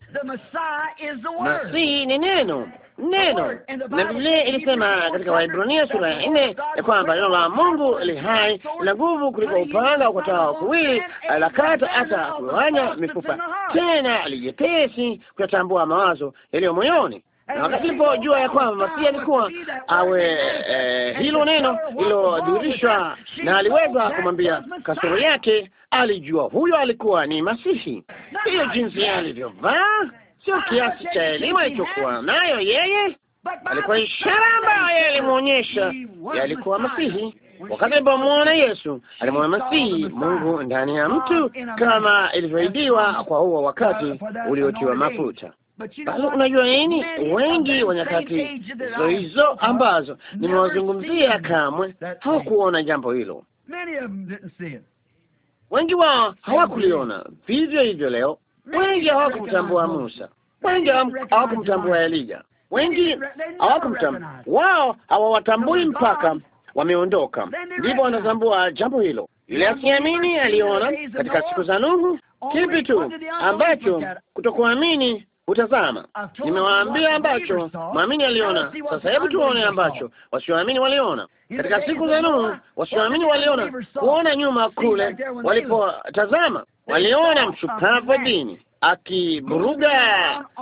Masihi. Ni neno neno, na Biblia ilisema katika Waebrania sura ya nne ya kwamba neno la Mungu li hai na nguvu kuliko upanga ukatao kuwili, la kata hata kuwanya mifupa, tena alijepesi kuyatambua mawazo yaliyo moyoni na wakati nilipojua ya kwamba masihi alikuwa awe eh, hilo neno ililodhihirishwa na aliweza kumwambia kasoro yake, alijua huyo alikuwa ni Masihi. Hiyo jinsi alivyovaa sio kiasi cha elimu alichokuwa nayo yeye, alikuwa ishara ambayo alimwonyesha yalikuwa Masihi. Wakati alipomwona Yesu alimwona Masihi Mungu ndani ya mtu, kama ilivyoahidiwa kwa huo wakati uliotiwa mafuta. Lakini unajua nini, wengi wa nyakati hizo hizo ambazo nimewazungumzia kamwe hawakuona jambo hilo, wengi wao hawakuliona. Vivyo hivyo leo, wengi hawakumtambua Musa, wengi hawakumtambua Elija, wengi hawakumtambua. Wao hawawatambui mpaka wameondoka, ndipo wanatambua jambo hilo. Yule asiamini aliona katika siku za Nuhu kipi tu ambacho kutokuamini Hutazama, ah, nimewaambia ambacho mwamini aliona. Sasa hebu tuone ambacho wasioamini waliona katika siku za Nuhu. Wasioamini waliona kuona nyuma kule walipotazama, waliona mshupavu wa dini akiburuga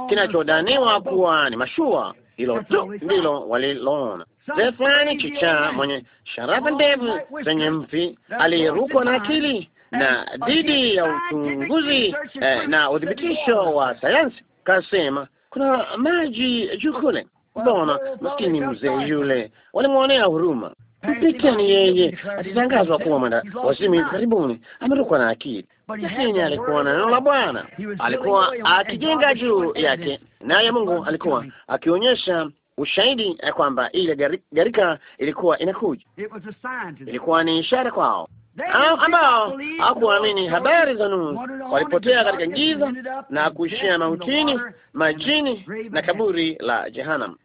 kinachodaniwa kuwa ni mashua. Hilo tu ndilo waliloona. Mzee fulani chichaa mwenye sharafa ndevu zenye mvi aliyerukwa na akili na dhidi ya uchunguzi eh, na uthibitisho wa sayansi kasema kuna maji juu kule. Mbona maskini mzee yule, walimwonea huruma. Mpikeni yeye, atitangazwa kuwa mwenda wazimu karibuni. Amerukwa na akili, lakini alikuwa na neno la Bwana, alikuwa akijenga juu yake, naye Mungu alikuwa akionyesha ushahidi ya kwamba ile garika ilikuwa inakuja, ilikuwa ni ishara kwao. Ah, ambao hawakuamini habari za nuru, walipotea katika giza na kuishia mautini, majini na kaburi la Jehanamu.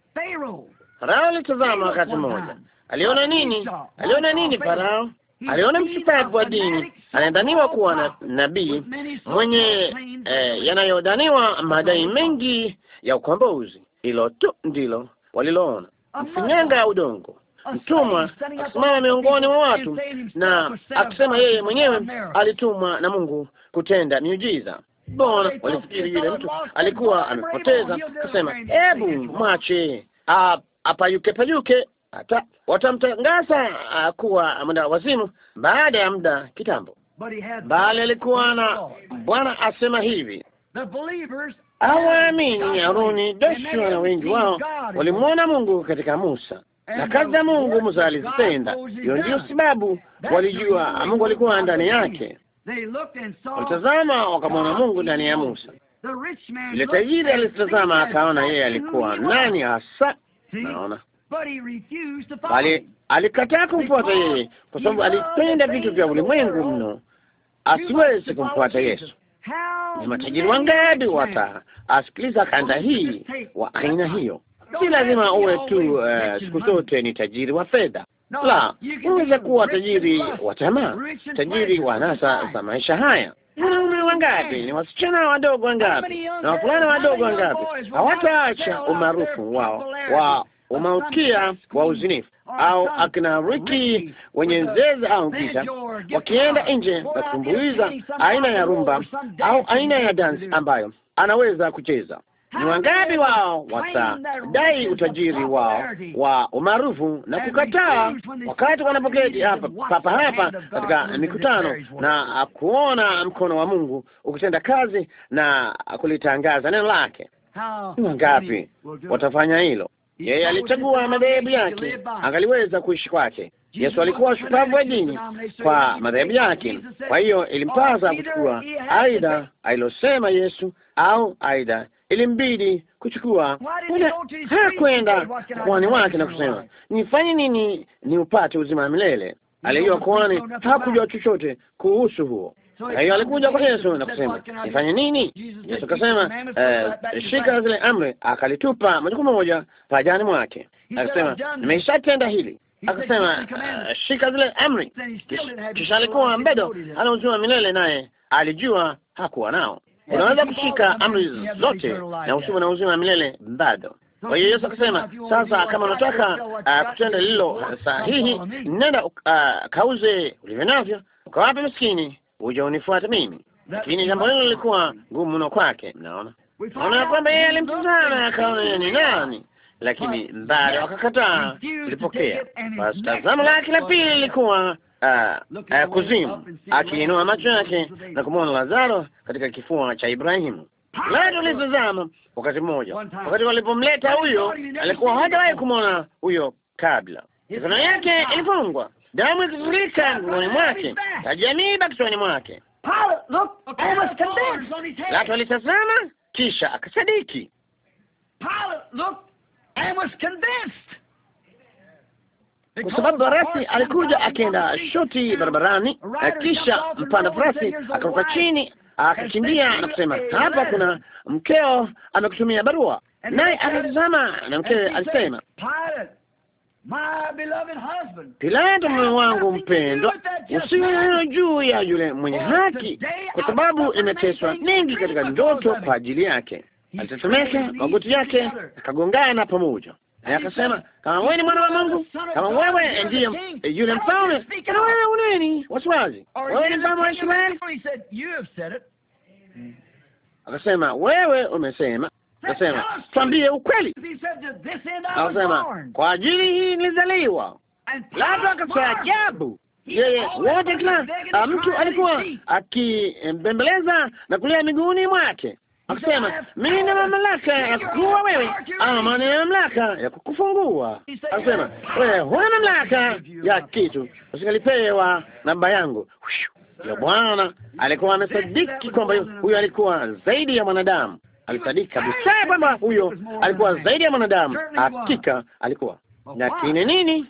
Farao alitazama wakati mmoja, aliona nini? Aliona nini? Farao aliona msifabu wa dini anayedhaniwa kuwa na nabii mwenye eh, yanayodhaniwa madai mengi ya ukombozi. Hilo tu ndilo waliloona, mfinyanga udongo mtumwa akisimama miongoni mwa watu na akisema yeye mwenyewe alitumwa na Mungu kutenda miujiza. Bona walifikiri yule mtu alikuwa amepoteza, kusema hebu mwache apayuke payuke, hata watamtangaza kuwa mwenda wazimu baada ya muda kitambo, bali alikuwa na Bwana asema hivi awaamini Aruni, Joshua na wengi wao walimwona Mungu katika Musa na kazi ya Mungu Musa alizipenda Hiyo ndiyo sababu walijua Mungu alikuwa ndani yake. Walitazama wakamwona Mungu ndani ya Musa. Ile tajiri alitazama akaona yeye alikuwa nani hasa, naona bali alikataa kumfuata yeye, kwa sababu alipenda vitu vya ulimwengu mno, asiwezi kumfuata Yesu. Ni matajiri wangapi wata asikiliza kanda hii wa aina hiyo si lazima uwe tu uh, siku zote ni tajiri wa fedha. La, unaweza kuwa tajiri wa tamaa, tajiri wa nasa za maisha haya. Wanaume wangapi ni wasichana wadogo wangapi na wafulana wadogo wangapi hawataacha umaarufu wao wa umaukia wa uzinifu au akina Ricky wenye nzeze au giza, wakienda nje na kutumbuiza aina ya rumba au aina ya dansi ambayo anaweza kucheza ni wangapi wao watadai utajiri wao wa umaarufu na kukataa wakati wanapoketi hapa papa hapa katika mikutano na kuona mkono wa Mungu ukitenda kazi na kulitangaza neno lake? Ni wangapi watafanya hilo? Yeye alichagua madhehebu yake, angaliweza kuishi kwake. Yesu alikuwa shupavu wa dini kwa madhehebu yake, kwa hiyo ilimpasa oh, kuchukua aidha alilosema Yesu au aidha ilimbidi kuchukua muda hakwenda kwani wake na kusema nifanye nini ni upate uzima wa milele. Alijua kwani hakujua chochote kuhusu huo. Kwa hiyo alikuja kwa Yesu na kusema nifanye nini? Yesu akasema eh, shika zile amri, akalitupa moja kwa moja pajani mwake, akasema nimeshatenda hili. Akasema eh, shika zile amri, kisha alikuwa mbedo ana uzima wa milele, naye alijua hakuwa nao unaweza kushika amri zote na usiwe na uzima milele bado. Kwa hiyo Yesu akasema, sasa kama unataka uh, kutenda lilo sahihi, nenda uh, kauze ulivyo navyo, ukawape maskini, uja unifuate mimi. Lakini jambo hilo lilikuwa ngumu mno kwake. Mnaona, naona ya kwamba yeye alimtazama akaona ni nani, lakini bado akakataa kulipokea. Basi tazamo lake la pili lilikuwa uh, uh, kuzimu, akiinua ah, macho yake na kumwona Lazaro katika kifua cha Ibrahimu. Naye tulitazama wakati mmoja, wakati walipomleta huyo, alikuwa hajawahi kumwona huyo kabla. Mikono yake ilifungwa, damu ikitiririka mkononi mwake, ajaniba kichwani mwake. Pilato alitazama, kisha akasadiki kwa sababu farasi alikuja akaenda shoti barabarani, eh, kisha mpanda farasi akaruka chini akakimbia na kusema, hapa kuna mkeo amekutumia barua. Naye akatazama na mkewe alisema, Pilato, mume wangu mpendwa, usiwe juu ya yule mwenye haki, kwa sababu imeteswa mingi katika ndoto kwa ajili yake. Alitetemeka, magoti yake akagongana pamoja naye akasema, kama wewe ni mwana wa Mungu, eh, kama wewe ndiye yule mfalme, kana wewe uneni wasiwazi, wewe ni mfalme wa Israeli. Akasema, wewe umesema. Akasema, twambie ukweli. Akasema, kwa ajili hii nilizaliwa. Labda ajabu yeye wote, kila mtu alikuwa akibembeleza na kulia miguuni mwake akisema mimi na mamlaka ya kukuua wewe, ama na mamlaka ya kukufungua. Akisema wewe huna mamlaka ya kitu, usikalipewa namba yangu. Ya Bwana alikuwa amesadiki kwamba huyo alikuwa zaidi ya mwanadamu. Alisadiki kabisa kwamba huyo alikuwa zaidi ya mwanadamu, hakika alikuwa. Lakini nini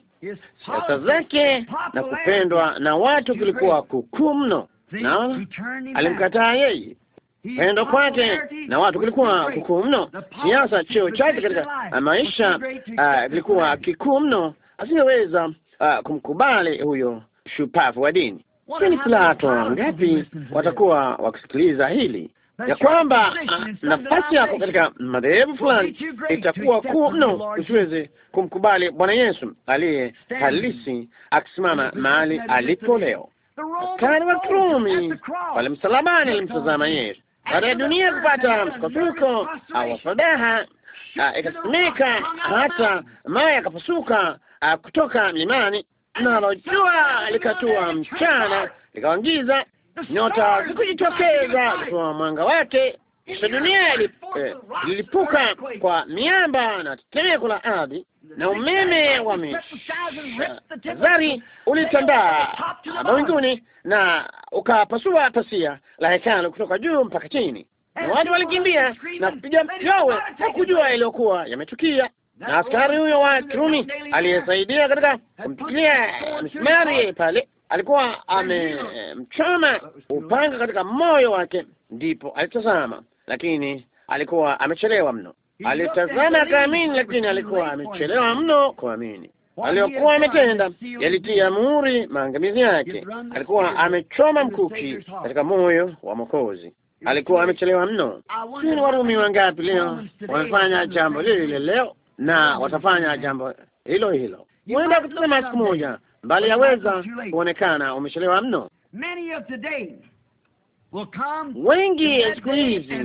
siasa zake na kupendwa na watu kilikuwa kukuu mno, na alimkataa yeye Pendo kwake na watu kulikuwa kukuu mno. Siasa, cheo chake katika maisha kilikuwa uh, kikuu mno, asingeweza uh, kumkubali huyo shupavu wa dini. kini Plato, ngapi watakuwa wakisikiliza hili ya kwamba uh, nafasi yako katika madhehebu fulani itakuwa kuu mno, usiweze kumkubali Bwana Yesu aliye halisi akisimama mahali alipo leo. Askari wa Kirumi pale msalabani alimtazama Yesu baada ya dunia kupata msukosuko au fadaha, ikasimika hata maya yakapasuka ah, kutoka mlimani, nalo jua likatua mchana likawangiza, nyota zikujitokeza kutoa mwanga wake kisha dunia ililipuka eh, kwa miamba na tetemeko la ardhi na umeme wa mishazari uh, ulitandaa mawinguni na ukapasua pasia la hekalu kutoka juu mpaka chini, na watu walikimbia na kupiga yowe na kujua yaliyokuwa yametukia. Na askari huyo wa Kirumi aliyesaidia katika kumpikilia msimari pale alikuwa amemchoma upanga katika moyo wake, ndipo alitazama lakini alikuwa amechelewa mno. Alitazama akaamini, lakini alikuwa amechelewa mno kuamini. Aliyokuwa ametenda yalitia muhuri maangamizi yake. Alikuwa amechoma mkuki katika moyo wa Mwokozi. Alikuwa amechelewa mno. Ni Warumi wangapi leo wamefanya jambo lile lile leo na watafanya jambo hilo hilo? Huenda kutazama siku moja, mbali yaweza kuonekana umechelewa mno. Wengi siku hizi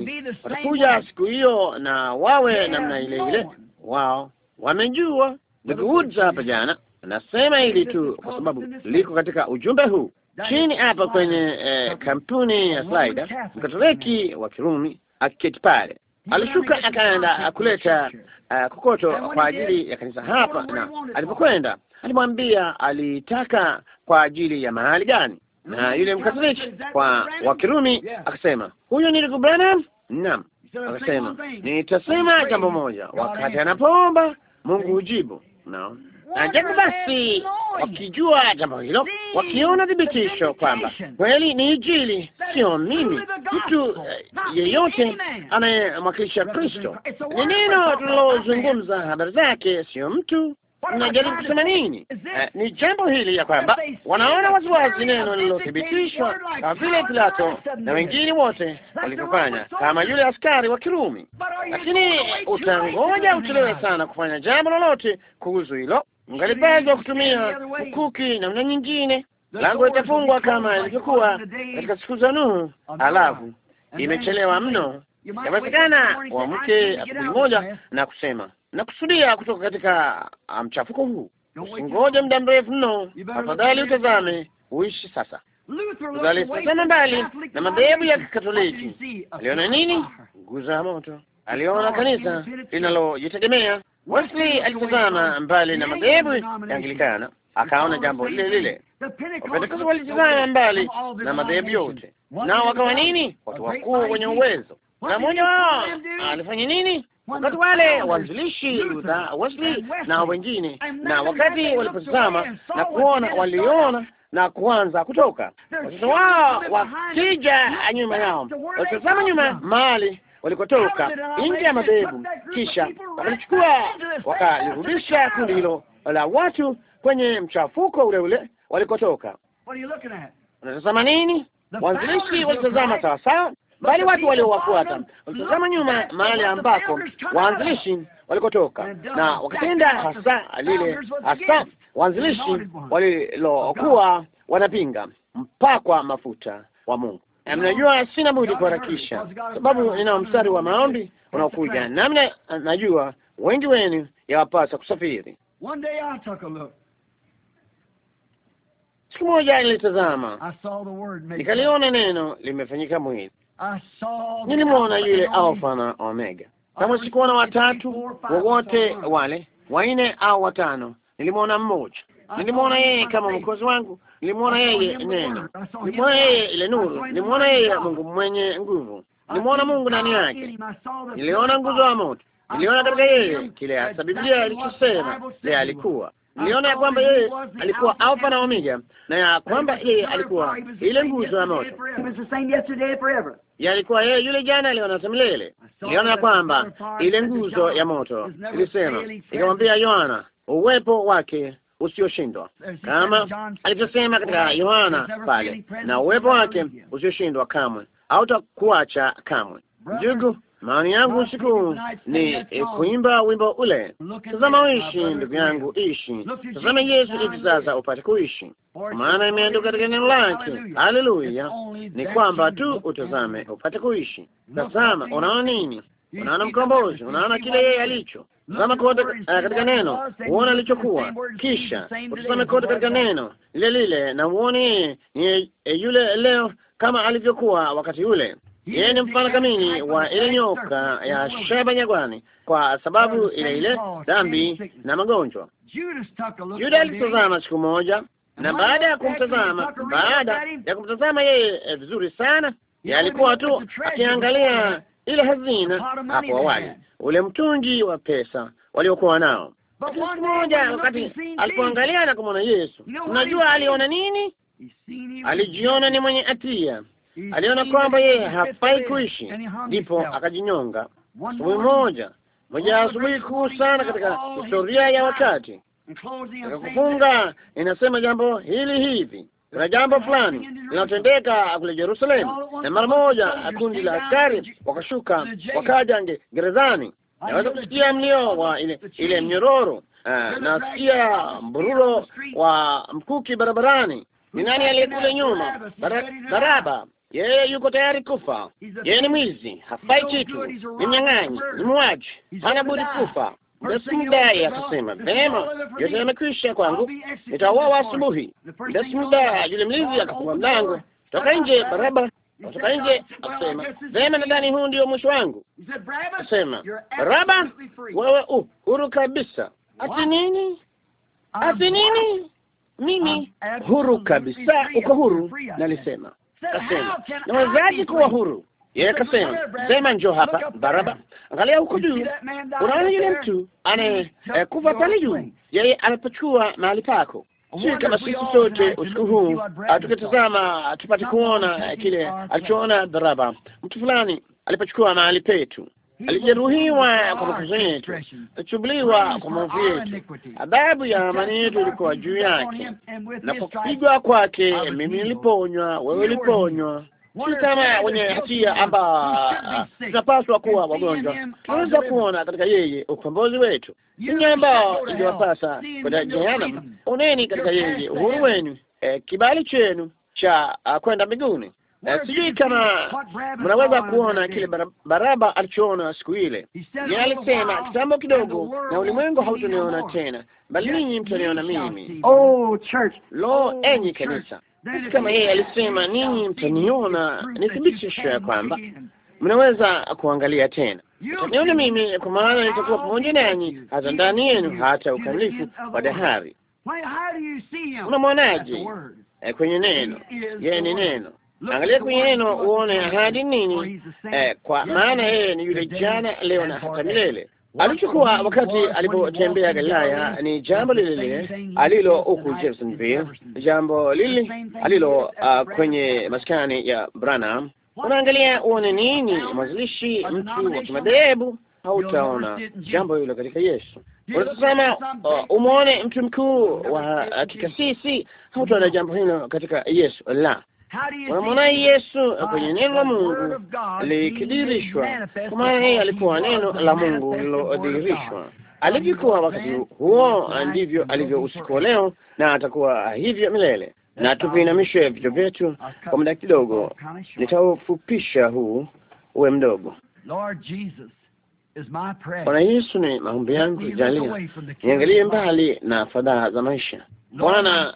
watakuja siku hiyo na wawe namna ile ile. Wao wamejua. Ndugu hapa jana anasema hili tu, kwa sababu liko katika ujumbe huu chini hapa kwenye eh, kampuni ya slida Mkatoliki wa Kirumi akiketi pale alishuka akaenda kuleta uh, eh, kokoto kwa ajili ya kanisa hapa, na alipokwenda alimwambia alitaka kwa ajili ya mahali gani, na yule Mkatoliki kwa Wakirumi akasema, huyu ni ndugu Branham. Naam, akasema nitasema jambo moja, wakati anapoomba Mungu hujibu. Naam, na jambo basi wakijua jambo hilo, wakiona thibitisho kwamba kweli ni Injili, sio mimi, mtu eh, yeyote anayemwakilisha Kristo, ni neno tunalozungumza habari zake, sio mtu Najaribu kusema nini? Eh, ni jambo hili ya kwamba wanaona waziwazi neno lililothibitishwa kama vile Pilato na wengine wote walivyofanya, kama yule askari wa Kirumi. Lakini utangoja uchelewe sana kufanya jambo lolote kuhusu hilo. Mngalipaswa kutumia kuki namna nyingine, lango litafungwa kama ilivyokuwa katika siku za Nuhu. Alafu imechelewa mno, yawezekana wamke asubuhi moja na kusema nakusudia kutoka katika ah, mchafuko huu. Usingoje muda mrefu mno, afadhali utazame uishi sasa. Tutalisazama mbali na madhehebu ya Kikatoliki. Aliona nini? Nguzo ya moto. Aliona kanisa linalojitegemea. Wesley alitazama mbali na madhehebu ya Anglikana, akaona jambo lile lile. Wapentekoste walitazama mbali na madhehebu yote, nao wakawa nini? Watu wakuu wenye uwezo. Na mmoja wao alifanya nini? wakati wale waanzilishi Luther, Wesley na wengine, na wakati walipotazama na kuona, waliona na kuanza kutoka. Watoto wao wakija nyuma yao, walitazama nyuma mahali walikotoka, nje ya mabebu, kisha wakalichukua wakalirudisha kundi hilo la watu kwenye mchafuko ule ule walikotoka. Unatazama nini? Waanzilishi walitazama sawasawa bali watu waliowafuata walitazama nyuma mahali ambako waanzilishi walikotoka na wakapenda hasa lile hasa waanzilishi walilokuwa wanapinga mpakwa mafuta wa Mungu. Mnajua, sina budi kuharakisha, sababu nina mstari wa maombi unaokuja, nami najua wengi wenu yawapasa kusafiri. Siku moja nilitazama nikaliona neno limefanyika mwili nilimwona yule Alfa na Omega, kama sikuona watatu wowote wale waine au watano, nilimwona mmoja. Nilimwona yeye kama mkozi wangu, nilimwona yeye neno, nilimwona yeye ile nuru, nilimwona yeye Mungu mwenye nguvu, nilimwona Mungu ndani yake, niliona nguzo ya moto, niliona katika yeye kile hasa Biblia ilichosema ile alikuwa Niliona ya kwamba yeye alikuwa Alfa na Omega na ya kwamba yeye alikuwa ile nguzo ya moto. Yalikuwa yeye yule jana, leo na milele. Niliona ya kwamba ile nguzo ya moto ilisema, ikamwambia Yohana uwepo wake usioshindwa kama alivyosema katika Yohana pale, na uwepo wake usioshindwa kamwe hautakuacha kamwe. Ndugu Maoni yangu usiku ni eh, kuimba wimbo ule, tazama uishi, ndugu yangu, ishi, tazama Yesu hivi sasa upate kuishi, maana imeandikwa katika neno lake. Haleluya! ni kwamba tu utazame upate kuishi. Tazama, unaona nini? Unaona mkombozi, unaona kile yeye alicho. Tazama kote katika neno, uone alichokuwa, kisha utazame kote katika neno lile lile, na uone yeye ni yule leo kama alivyokuwa wakati ule. Yeye ni mfano kamili wa ile nyoka ya shaba nyagwani, kwa sababu ile ile dhambi na magonjwa. Juda alitazama siku moja, na baada ya kumtazama, baada ya kumtazama yeye eh, vizuri sana, alikuwa tu akiangalia ile hazina hapo awali, ule mtungi wa pesa waliokuwa nao. siku moja, wakati alipoangalia na kumwona Yesu, unajua aliona nini? Alijiona ni mwenye hatia aliona kwamba yeye hafai kuishi, ndipo akajinyonga asubuhi moja moja ya asubuhi kuu sana katika historia ya wakati. Katika kufunga inasema jambo hili hivi, kuna jambo fulani linatendeka kule Yerusalemu, na mara moja kundi la askari wakashuka wakaja gerezani. Naweza kusikia mlio wa ile ile mnyororo ah, nasikia mbururo wa mkuki barabarani. Ni nani aliyekule nyuma? Baraba yeye yuko tayari kufa. Yeye ni mwizi, hafai kitu, ni mnyang'anyi, ni muaji, hana budi kufa. Mdasimdai akasema vema, yote yamekwisha kwangu, nitauawa asubuhi. Mdasimda yule mlinzi akafungua mlango, toka nje baraba, Kutoka nje. Akasema vema, nadhani huu ndio mwisho wangu. Akasema Baraba, wewe huru kabisa. Ati nini? Ati nini? Mimi huru kabisa, uko huru, nalisema Kasema, nawezaje kuwa huru? Yeye kasema, sema njoo hapa Baraba. Angalia huko juu, unaona yule mtu anayekufa eh, pale juu, yeye anapachukua mahali pako. Si kama sisi sote usiku huu tukitazama tupate kuona eh, kile alichoona Baraba, mtu fulani alipachukua mahali petu alijeruhiwa kwa makosa yetu, alichubuliwa kwa maovu yetu, adhabu ya amani yetu ilikuwa juu yake, na kwa kupigwa kwake mimi niliponywa, wewe uliponywa. Si kama wenye hatia ambao tunapaswa kuwa wagonjwa, tunaweza kuona katika yeye ukombozi wetu. Ninyi ambao ingewapasa kwenda jehanamu, oneni katika yeye uhuru wenu, eh, kibali chenu cha ah, kwenda mbinguni. Sijui kama mnaweza kuona kile Baraba alichoona siku ile. Yeye oh, alisema kitambo kidogo, na ulimwengu hautaniona tena, bali ninyi mtaniona mimi. Oh, church, oh, lo, enyi kanisa, kama yeye alisema ninyi mtaniona, ni ya kwamba mnaweza kuangalia tena, mtaniona mimi, kwa maana nitakuwa pamoja nanyi hata ndani yenu, hata ukamilifu wa dahari. Unamwonaje? Eh, kwenye neno, yeye ni neno Angalia kwenye neno uone ahadi nini, eh, kwa maana yeye ni yule jana, leo na hata milele. Alichukua wakati alipotembea Galilaya, ni jambo lile lile alilo huku Jeffersonville, jambo lile alilo uh, kwenye maskani ya Branham. Unaangalia uone nini, mwanzilishi mtu wa kimadhehebu hautaona jambo hilo katika Yesu. Unatazama uh, umwone mtu mkuu wa uh, kikasisi, hautaona jambo hilo katika Yesu la Unamwona Yesu kwenye neno la Mungu likidirishwa, kwa maana yeye alikuwa neno la Mungu lilodhihirishwa. Alivyokuwa wakati huo, ndivyo alivyo usiku leo, na atakuwa hivyo milele. Na tuviinamishe vichwa vyetu kwa muda kidogo, nitaufupisha huu uwe mdogo. Bwana Yesu, ni maombi yangu, jalia niangalie mbali na fadhaa za maisha Bwana,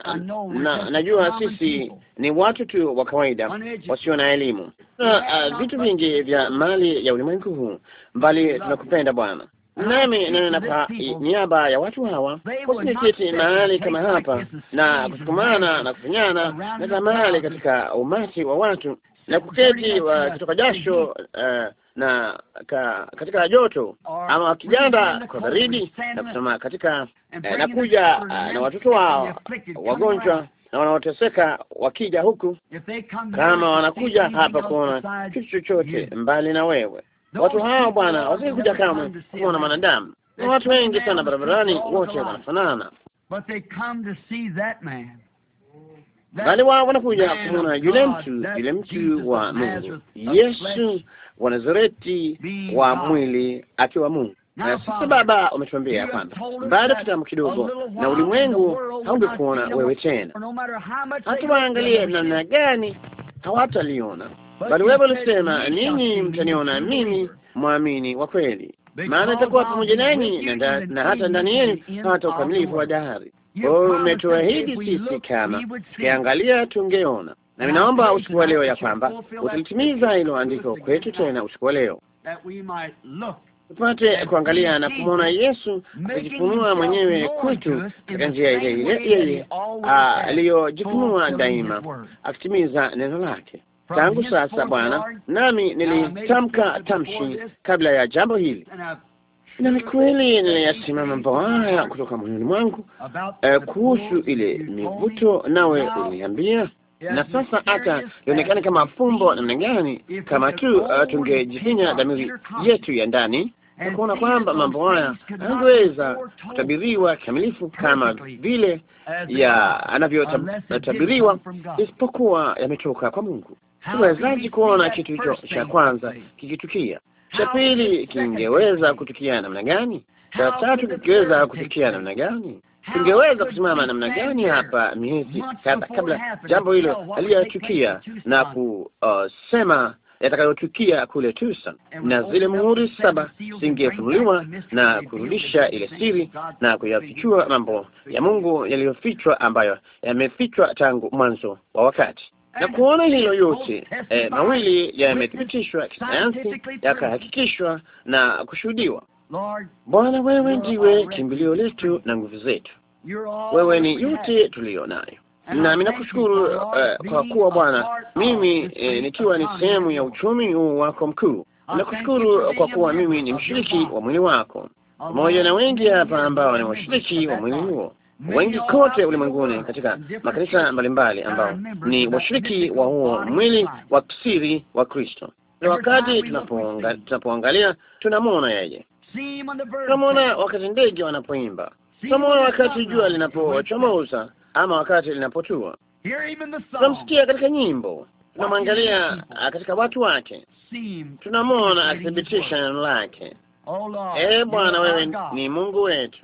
na najua sisi ni watu tu wa kawaida wasio na elimu na uh, ah, vitu vingi vya mali ya ulimwengu huu, bali tunakupenda Bwana. Nami nanena kwa niaba ya watu hawa kusiniketi mahali kama hapa na kusukumana na kufanyana na mahali katika umati wa watu na kuketi kutoka jasho uh, na ka, katika joto ama wakijanda kwa baridi na kusema katika eh, na kuja ah, na watoto wao wagonjwa na wanaoteseka wakija huku, kama wanakuja hapa kuona kitu chochote mbali na wewe. Watu hao Bwana wasikuja kamwe kuona mwanadamu, na watu wengi sana barabarani, oh, wote wanafanana, bali wao wanakuja kumwona yule mtu, yule mtu wa Mungu Yesu wanazoreti wa mwili akiwa Mungu. Na sasa Baba, umetuambia kwamba baada ya kitambo kidogo na ulimwengu haungekuona wewe tena, hata waangalie namna gani hawataliona, bali wewe ulisema, ninyi mtaniona mimi, mwamini wa kweli, maana itakuwa pamoja nanyi na, na hata ndani yenu hata ukamilifu wa dahari. Umetuahidi sisi kama tukiangalia tungeona na ninaomba usiku wa leo ya kwamba utalitimiza hilo andiko kwetu tena usiku wa leo, tupate kuangalia na kumwona Yesu akijifunua mwenyewe kwetu katika njia ile ile yeye ah, aliyojifunua daima, akitimiza neno lake tangu sasa. Bwana, nami nilitamka tamshi kabla ya jambo hili na ni kweli niliyasimama mambo haya kutoka moyoni mwangu. Eh, kuhusu ile mivuto, nawe uliambia na sasa hata ionekane kama fumbo namna gani, kama tu uh, tungejifinya dhamiri yetu ya ndani na kuona kwamba mambo haya angeweza kutabiriwa kikamilifu kama vile ya anavyotabiriwa, isipokuwa yametoka kwa Mungu. Tuwezaji kuona kitu hicho cha kwanza kikitukia, cha pili kingeweza kutukia namna gani, cha tatu kikiweza kutukia namna gani? ingeweza kusimama namna gani hapa miezi kadha kabla jambo hilo aliyotukia na kusema uh, yatakayotukia kule Tucson, na zile muhuri saba zingefunuliwa na kurudisha ile siri na kuyafichua mambo ya Mungu yaliyofichwa ambayo yamefichwa tangu mwanzo wa wakati na kuona hilo yote eh, mawili yamethibitishwa kisayansi, yakahakikishwa na kushuhudiwa Bwana, wewe ndiwe kimbilio letu na nguvu zetu, wewe ni yote tuliyo nayo. Nami nakushukuru uh, kwa kuwa Bwana, mimi eh, nikiwa ni sehemu ya uchumi huu wako mkuu, nakushukuru kwa kuwa mimi ni mshiriki wa mwili wako, pamoja na wengi hapa ambao ni washiriki wa mwili huo, wengi kote ulimwenguni katika makanisa mbalimbali ambao ni washiriki wa huo mwili wa siri wa Kristo. Na wakati tunapoangalia tunamwona yeye tunamwona wakati ndege wanapoimba, tutamwona wakati jua linapochomoza ama wakati linapotua, tunamsikia katika nyimbo, tunamwangalia katika watu wake, tunamwona akithibitisha neno lake. Ee Bwana, wewe ni Mungu wetu,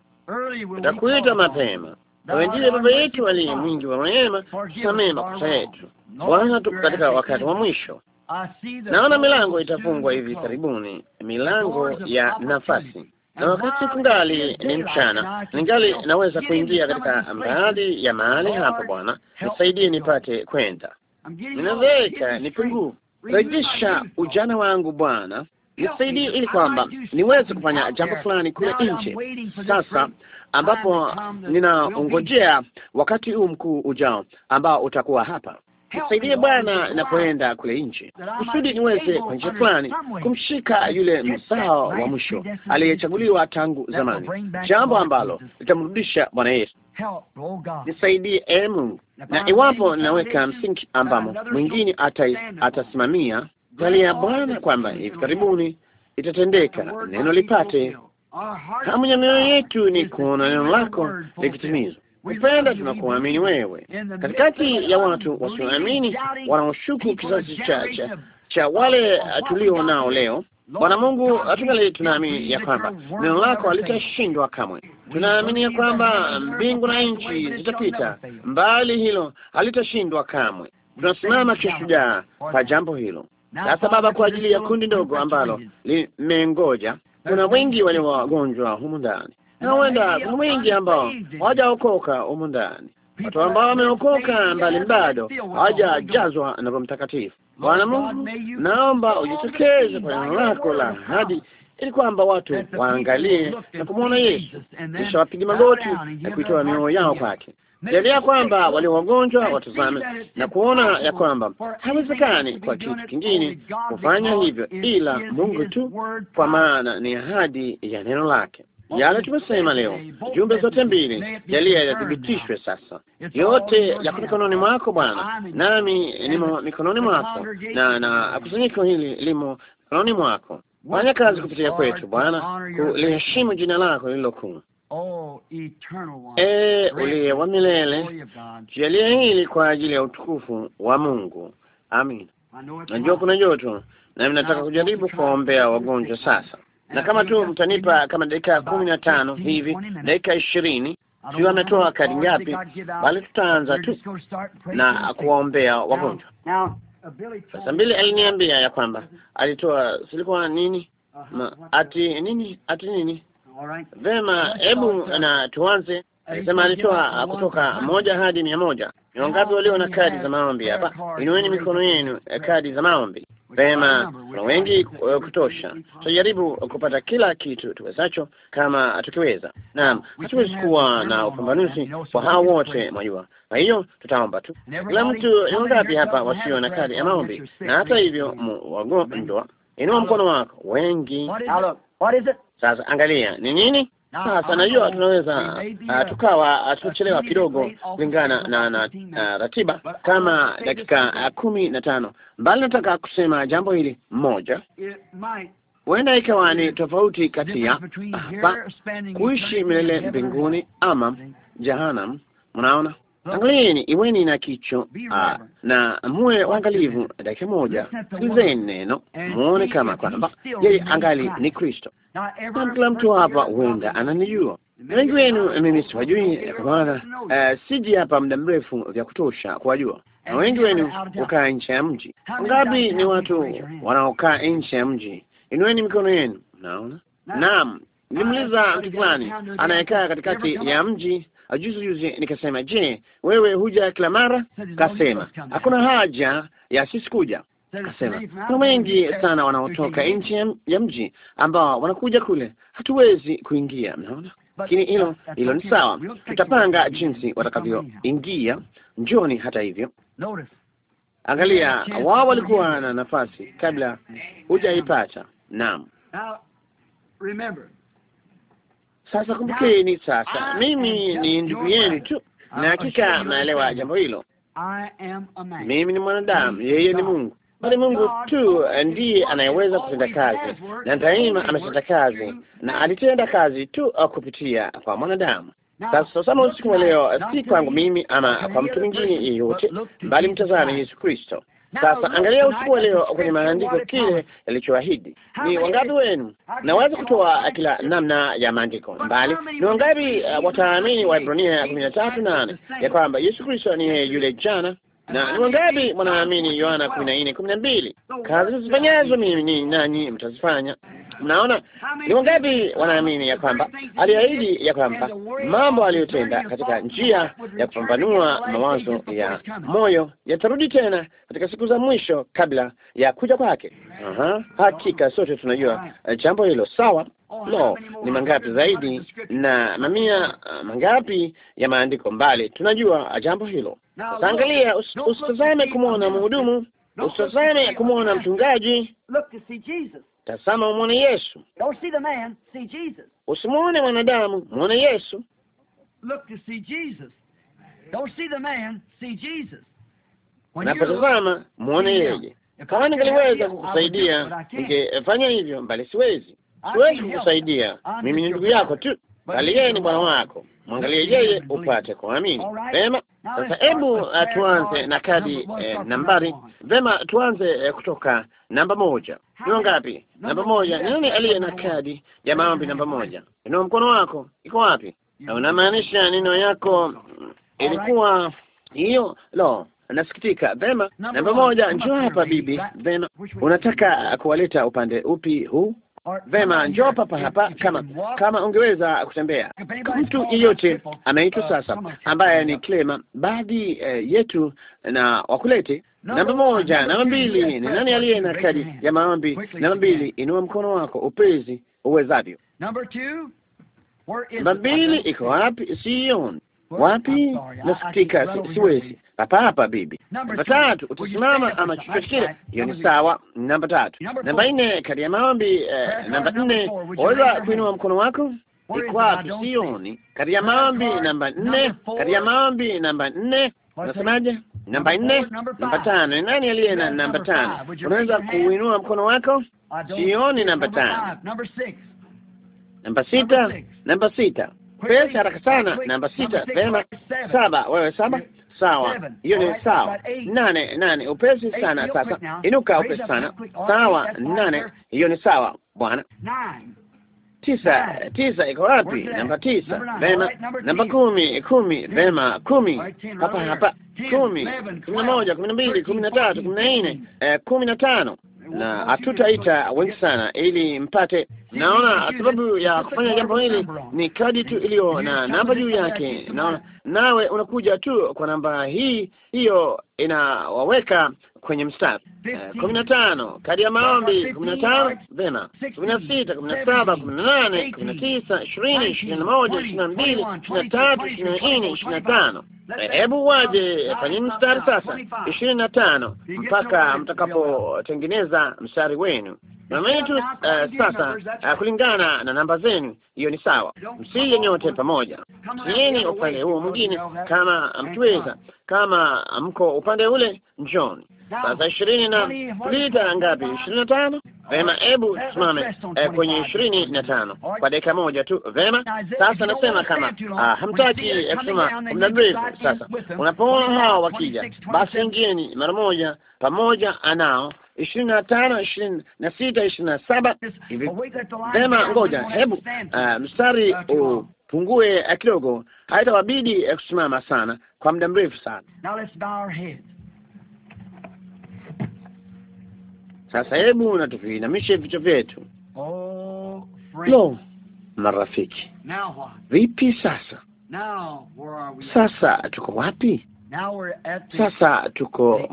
tutakuita mapema wewe ndiye Baba yetu aliye mwingi wa rehema, tusamehe makosa yetu Bwana, tuko katika wakati wa mwisho. Naona milango itafungwa hivi karibuni, milango ya nafasi na wakati kungali ni mchana, ningali naweza kuingia katika baadhi ya mahali hapa. Bwana nisaidie nipate kwenda, ninaweka nipungu, rejesha ujana wangu Bwana nisaidie, ili kwamba niweze kufanya jambo fulani kule nje, sasa ambapo ninaongojea wakati huu mkuu ujao ambao utakuwa hapa nisaidie Bwana inapoenda kule nje, kusudi niweze kwa njia fulani kumshika yule msao wa mwisho aliyechaguliwa tangu zamani, jambo ambalo litamrudisha Bwana Yesu. Nisaidie e Mungu, na iwapo ninaweka msingi ambamo mwingine atasimamia, jalia Bwana kwamba hivi karibuni itatendeka, neno lipate hamu ya mioyo yetu ni kuona neno lako likitimizwa upendo tunakuamini wewe. Katikati ya watu wasioamini, wanaoshuku kizazi cha cha cha wale uh, tulio nao leo, Bwana Mungu, tungali tunaamini ya kwamba neno lako halitashindwa kamwe. Tunaamini ya kwamba mbingu na nchi zitapita, mbali hilo halitashindwa kamwe. Tunasimama kishujaa kwa jambo hilo. Sasa Baba, kwa ajili ya kundi ndogo ambalo limengoja, kuna wengi walio wagonjwa humu ndani na huenda mwingi ambao hawajaokoka humu ndani, watu ambao wameokoka mbali bado hawajajazwa na Roho Mtakatifu. Bwana Mungu, naomba ujitokeze kwa neno lako la ahadi ili kwamba watu waangalie na kumwona Yesu, kisha wapige magoti na kuitoa mioyo yao kwake. Jalia kwamba walio wagonjwa watazame na kuona ya kwamba haiwezekani kwa kitu kingine kufanya hivyo ila Mungu tu, kwa maana ni ahadi ya neno lake. Yale tumesema leo, jumbe zote mbili jalia yathibitishwe sasa, yote yako mikononi mwako Bwana, nami nimo mikononi mwako, na na kusanyiko hili limo mikononi mwako. Fanya kazi kupitia kwetu Bwana, kuliheshimu jina lako lililokuu. E, uliye wa milele, jalia hili kwa ajili ya utukufu wa Mungu. amin Najua kuna joto, nami nataka kujaribu kuwaombea wagonjwa sasa na kama tu mtanipa kama dakika kumi na tano hivi, dakika ishirini, sio ametoa kadi ngapi, bali tutaanza tu na kuwaombea wagonjwa. Sasa Bili aliniambia ya kwamba uh-huh. alitoa silikuwa nini uh-huh, Ma, ati nini ati nini vema, hebu na tuanze. Sema alitoa kutoka moja hadi mia moja. Ni wangapi walio na eh, kadi za maombi hapa? Inueni mikono yenu, kadi za maombi. Vema, kuna wengi eh, kutosha. Tutajaribu kupata kila kitu tuwezacho, kama tukiweza. Naam, hatuwezi kuwa na upambanuzi kwa hao wote, mwajua. Kwa hiyo tutaomba tu. Kila mtu ni wangapi hapa wasio na kadi ya maombi? Na hata hivyo, wagonjwa, inua mkono wako. Wengi. Sasa angalia, ni nini sasa ah, ah, na hiyo tunaweza uh, tukawa tuchelewa kidogo kulingana na, na uh, ratiba kama dakika uh, kumi na tano. Mbali nataka kusema jambo hili moja, huenda ikawa ni tofauti kati ya hapa kuishi milele mbinguni ama jahanam. Mnaona Angalieni, iweni na kicho ah, na muwe waangalivu dakika moja, sikilizeni neno, muone kama kwamba yeye angali ni Kristo. Na kila mtu hapa huenda ananijua, wengi wenu mimi siwajui, kwa uh, siji hapa muda mrefu vya kutosha kuwajua, na wengi wenu hukaa nje ya mji. Ngapi ni watu wanaokaa nje ya mji? Inueni mikono yenu. Naona naam, nilimuuliza ah, mtu fulani anayekaa katikati ya mji ajuzi juzi nikasema, je, wewe huja kila mara? Kasema hakuna haja ya sisi kuja. Kasema kuna wengi sana wanaotoka nchi ya mji ambao wanakuja kule, hatuwezi kuingia. Mnaona, lakini hilo hilo ni sawa, tutapanga jinsi watakavyoingia. Njoni hata hivyo Angalia, wao walikuwa na nafasi kabla hujaipata. Naam. Sasa kumbukeni, sasa mimi ni ndugu yenu tu, na hakika naelewa jambo hilo. Mimi ni mwanadamu, yeye ni Mungu, bali Mungu tu eh, ndiye anayeweza kutenda kazi, na daima ametenda kazi, na alitenda kazi tu eh, kupitia kwa mwanadamu. Sasa sama usiku wa leo, eh, si kwangu mimi ama kwa mtu mwingine yeyote, bali mtazame Yesu Kristo. Sasa angalia usiku wa leo kwenye maandiko kile yalichoahidi. Ni wangapi wenu naweza kutoa kila namna ya maandiko mbali? Ni wangapi wataamini Waebrania kumi na tatu nane ya kwamba Yesu Kristo ni yule jana na ni wangapi wanaamini Yohana kumi na nne kumi na mbili kazi zifanyazo mimi ni nanyi mtazifanya. Mnaona, ni wangapi wanaamini ya kwamba aliahidi ya kwamba mambo aliyotenda katika njia ya kupambanua mawazo ya moyo yatarudi tena katika siku za mwisho kabla ya kuja kwake. Aha, hakika sote tunajua eh, jambo hilo, sawa. Lo, ni mangapi zaidi na mamia eh, mangapi ya maandiko mbali tunajua eh, jambo hilo. Sasa angalia, usitazame kumwona mhudumu, usitazame kumwona mchungaji, tazama umwone Yesu. Usimwone mwanadamu, mwone Yesu. Unapotazama mwone yeye Eh, kama ningaliweza yaani, kukusaidia ningefanya hivyo, bali siwezi, ah, siwezi kukusaidia. Ah, Mimi ni ndugu yako tu, bali yeye ni bwana wako. Mwangalie yeye upate kuamini vema. Sasa hebu uh, tuanze na kadi eh, nambari. Vema, tuanze eh, kutoka namba moja. Ni wangapi? Namba moja, nani aliye na kadi ya maombi namba moja? Inua mkono wako, iko wapi? Unamaanisha neno yako ilikuwa hiyo? Lo, nasikitika. Vema, namba moja, njoo hapa bibi. Vema, unataka kuwaleta upande upi huu? Vema, njoo papa hapa, kama kama ungeweza kutembea. Mtu yeyote ameitwa uh, sasa, ambaye ni Klema, baadhi eh, yetu na wakulete. Namba moja, namba mbili, ni nani aliye na kadi ya maombi? Namba mbili, inua mkono wako upezi uwezavyo. Namba mbili iko wapi? Sioni wapi, nasikitika, siwezi hapa hapa, bibi. Namba tatu, utasimama ama kichwa kile, hiyo ni sawa. Namba tatu, eh, namba nne, kadi ya maombi. Namba nne, waweza kuinua mkono wako ikwapi? Sioni. Kadi ya maombi namba nne, kadi ya maombi namba nne. Unasemaje? Namba nne, namba tano. Nani aliye na namba tano? Unaweza kuinua mkono wako? Sioni namba tano. Namba sita, namba sita. Pesa haraka sana. Namba sita, vema. Saba, wewe saba sawa, hiyo ni sawa. Nane nane, upesi sana sasa, inuka upesi sana sawa. Nane, hiyo ni sawa bwana. Tisa tisa, iko wapi? Namba tisa, vema. Namba kumi kumi, vema, kumi hapa hapa, kumi kumi na moja, kumi na mbili, kumi na tatu, kumi na nne, eh, kumi na tano na hatutaita wengi sana ili mpate. Naona sababu ya kufanya jambo hili ni kadi tu iliyo na namba juu yake. Naona nawe unakuja tu kwa namba hii, hiyo inawaweka kwenye mstari eh, kumi na tano kadi ya maombi kumi na tano vema, kumi na sita kumi na saba kumi na nane kumi na tisa ishirini ishirini na moja ishirini na mbili ishirini na tatu ishirini na nne ishirini na tano eh, Hebu waje fanyeni mstari sasa, ishirini na tano mpaka mtakapotengeneza mstari wenu. Mameni tu eh, sasa kulingana na namba zenu, hiyo ni sawa. Msije nyote pamoja, tieni upande huo mwingine kama mkiweza. Kama mko upande ule, njoni sasa ishirini na lita ngapi? ishirini na tano. Vema, hebu ah, tusimame eh, e, eh, eh, kwenye ishirini na tano kwa dakika moja tu. Vema, sasa nasema kama ah, hamtaki kusema muda mrefu. Sasa unapoona hao wakija, basi ingieni mara moja pamoja anao ishirini na tano ishirini na sita ishirini na saba hivi. Vema, ngoja hebu ah, mstari uh, pungue kidogo, haitawabidi kusimama sana kwa muda mrefu sana. Sasa hebu na tuviinamishe vichwa vyetu. Oh, lo, marafiki, vipi sasa? Sasa tuko wapi? Sasa tuko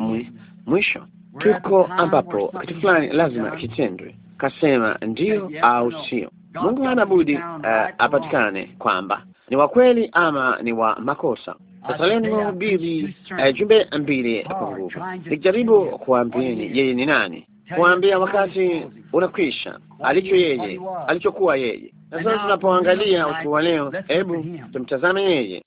mwisho, tuko ambapo kitu fulani lazima kitendwe, kasema ndio au sio. Mungu hana budi uh, apatikane kwamba ni wa kweli ama ni wa makosa. Sasa leo nimehubiri uh, eh, jumbe mbili kwa nguvu, nikijaribu kuambieni yeye ni nani kuambia wakati unakwisha, alicho yeye, alichokuwa yeye. Na sasa tunapoangalia utu wa leo, hebu tumtazame yeye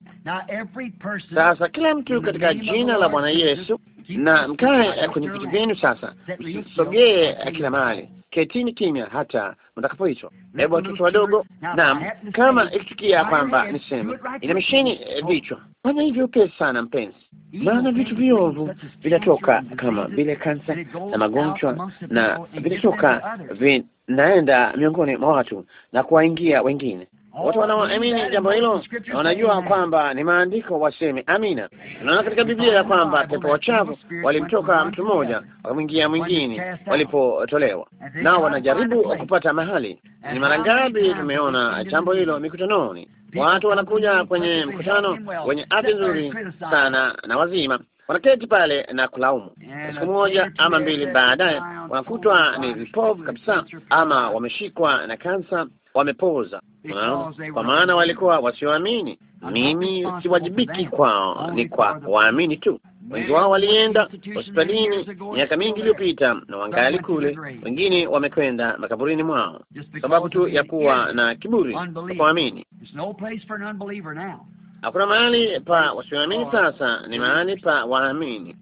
sasa. Kila mtu katika jina la Bwana Yesu, na mkae kwenye viti vyenu sasa, msisogee kila mahali ketini kimya hata mtakapoitwa. Mm-hmm. Hebu watoto wadogo, naam, kama ikitukia kwamba niseme ina mishini eh, vichwa, fanya hivyo pesi sana mpenzi, maana vitu viovu vinatoka kama vile kansa na magonjwa na vinatoka vinaenda miongoni mwa watu na kuwaingia wengine Watu oh, wanaoamini jambo hilo wanajua kwamba ni maandiko, waseme amina. Tunaona katika Biblia ya kwamba pepo wachafu walimtoka mtu mmoja wakamwingia mwingine walipotolewa, nao wanajaribu kupata mahali. Ni mara ngapi tumeona jambo hilo mikutanoni? Watu wanakuja kwenye mkutano wenye afya nzuri sana na wazima wanaketi pale na kulaumu. Siku moja ama mbili baadaye wanakutwa ni vipofu kabisa, ama wameshikwa na kansa wamepoza, kwa maana walikuwa wasioamini. Mimi siwajibiki kwao, ni kwa waamini tu. Wengi wao walienda hospitalini miaka mingi iliyopita na wangali kule, wengine wamekwenda makaburini mwao, sababu tu ya kuwa na kiburi kuamini. Hakuna mahali pa wasioamini sasa, ni mahali pa waamini.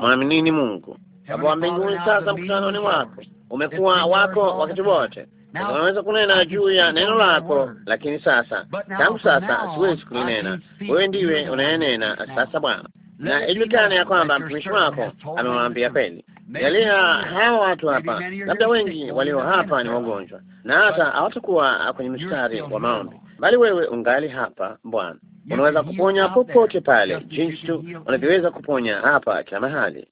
Mwaminini Mungu, Baba wa mbinguni. Sasa mkutano ni wako, umekuwa wako wakati wote Unaweza kunena juu ya neno lako, lakini sasa, tangu sasa siwezi kulinena. Wewe ndiwe unayenena sasa, Bwana, na ijulikane ya kwamba mtumishi wako amemwambia kweli. Angalia hawa watu hapa, labda wengi walio hapa ni wagonjwa, na hata hawatakuwa kwenye mstari wa maombi bali wewe ungali hapa Bwana, unaweza kuponya popote pale, jinsi tu unavyoweza kuponya hapa kila mahali.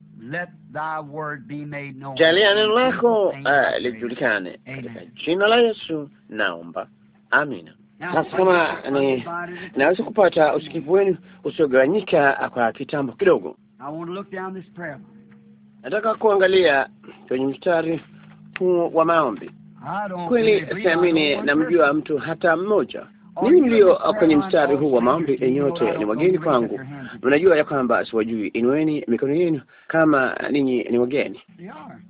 Jalia neno lako uh, lijulikane katika jina la Yesu, naomba amina. Sasa kama ni naweza kupata usikivu wenu usiogawanyika kwa kitambo kidogo, nataka kuangalia kwenye mstari huu wa maombi. Kweli siamini namjua mtu hata mmoja mimi mlio kwenye mstari huu wa maombi, ninyote ni wageni kwangu. Mnajua ya kwamba siwajui. Inueni mikono yenu kama ninyi ni wageni.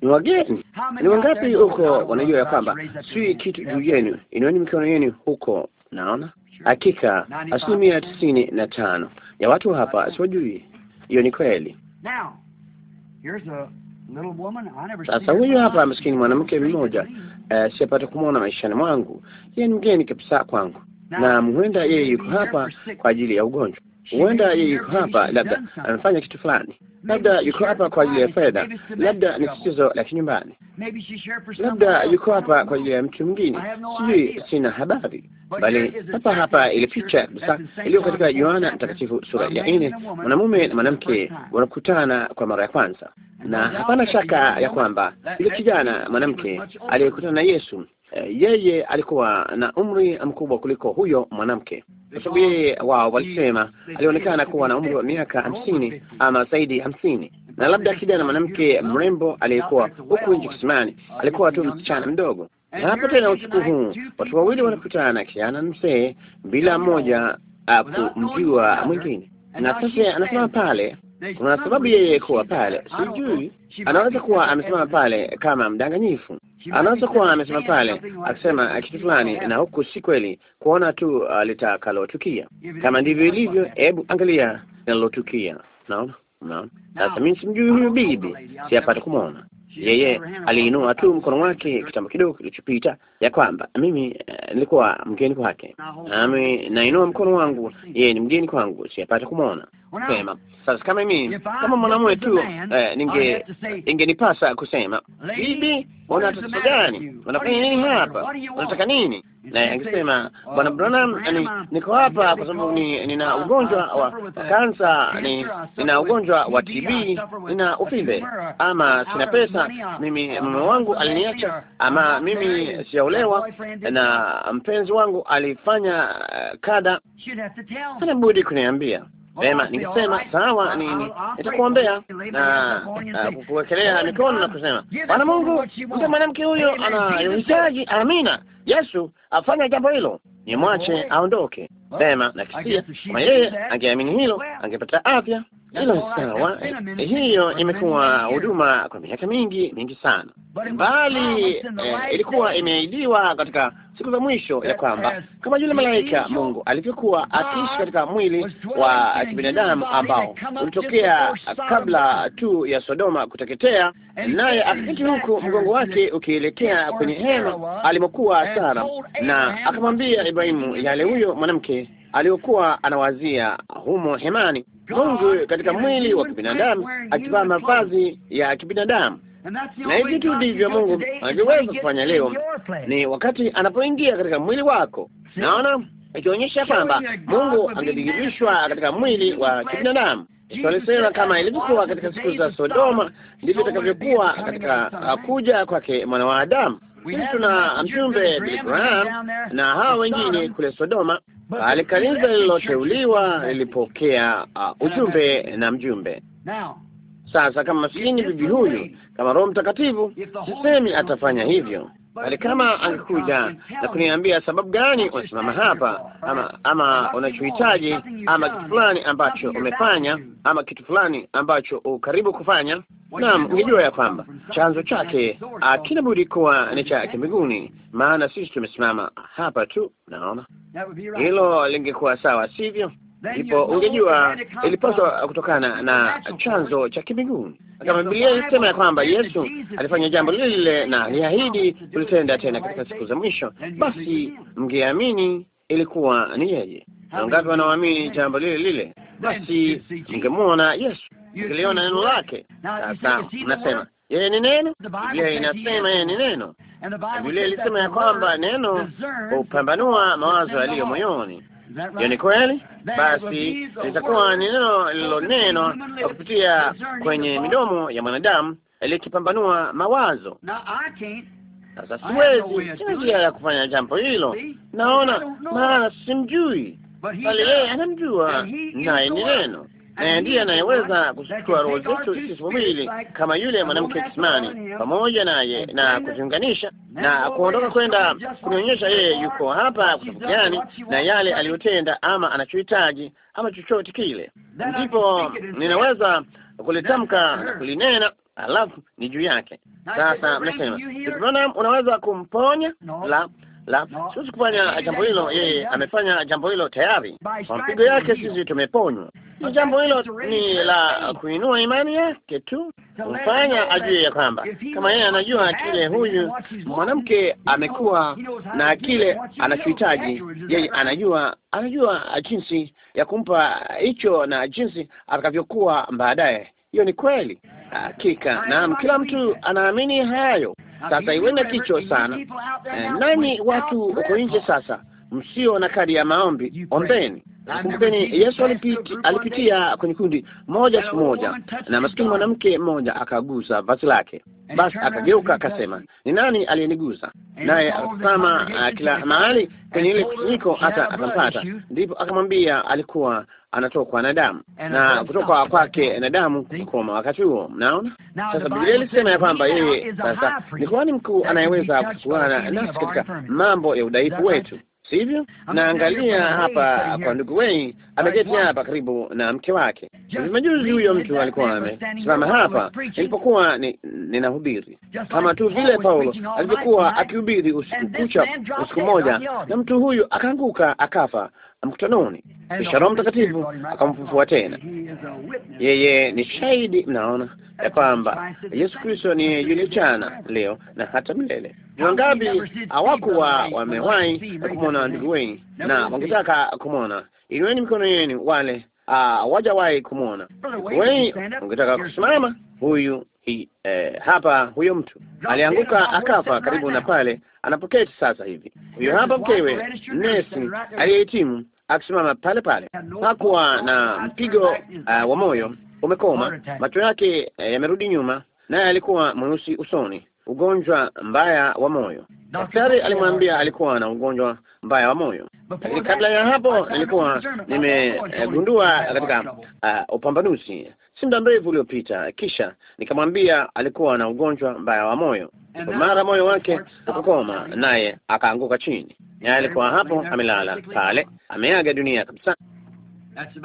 Ni wageni. Ni wangapi huko wanajua ya kwamba si kitu juu yenu? Inueni mikono yenu huko. Naona hakika asilimia tisini na tano ya watu hapa siwajui. Hiyo ni kweli. Sasa huyu hapa maskini mwanamke mmoja, uh, eh, sijapata kumwona maishani mwangu. Yeye ni mgeni kabisa kwangu na huenda yeye yuko hapa kwa ajili ya ugonjwa, huenda yeye yuko hapa labda anafanya kitu fulani, labda yuko hapa kwa ajili ya fedha, labda ni tatizo la kinyumbani, labda yuko hapa kwa ajili ya mtu mwingine, sijui, sina habari. Bali hapa hapa ile picha kabisa iliyo katika Yohana Mtakatifu sura ya nne, mwanamume na mwanamke wanakutana kwa mara ya kwanza, na hapana shaka ya kwamba ile kijana mwanamke aliyekutana na Yesu Eh, yeye alikuwa na umri mkubwa kuliko huyo mwanamke, kwa sababu yeye wao walisema alionekana kuwa na umri wa miaka hamsini ama zaidi hamsini, na labda kijana mwanamke mrembo aliyekuwa huku nje kisimani alikuwa tu msichana mdogo. Na hapo tena usiku huu watu wawili wanakutana, kijana mzee, bila mmoja ah, kumjua mwingine, na sasa anasema pale kuna sababu yeye kuwa pale. Sijui, anaweza kuwa amesimama pale kama mdanganyifu, anaweza kuwa amesimama pale akisema kitu fulani, na huku si kweli, kuona tu uh, litakalotukia. Kama ndivyo ilivyo, hebu angalia linalotukia. Naona, naona. Sasa mimi simjui huyu bibi, siyapata kumwona yeye aliinua tu mkono wake kitambo kidogo kilichopita, ya kwamba mimi uh, nilikuwa mgeni kwake, nami nainua mkono wangu, yeye ni mgeni kwangu, siyapata kumwona. Sema sasa, kama mimi kama mwanamume tu eh, ninge ingenipasa kusema bibi, wana tatizo gani? Unafanya nini hapa? Unataka nini? Na angesema bwana oh, Branham, niko hapa kwa sababu ni oh, uh, uh, nina ugonjwa wa kansa, ni nina ugonjwa wa TB, nina uvimbe, ama sina pesa uh, mimi, mume wangu aliniacha, ama mimi siaolewa na mpenzi wangu alifanya kada, sina budi kuniambia Vema, nikisema sawa, nini nitakuombea na kukuwekelea mikono na kusema, Bwana Mungu, mpe mwanamke huyo anayohitaji. Amina. Yesu afanya jambo hilo, nimwache aondoke. Vema, nakisia kama yeye angeamini hilo, angepata afya hilo sawa. Hiyo imekuwa huduma kwa miaka mingi mingi sana, bali eh, ilikuwa imeahidiwa katika siku za mwisho ya kwamba kama yule malaika Mungu alivyokuwa akiishi katika mwili wa kibinadamu ambao ulitokea kabla tu ya Sodoma kuteketea, naye akaketi huku mgongo wake ukielekea kwenye hema alimokuwa Sara, na akamwambia Ibrahimu yale huyo mwanamke aliyokuwa anawazia humo hemani, Mungu katika mwili wa kibinadamu akivaa mavazi ya kibinadamu na hivi tu ndivyo Mungu anavyoweza kufanya leo, ni wakati anapoingia katika mwili wako. Naona ikionyesha kwamba Mungu angedhihirishwa katika mwili wa kibinadamu. Walisema kama ilivyokuwa katika siku za Sodoma, ndivyo itakavyokuwa katika uh, kuja kwake mwana wa Adamu tuna mjumbe Billy na hawa wengine kule Sodoma, bali kanisa lililoteuliwa lilipokea uh, ujumbe na mjumbe. Sasa kama maskini bibi huyu, kama Roho Mtakatifu, sisemi atafanya hivyo, bali kama angekuja na kuniambia sababu gani unasimama hapa, ama ama unachohitaji, ama kitu fulani ambacho umefanya, ama kitu fulani ambacho ukaribu kufanya Naam, ungejua ya kwamba chanzo chake akina ah, budi kuwa ni cha kimbinguni, maana sisi tumesimama hapa tu. Naona hilo lingekuwa sawa, sivyo? Ndipo ungejua ilipaswa kutokana na chanzo cha kimbinguni, kama Biblia ilisema ya kwamba Yesu alifanya jambo lile lile na aliahidi kulitenda tena katika siku za mwisho, basi mngeamini ilikuwa ni yeye na wangapi jambo lile lile? Basi mngemwona Yesu ukiliona neno lake. Sasa mnasema yeye ni neno, Biblia inasema yeye ni neno. Biblia ilisema ya kwamba neno hupambanua mawazo yaliyo moyoni. Hiyo ni kweli. Basi litakuwa ni neno lililonenwa kwa kupitia kwenye midomo ya mwanadamu likipambanua mawazo. Sasa siwezi, sina njia ya kufanya jambo hilo, naona maana simjui bali yeye anamjua, naye ni neno ndiye anayeweza kuchukua roho zetu sisi wawili kama yule mwanamke kisimani pamoja naye na kuziunganisha na kuondoka kwenda kunionyesha yeye yuko hapa kwa sababu gani na yale aliyotenda, ama anachohitaji ama chochote kile, ndipo ninaweza kulitamka na kulinena, alafu ni juu yake. Sasa mnasema, unaweza kumponya la la siwezi kufanya jambo hilo. Yeye amefanya jambo hilo tayari, kwa mpigo yake sisi tumeponywa. Ni jambo hilo ni la kuinua imani yake tu, kumfanya ajue ya kwamba kama yeye anajua kile huyu mwanamke amekuwa na kile anachohitaji, yeye anajua, anajua jinsi ya kumpa hicho na jinsi atakavyokuwa baadaye. Hiyo ni kweli, hakika. Naam, kila mtu anaamini hayo. Sasa na kichwa sana. Eh, nani watu huko nje sasa msio na kadi ya maombi, ombeni. Kumbukeni, Yesu alipiti, alipitia kwenye kundi moja siku moja, na maskini mwanamke mmoja akagusa vazi lake. Basi akageuka akasema, ni nani aliyeniguza Naye akasama ah, kila mahali kwenye ile kusanyiko hata akampata. Ndipo akamwambia alikuwa anatokwa na damu, na kutoka kwake na damu kukoma wakati huo. Mnaona sasa, Biblia ilisema ya kwamba yeye sasa ni kuhani mkuu anayeweza kuchuana nasi katika mambo ya udhaifu wetu sivyo? Naangalia hapa kwa ndugu Wei, ameketi hapa karibu na mke wake. Hivi majuzi huyo mtu alikuwa amesimama hapa nilipokuwa ninahubiri, kama tu vile Paulo alivyokuwa akihubiri usiku kucha, usiku mmoja, na mtu huyu akaanguka akafa mkutanoni, eh, kisha Roho Mtakatifu akamfufua tena. Yeye ni shahidi, mnaona ya kwamba Yesu Kristo ni yule jana, leo na hata milele. Ni wangapi hawakuwa wamewahi kumwona ndugu wenyu na wangetaka kumwona? Inueni mikono yenu wale ah, hawajawahi kumwona. Wewe wangetaka kusimama, huyu eh, hapa huyo mtu alianguka akafa karibu na pale anapoketi sasa hivi. Huyo hapa mkewe nesi aliyehitimu akisimama pale pale, hakuwa na mpigo uh, wa moyo umekoma, macho yake eh, yamerudi nyuma, naye alikuwa mweusi usoni, ugonjwa mbaya wa moyo. Daktari alimwambia alikuwa na ugonjwa mbaya wa moyo. Kabla ya hapo nilikuwa nimegundua katika uh, upambanuzi si muda mrefu uliopita. Kisha nikamwambia alikuwa na ugonjwa mbaya wa moyo. Mara moyo wake ukakoma, naye akaanguka chini, naye alikuwa hapo amelala pale, ameaga dunia kabisa.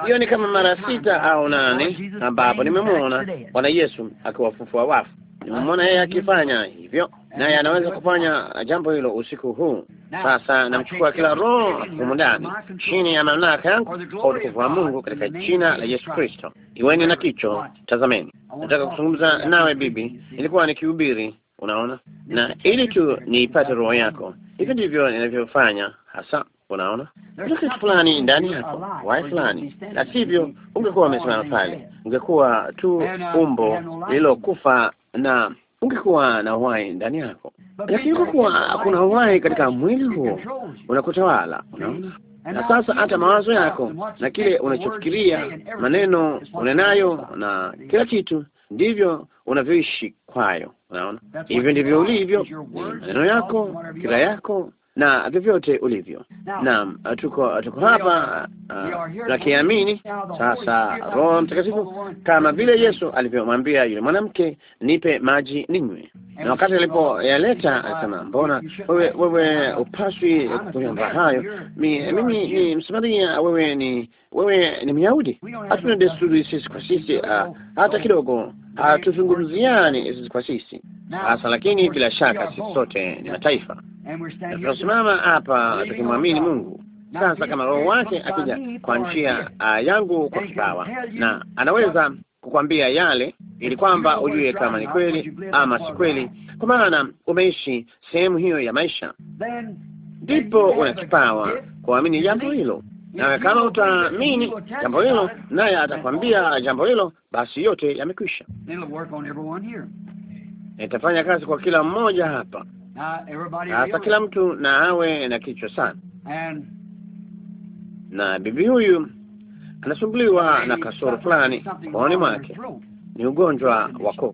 Hiyo ni kama mara sita au nane ambapo nimemwona Bwana Yesu akiwafufua wafu. Nimemwona yeye akifanya hivyo, naye anaweza kufanya jambo hilo usiku huu. Sasa namchukua kila roho humu ndani chini ya mamlaka yangu kwa utukufu wa Mungu katika jina la Yesu Kristo. Iweni na kicho, tazameni. Nataka kuzungumza nawe bibi, nilikuwa nikihubiri, unaona, na ili tu niipate roho yako. Hivyo ndivyo ninavyofanya hasa. Unaona, kuna kitu fulani ndani yako, wai fulani, na sivyo ungekuwa umesimama pale, ungekuwa tu umbo lililokufa na ungekuwa na uhai ndani yako, lakini ungekuwa kuna uhai katika mwili huo, unakutawala. Unaona, na sasa hata mawazo yako na kile unachofikiria, maneno unenayo na kila kitu, ndivyo unavyoishi kwayo. Unaona, hivyo ndivyo ulivyo, maneno yako, kira yako na vyovyote ulivyo. Naam, tuko tuko hapa uh, na kiamini sasa. Roho Mtakatifu kama vile Yesu alivyomwambia yule mwanamke, nipe maji ninywe, na wakati alipoyaleta alisema, uh, mbona wewe wewe upaswi kuyamba hayo? Mi, mimi ni Msamaria, wewe ni wewe ni Myahudi, hatuna desturi sisi kwa sisi uh, hata kidogo hatuzungumziani ah, kwa sisi hasa, lakini bila shaka sisi sote ni mataifa tunasimama hapa tukimwamini Mungu. Sasa kama Roho wake akija kwa njia ah, yangu kwa kipawa, na anaweza kukwambia yale, ili kwamba ujue kama ni kweli ama si kweli, kwa maana umeishi sehemu hiyo ya maisha, ndipo una kipawa kuamini jambo hilo na kama utaamini jambo hilo, naye atakwambia jambo hilo, basi yote yamekwisha. Itafanya kazi kwa kila mmoja hapa. Sasa kila mtu na awe na kichwa sana. Na bibi huyu anasumbuliwa na kasoro fulani kwaoni mwake, ni ugonjwa wa koo.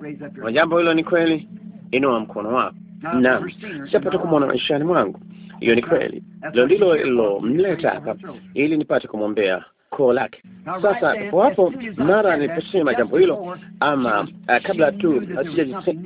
Right, jambo hilo ni kweli. Inua mkono wako. Naam, sijapata kumwona maishani mwangu hiyo ni kweli, hilo ndilo lilomleta hapa ili nipate kumwombea koo lake. Sasa po hapo mara niliposema jambo hilo, ama eh, kabla tu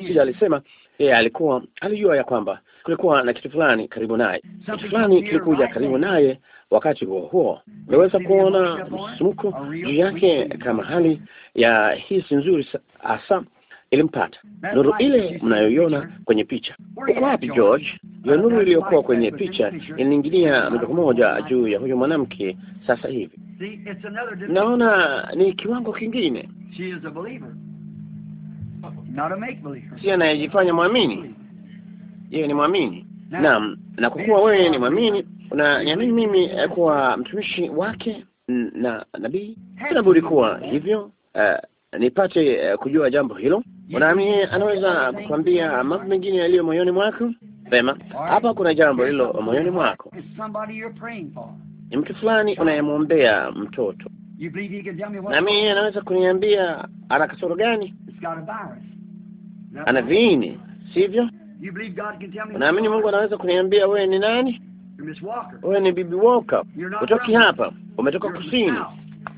sijalisema, yeye eh, alikuwa alijua ya kwamba kulikuwa na kitu fulani karibu naye, kitu fulani kilikuja karibu naye. Wakati huo huo, unaweza kuona msumuko juu yake, kama hali ya hii si nzuri hasa ilimpata. Nuru ile mnayoiona kwenye picha, uko wapi George? Ile nuru iliyokuwa kwenye picha inaingilia moja kwa moja juu ya huyo mwanamke sasa hivi. Naona ni kiwango kingine, si anayejifanya mwamini, yeye ni mwamini. Naam, na kwa kuwa wewe ni mwamini, unaniamini mimi eh, kuwa mtumishi wake na nabii, inabudi kuwa hivyo. Uh, nipate uh, kujua jambo hilo. Mwanamie anaweza kukwambia mambo mengine yaliyo moyoni mwako. Sema hapa kuna jambo lilo moyoni mwako, ni mtu fulani unayemwombea mtoto, nami anaweza kuniambia ana kasoro gani? Ana viini, sivyo? Unaamini Mungu anaweza kuniambia wewe ni nani? Wewe ni Bibi Walker, utoki hapa, umetoka kusini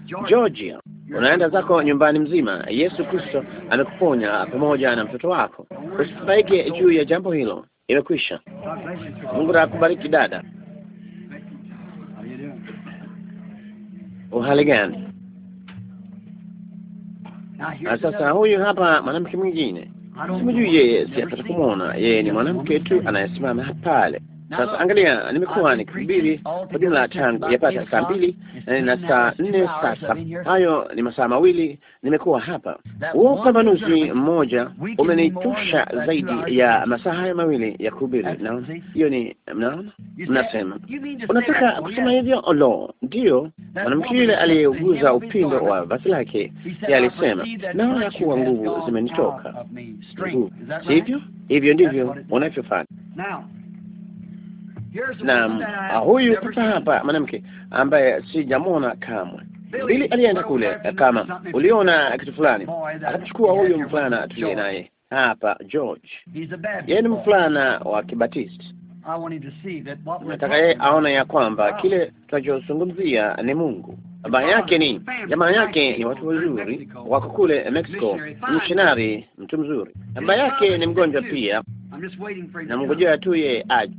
Georgia, Georgia unaenda zako nyumbani mzima. Yesu Kristo amekuponya pamoja na mtoto wako. Usibaike juu ya jambo hilo, imekwisha. Mungu akubariki dada. Uhali gani? Sasa huyu hapa mwanamke mwingine, simjui yeye, sipata kumwona yeye. Ni mwanamke tu anayesimama pale sasa angalia, nimekuwa nikihubiri kwa jumla tangu yapata saa mbili eh, na saa nne sasa. Hayo ni masaa mawili nimekuwa hapa. Huo upambanuzi mmoja umenitosha zaidi ya masaa haya mawili ya kuhubiri. Naona hiyo ni mnaona, mnasema unataka kusema hivyo. Lo, ndiyo mwanamke yule aliyeuguza upindo wa vazi lake alisema, naona kuwa nguvu zimenitoka, sivyo? Hivyo ndivyo unavyofanya na ah, huyu papa hapa mwanamke ambaye sijamwona kamwe. Bili alienda kule, eh, kama uliona kitu fulani, akachukua huyu mfulana tuliye naye hapa George. Yeye ni mfulana wa Kibatisti. Nataka yeye aone ya kwamba oh. kile tunachozungumzia ni Mungu. Baba yake ni jamaa yake ni watu wazuri, wako kule Mexico, mshinari, mtu mzuri. Baba yake ni mgonjwa pia, namngojea tu yeye aje.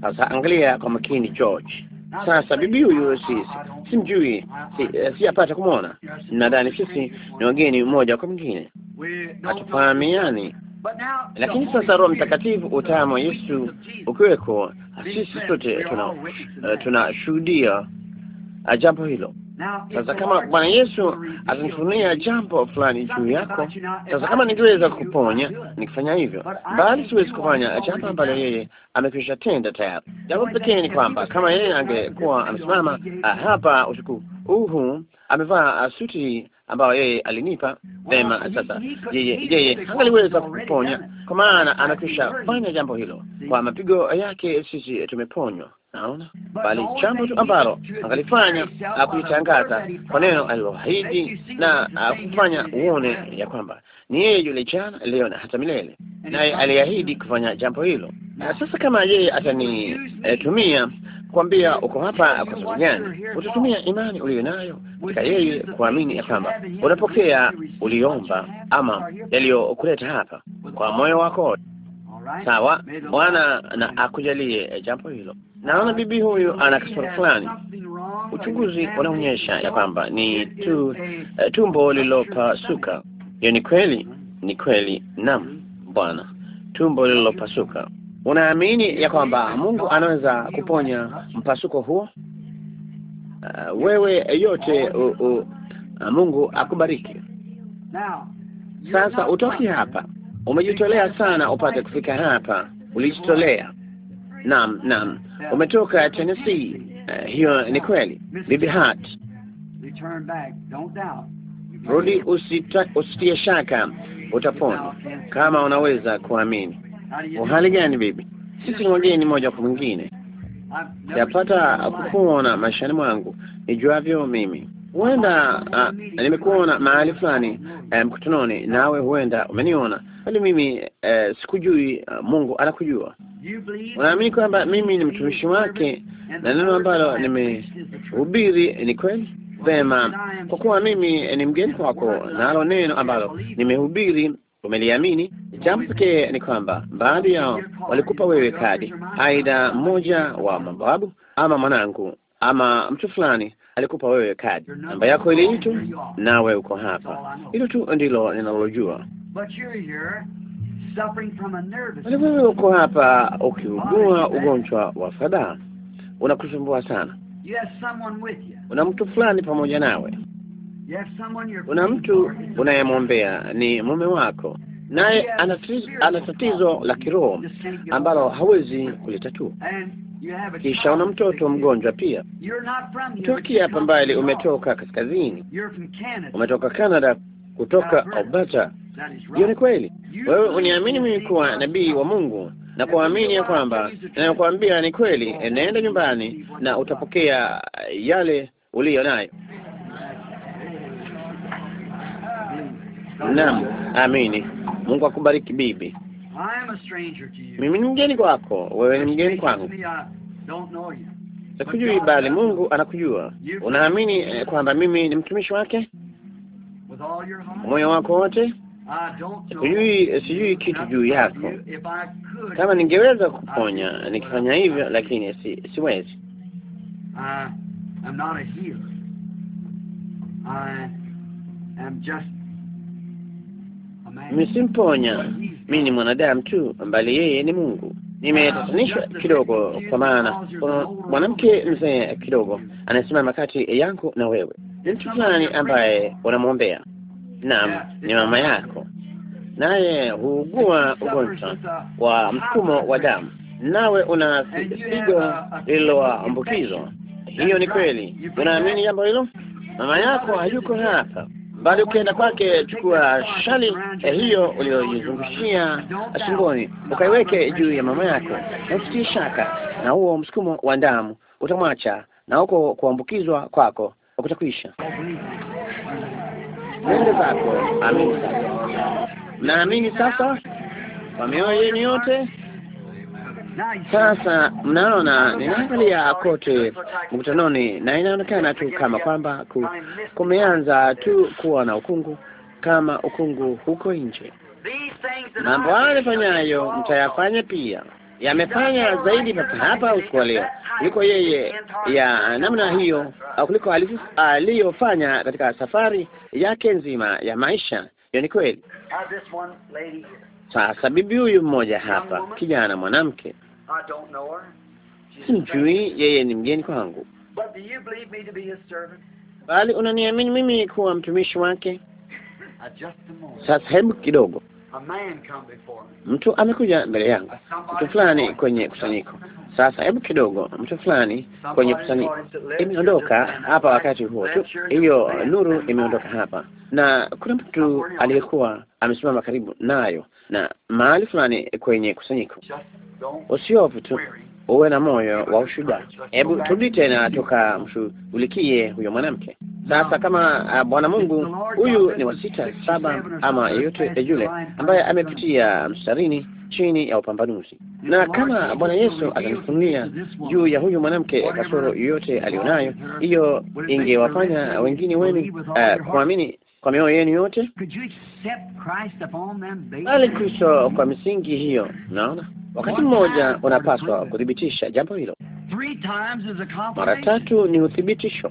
Sasa angalia kwa makini George. Sasa bibi huyu sisi simjui, si, eh, si kumwona. Nadhani sisi ni wageni mmoja kwa mwingine, hatufahamiani. Lakini sasa Roho Mtakatifu, utamu wa Yesu ukiweko, sisi sote eh, tunashuhudia tuna jambo hilo. Sasa kama Bwana Yesu atanifunia jambo fulani juu yako, sasa kama ningeweza kuponya nikifanya hivyo, bali siwezi kufanya jambo ambalo yeye amekwisha tenda tayari. Jambo pekee ni kwamba kama yeye angekuwa amesimama ah, hapa usiku uhu, amevaa ah, suti ambayo yeye alinipa vema. Sasa yeye yeye angaliweza kuponya, kwa maana amekwisha fanya jambo hilo. Kwa mapigo yake sisi tumeponywa. Naona bali jambo tu ambalo angalifanya akuitangaza kwa neno aliloahidi na akufanya uone ya kwamba ni yeye yule jana, leo na hata milele, naye aliahidi kufanya jambo hilo. Na sasa kama yeye atanitumia kuambia uko hapa kwa sababu gani, utatumia imani uliyo nayo katika yeye kuamini ya kwamba unapokea uliomba ama yaliyokuleta hapa kwa moyo wako. Sawa, Bwana na akujalie eh, jambo hilo. Naona bibi huyu ana kasoro fulani. Uchunguzi unaonyesha ya kwamba ni tu, uh, tumbo lililopasuka. Hiyo ni kweli, ni kweli. Naam Bwana, tumbo lililopasuka. Unaamini ya kwamba Mungu anaweza kuponya mpasuko huo? Uh, wewe yote, uh, uh, Mungu akubariki. Sasa utoki hapa Umejitolea sana upate kufika hapa, ulijitolea. Naam, naam, umetoka Tennessee. Uh, hiyo ni kweli, Bibi Hart. Rudi, usitie shaka, utapona kama unaweza kuamini. Uhali gani bibi? Sisi ni moja kwa mwingine, yapata kukuona maishani mwangu nijuavyo mimi. Huenda uh, ah, nimekuona mahali fulani eh, mkutanoni, um, nawe huenda umeniona, bali mimi uh, sikujui. Uh, Mungu anakujua. Unaamini kwamba mimi ni mtumishi wake na neno ambalo nimehubiri ni kweli? Vema, kwa kuwa mimi ni mgeni kwako, nalo neno ambalo nimehubiri umeliamini. Jambo pekee ni kwamba baadhi yao walikupa wewe kadi, aidha mmoja wa mababu ama mwanangu ama mtu fulani alikupa wewe kadi namba yako iliitwa, nawe uko hapa. Hilo tu ndilo ninalojua. Yaani wewe uko hapa ukiugua ugonjwa wa fadhaa, unakusumbua sana. Una mtu fulani pamoja nawe, una mtu unayemwombea, ni mume wako, naye ana tatizo la kiroho ambalo hawezi kulitatua kisha una mtoto mgonjwa pia. Toki hapa mbali, umetoka kaskazini, umetoka Canada, kutoka Alberta. Hiyo ni kweli. Wewe uniamini mimi kuwa nabii wa Mungu na kuamini ya kwamba nayokuambia ni kweli, naenda nyumbani na utapokea yale uliyo nayo. Naam, amini. Mungu akubariki bibi mimi ni mgeni kwako, wewe ni mgeni kwangu, sikujui, bali Mungu anakujua. Unaamini eh, kwamba mimi ni mtumishi wake moyo wako wote? Sijui, eh, sijui kitu juu yako. Kama ningeweza kuponya nikifanya hivyo, lakini si, siwezi. I not a healer. I am just msimponya. Mimi ni mwanadamu tu, mbali yeye ni Mungu. Nimetatanishwa kidogo, kwa maana mwanamke mzee kidogo anasimama kati yangu na wewe. Ni mtu fulani ambaye unamwombea, naam, ni mama yako, naye huugua ugonjwa wa mfumo wa damu, nawe una pigo lililoambukizwa. Hiyo ni kweli. Unaamini jambo hilo? Mama yako hayuko hapa bali ukienda kwake, chukua shali eh, hiyo uliyoizungushia shingoni, ukaiweke juu ya mama yako, na usitie shaka, na huo msukumo wa damu utamwacha, na huko kuambukizwa kwako akutakwisha. Nende zako. Amini naamini sasa kwa mioyo yenu yote sasa mnaona, ninaangalia kote mkutanoni na inaonekana tu kama kwamba ku, kumeanza tu kuwa na ukungu kama ukungu huko nje. Mambo hayo anifanyayo mtayafanya pia, yamefanya zaidi paka hapa usiku wa leo kuliko yeye ya namna hiyo, kuliko aliyofanya katika safari yake nzima ya maisha. Hiyo ni kweli. Sasa bibi huyu mmoja hapa, kijana mwanamke, simjui yeye, ni mgeni kwangu, bali unaniamini mimi kuwa mtumishi wake? [LAUGHS] Sasa hebu kidogo, mtu amekuja mbele yangu, mtu fulani kwenye kusanyiko sasa hebu kidogo, mtu fulani kwenye kusani imeondoka hapa wakati huo tu, hiyo nuru imeondoka hapa, na kuna mtu aliyekuwa amesimama karibu nayo na mahali fulani kwenye kusanyiko. usiovu tu uwe na moyo wa ushujaa. Hebu turudi tena toka mshughulikie huyo mwanamke sasa. Kama uh, Bwana Mungu, huyu ni wa sita saba, ama yeyote yule ambaye amepitia mstarini chini ya upambanuzi, na kama Bwana Yesu atanifunulia juu ya huyu mwanamke kasoro yoyote alionayo, hiyo ingewafanya wengine wenu uh, kuamini kwa mioyo yenu yote, bali Kristo kwa misingi hiyo. Naona Wakati mmoja unapaswa kuthibitisha jambo hilo, mara tatu ni uthibitisho,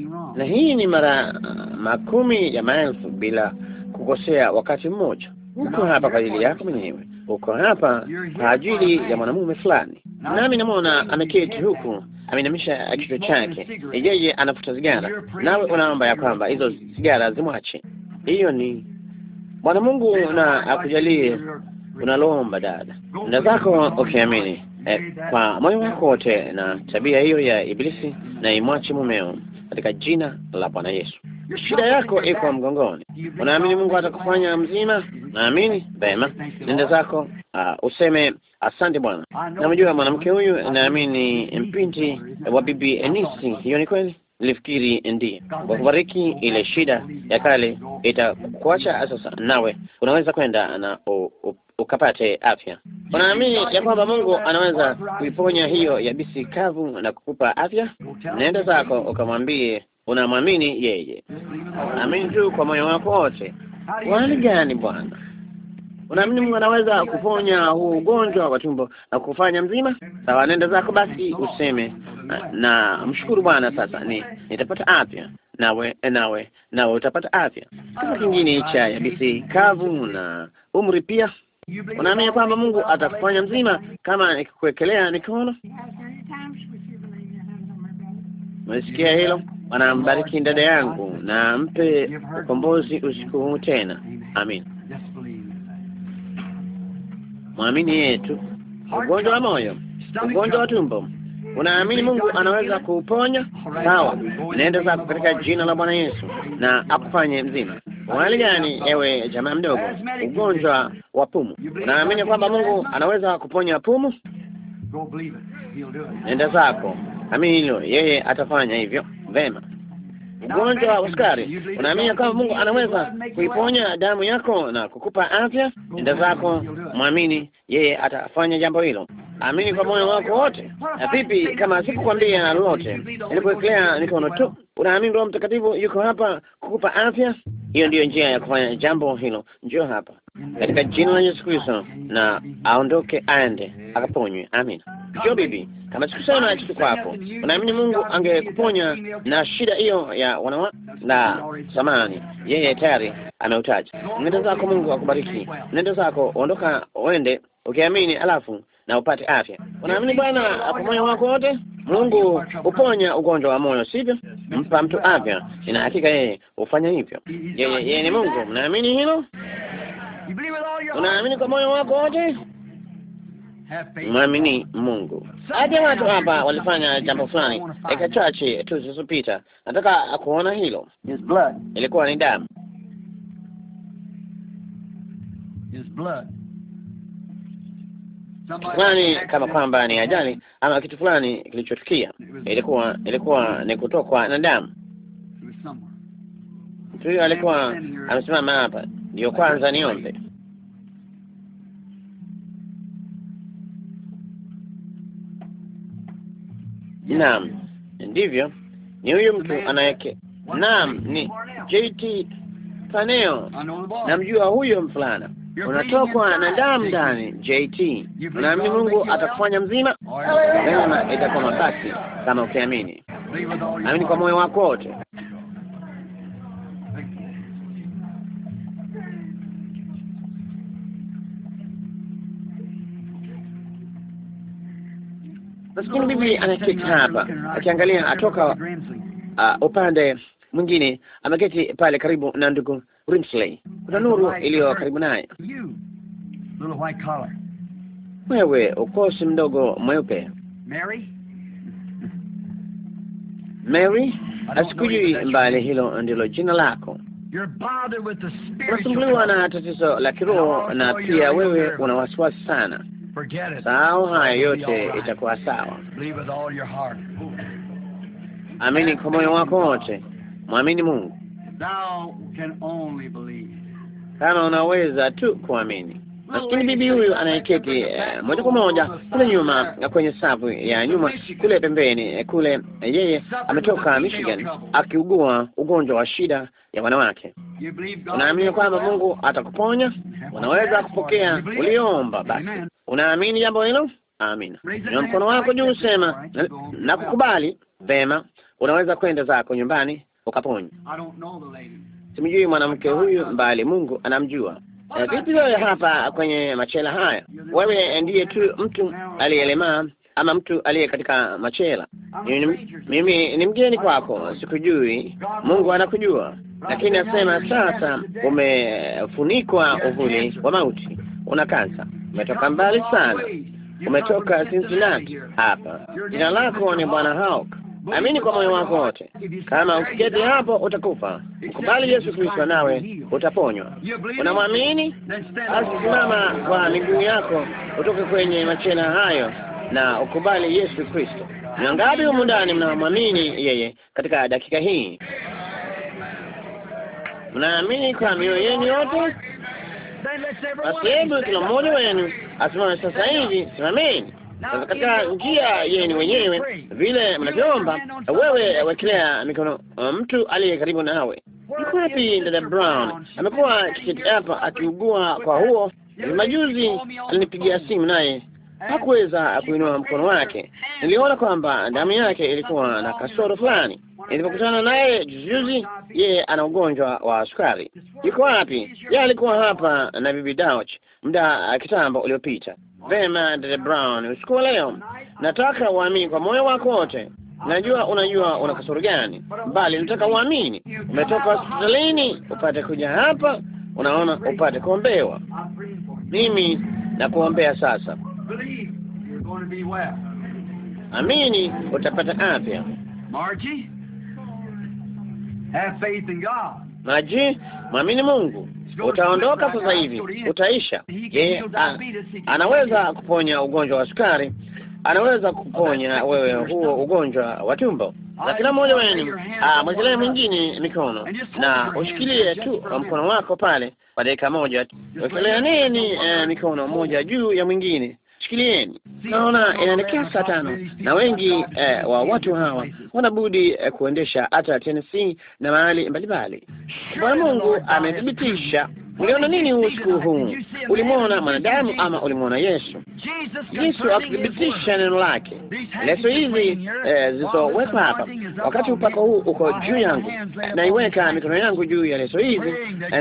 uh, na hii ni mara uh, makumi ya maelfu bila kukosea wakati mmoja. Uko hapa kwa ajili yako mwenyewe, uko hapa kwa ajili ya mwanamume fulani, nami namwona ameketi huku ameinamisha kichwa chake, yeye anafuta sigara, nawe unaomba ya kwamba hizo sigara zimwache. Hiyo ni Bwana Mungu na akujalie unaloomba dada nda zako ukiamini eh, kwa moyo wako wote na tabia hiyo ya Ibilisi na imwache mumeo katika jina la Bwana Yesu. Shida yako iko mgongoni. Unaamini Mungu atakufanya mzima? Naamini. Vema, nenda zako, uh, useme asante Bwana. Namjua mwanamke huyu, naamini mpinti wa bibi Enisi. Hiyo ni kweli nilifikiri ndiye kwa ile shida ya kale itakuacha sasa, nawe unaweza kwenda na ukapate afya. Unaamini ya kwamba Mungu anaweza kuiponya hiyo yabisi kavu na kukupa afya? Nenda zako ukamwambie unamwamini yeye, amini tu kwa moyo wako wote. Wali gani Bwana Unaamini Mungu anaweza kuponya huo ugonjwa wa tumbo na kufanya mzima? Sawa, nenda zako basi, useme na, na mshukuru Bwana. Sasa ni nitapata afya, nawe nawe nawe utapata afya. Kitu kingine cha yabisi kavu na umri pia Unaamini kwamba Mungu atakufanya mzima kama nikikuwekelea mikono? Umesikia hilo? Wanambariki dada yangu na mpe ukombozi usiku huu tena. Amin mwamini yetu, ugonjwa wa moyo, ugonjwa wa tumbo, unaamini Mungu anaweza kuuponya? Sawa, nenda zako katika jina la Bwana Yesu na akufanye mzima. Hali gani, ewe jamaa mdogo? Ugonjwa wa pumu, unaamini kwamba Mungu anaweza kuponya pumu? Nenda zako, amini hilo, yeye atafanya hivyo. Vema ugonjwa wa sukari. Unaamini kama Mungu anaweza kuiponya damu yako na kukupa afya nenda zako, mwamini yeye atafanya jambo hilo, amini kwa moyo wako wote. Na vipi kama sikukwambia lolote, nilikuwekelea mikono tu? Unaamini Roho Mtakatifu yuko hapa kukupa afya? Hiyo ndiyo njia ya kufanya jambo hilo. Njoo hapa katika jina la Yesu Kristo, na aondoke aende akaponywe. Amina. Jo bibi, kama siku sana kitu kwako, unaamini Mungu angekuponya na shida hiyo ya wanawa la zamani, yeye tayari ameutaja. Nenda zako, Mungu akubariki. Nenda zako, ondoka uende ukiamini, alafu na upate afya. Unaamini Bwana apo moyo wako wote. Mungu huponya ugonjwa wa moyo, sivyo? Mpa mtu afya, ina hakika yeye hufanya hivyo. Yeye ni Mungu. Mnaamini hilo? unaamini kwa moyo wako wote, mwamini Mungu. Baadhi ya watu hapa walifanya jambo fulani dakika chache tu zilizopita. Nataka kuona hilo. Ilikuwa ni damu, kitu fulani kama kwamba ni ajali ama kitu fulani kilichotukia. Ilikuwa ilikuwa ni kutokwa na damu. Mtu huyo alikuwa amesimama hapa Ndiyo kwanza niombe. Naam, ndivyo ni huyu mtu anayeke. Naam, ni JT Paneo, namjua huyo mfulana. Unatokwa na damu ndani, JT. Unaamini Mungu atakufanya mzima? Itakuwa mabasi kama ukiamini. Amini kwa moyo wako wote. maskini bibi anaketi hapa akiangalia atoka uh, upande mwingine, ameketi pale karibu na ndugu Rimsley. Kuna nuru iliyo karibu naye. Wewe ukosi mdogo mweupe Mary, Mary, asikujui mbali, hilo ndilo jina lako. Unasumbuliwa na tatizo la kiroho na pia wewe una wasiwasi sana Forget it. Sahau haya yote, itakuwa sawa. Amini kwa moyo wako wote, mwamini Mungu kama unaweza tu kuamini. Lakini bibi huyu anayeketi eh, moja kwa moja kule nyuma kwenye safu ya nyuma kule pembeni eh, kule, eh, yeye ametoka Michigan akiugua ugonjwa wa shida ya wanawake. Unaamini kwamba Mungu atakuponya? Unaweza kupokea uliomba. Basi unaamini jambo hilo? Amina. Na mkono wako juu, usema na kukubali. Vema, unaweza kwenda zako nyumbani ukaponya Simjui mwanamke huyu mbali, Mungu anamjua. Eh, vipi wewe hapa kwenye machela haya? Wewe ndiye tu mtu aliyelemaa ama mtu aliye katika machela. Mimi ni mgeni kwako, sikujui. Mungu anakujua, lakini asema sasa, umefunikwa uvuli wa mauti, una kansa, umetoka mbali sana, umetoka Cincinnati hapa. Jina lako ni Bwana Hawk amini kwa moyo wako wote. Kama ukiketi hapo utakufa. Mkubali Yesu Kristo nawe utaponywa. Unamwamini? Basi simama kwa miguu yako, utoke kwenye machela hayo na ukubali Yesu Kristo. Ni wangapi humu ndani mnamwamini yeye katika dakika hii? Mnaamini kwa mioyo yenu yote? Basi hebu kila mmoja wenu asimame sasa hivi. Simameni katika njia yenu wenyewe, vile mnavyoomba. Wewe wekelea mikono um, mtu aliye karibu nawe. Mkapi dada Brown amekuwa akiketi hapa akiugua kwa huo. Majuzi alinipigia simu, naye hakuweza kuinua mkono wake. Niliona kwamba damu yake ilikuwa na kasoro fulani. Nilipokutana naye juzijuzi, yeye ana ugonjwa wa sukari. Yuko wapi? Yeye alikuwa hapa na bibi Dauch muda uh, kitambo uliopita. Vema, Dede Brown, usiku wa leo nataka uamini kwa moyo wako wote. Najua unajua una kasoro gani, bali nataka uamini. Umetoka hospitalini upate kuja hapa, unaona, upate kuombewa. Mimi nakuombea sasa. Amini utapata afya. Maji, mwamini Mungu utaondoka sasa hivi, utaisha. Je, anaweza kuponya ugonjwa wa sukari? Anaweza kuponya wewe huo ugonjwa wa tumbo? Na kila mmoja wenu mwekelee mwingine mikono na ushikilie tu mkono wako pale kwa dakika moja. Wekelea nini eh, mikono moja juu ya mwingine Shikilieni, naona inaelekea saa tano na wengi eh, wa watu hawa wanabudi eh, kuendesha hata Tennessee na mahali mbalimbali. Bwana Mungu amethibitisha. Uliona nini usiku huu? Ulimwona mwanadamu ama ulimwona Yesu? Yesu akithibitisha neno lake. Leso hizi eh, zilizowekwa hapa, wakati upako huu uko juu yangu, naiweka mikono yangu juu ya leso hizi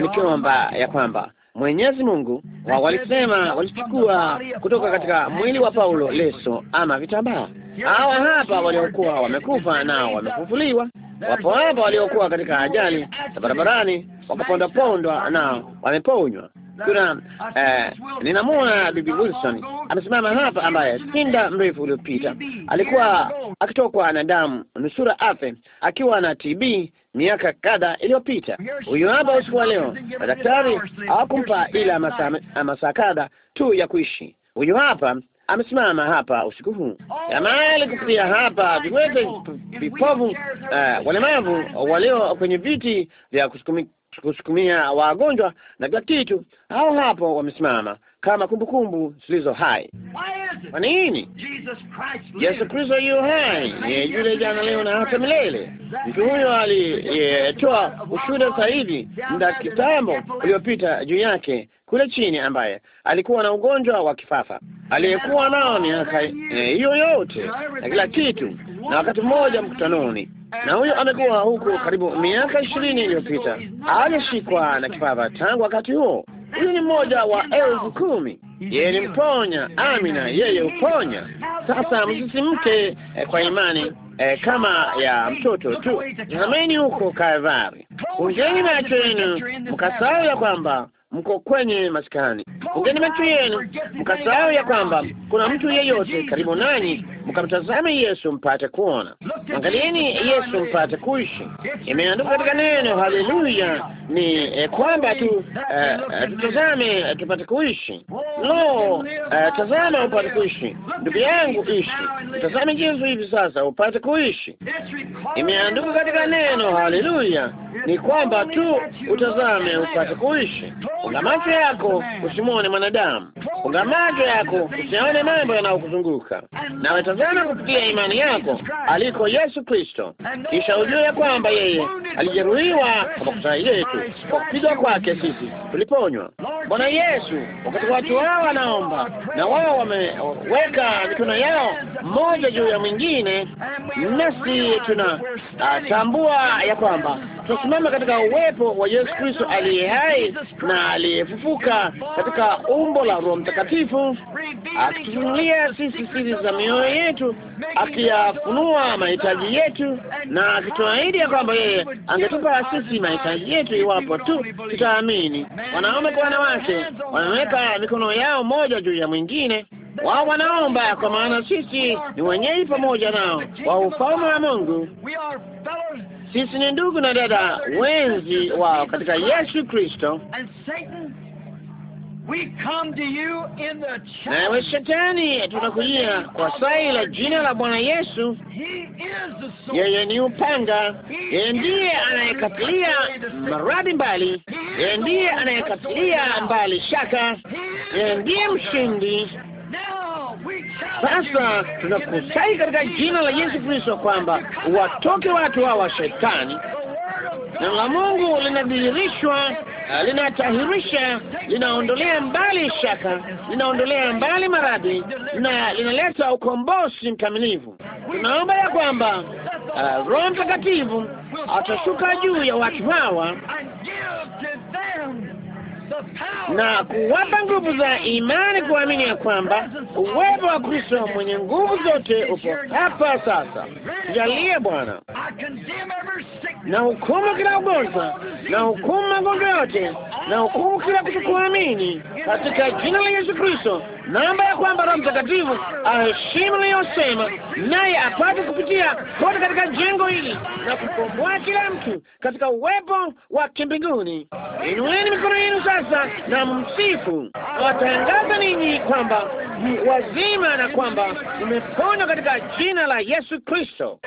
nikiomba ya kwamba Mwenyezi Mungu walisema walichukua kutoka katika mwili wa Paulo leso ama vitambaa. Yaani Hawa hapa waliokuwa wamekufa nao wamefufuliwa, wapo hapa waliokuwa katika ajali za barabarani wakapondwapondwa na wameponywa. Kuna eh, ninamuona Bibi Wilson amesimama hapa, ambaye sinda mrefu uliopita alikuwa akitokwa na damu nusura afe akiwa na TB miaka kadha iliyopita. huyu hapa usiku wa leo, madaktari hawakumpa ila masaa ah, masaa tu ya kuishi. huyu hapa amesimama hapa usiku huu, jamaa alikupitia hapa, viwete, vipovu uh, ah, walemavu walio kwenye viti vya kusukumia wagonjwa na kila kitu, hao hapo wamesimama kama kumbukumbu zilizo hai. Kwa nini? Yesu Kristo yu hai, ni yule jana, leo na hata milele. Mtu huyo aliyetoa ushuhuda zaidi mda kitambo uliopita juu yake kule chini ambaye alikuwa na ugonjwa wa kifafa aliyekuwa nao miaka eh, hiyo yote na kila kitu, na wakati mmoja mkutanoni, na huyo amekuwa huko karibu miaka ishirini iliyopita, alishikwa na kifafa tangu wakati huo. Huyu ni mmoja wa elfu kumi. Yeye ni mponya. Amina, yeye huponya. Sasa msisimke eh, kwa imani eh, kama ya mtoto tu. Tazameni huko Kalvari, ungeni macho yenu mkasahau ya kwamba mko kwenye maskani. Ugeni macho yenu, mkasahau ya kwamba kuna mtu yeyote karibu nanyi mkamtazame Yesu mpate kuona. Angalieni Yesu mpate kuishi. Imeandikwa katika neno, haleluya, ni eh, kwamba tu eh, eh tutazame eh, tupate kuishi. Lo, eh, tazama upate kuishi, ndugu yangu, ishi. Tazame Yesu hivi sasa upate kuishi. Imeandikwa katika neno, haleluya, ni kwamba tu utazame upate kuishi. Funga macho yako usimwone mwanadamu, funga macho yako usione mambo yanayokuzunguka nawe tazama kupitia imani yako aliko Yesu Kristo, kisha ujue ya kwamba yeye alijeruhiwa kwa makosa yetu, kwa kupigwa kwake sisi tuliponywa. Bwana Yesu, wakati watu wao wanaomba na wao wameweka mikono yao mmoja juu ya mwingine, nasi tuna tambua ya kwamba tunasimama katika uwepo wa Yesu Kristo aliye hai na aliyefufuka katika umbo la Roho Mtakatifu, akitufunulia sisi siri za mioyo yetu yetu, akiyafunua mahitaji yetu na akituahidi ya kwamba yeye angetupa sisi mahitaji yetu iwapo tu tutaamini. Wanaume kwa wanawake wanaweka mikono yao moja juu ya mwingine wao wanaomba kwa maana sisi ni wenyeji pamoja nao wa ufalme wa Mungu. Sisi ni ndugu na dada wenzi wao katika Yesu Kristo, nawe Shetani, tunakujia kwa sai la jina la Bwana Yesu. Yeye ni upanga, yeye ndiye anayekatilia maradhi mbali, yeye ndiye anayekatilia mbali shaka, yeye ndiye mshindi. Sasa tunakusai katika jina la Yesu Kristo kwamba watoke watu hawa wa Shetani Neno la Mungu linadhihirishwa, ah, linatahirisha, linaondolea mbali shaka, linaondolea mbali maradhi na linaleta ukombozi mkamilifu. Tunaomba ya kwamba uh, Roho Mtakatifu atashuka juu ya watu hawa na kuwapa nguvu za imani kuamini ya kwamba uwepo wa Kristo mwenye nguvu zote upo hapa sasa. Jalie Bwana, na hukumu kila ugonjwa na hukumu magonjwa yote na hukumu kila kutokuamini katika jina la Yesu Kristo, naomba ya kwamba Roho Mtakatifu aheshimu aliyosema, naye apate kupitia pote katika jengo hili na kukomboa kila mtu katika uwepo wa kimbinguni. Inueni mikono yenu sasa mtangaza na msifu, watangaza ninyi kwamba ni wazima na kwamba mmepona katika jina la Yesu Kristo.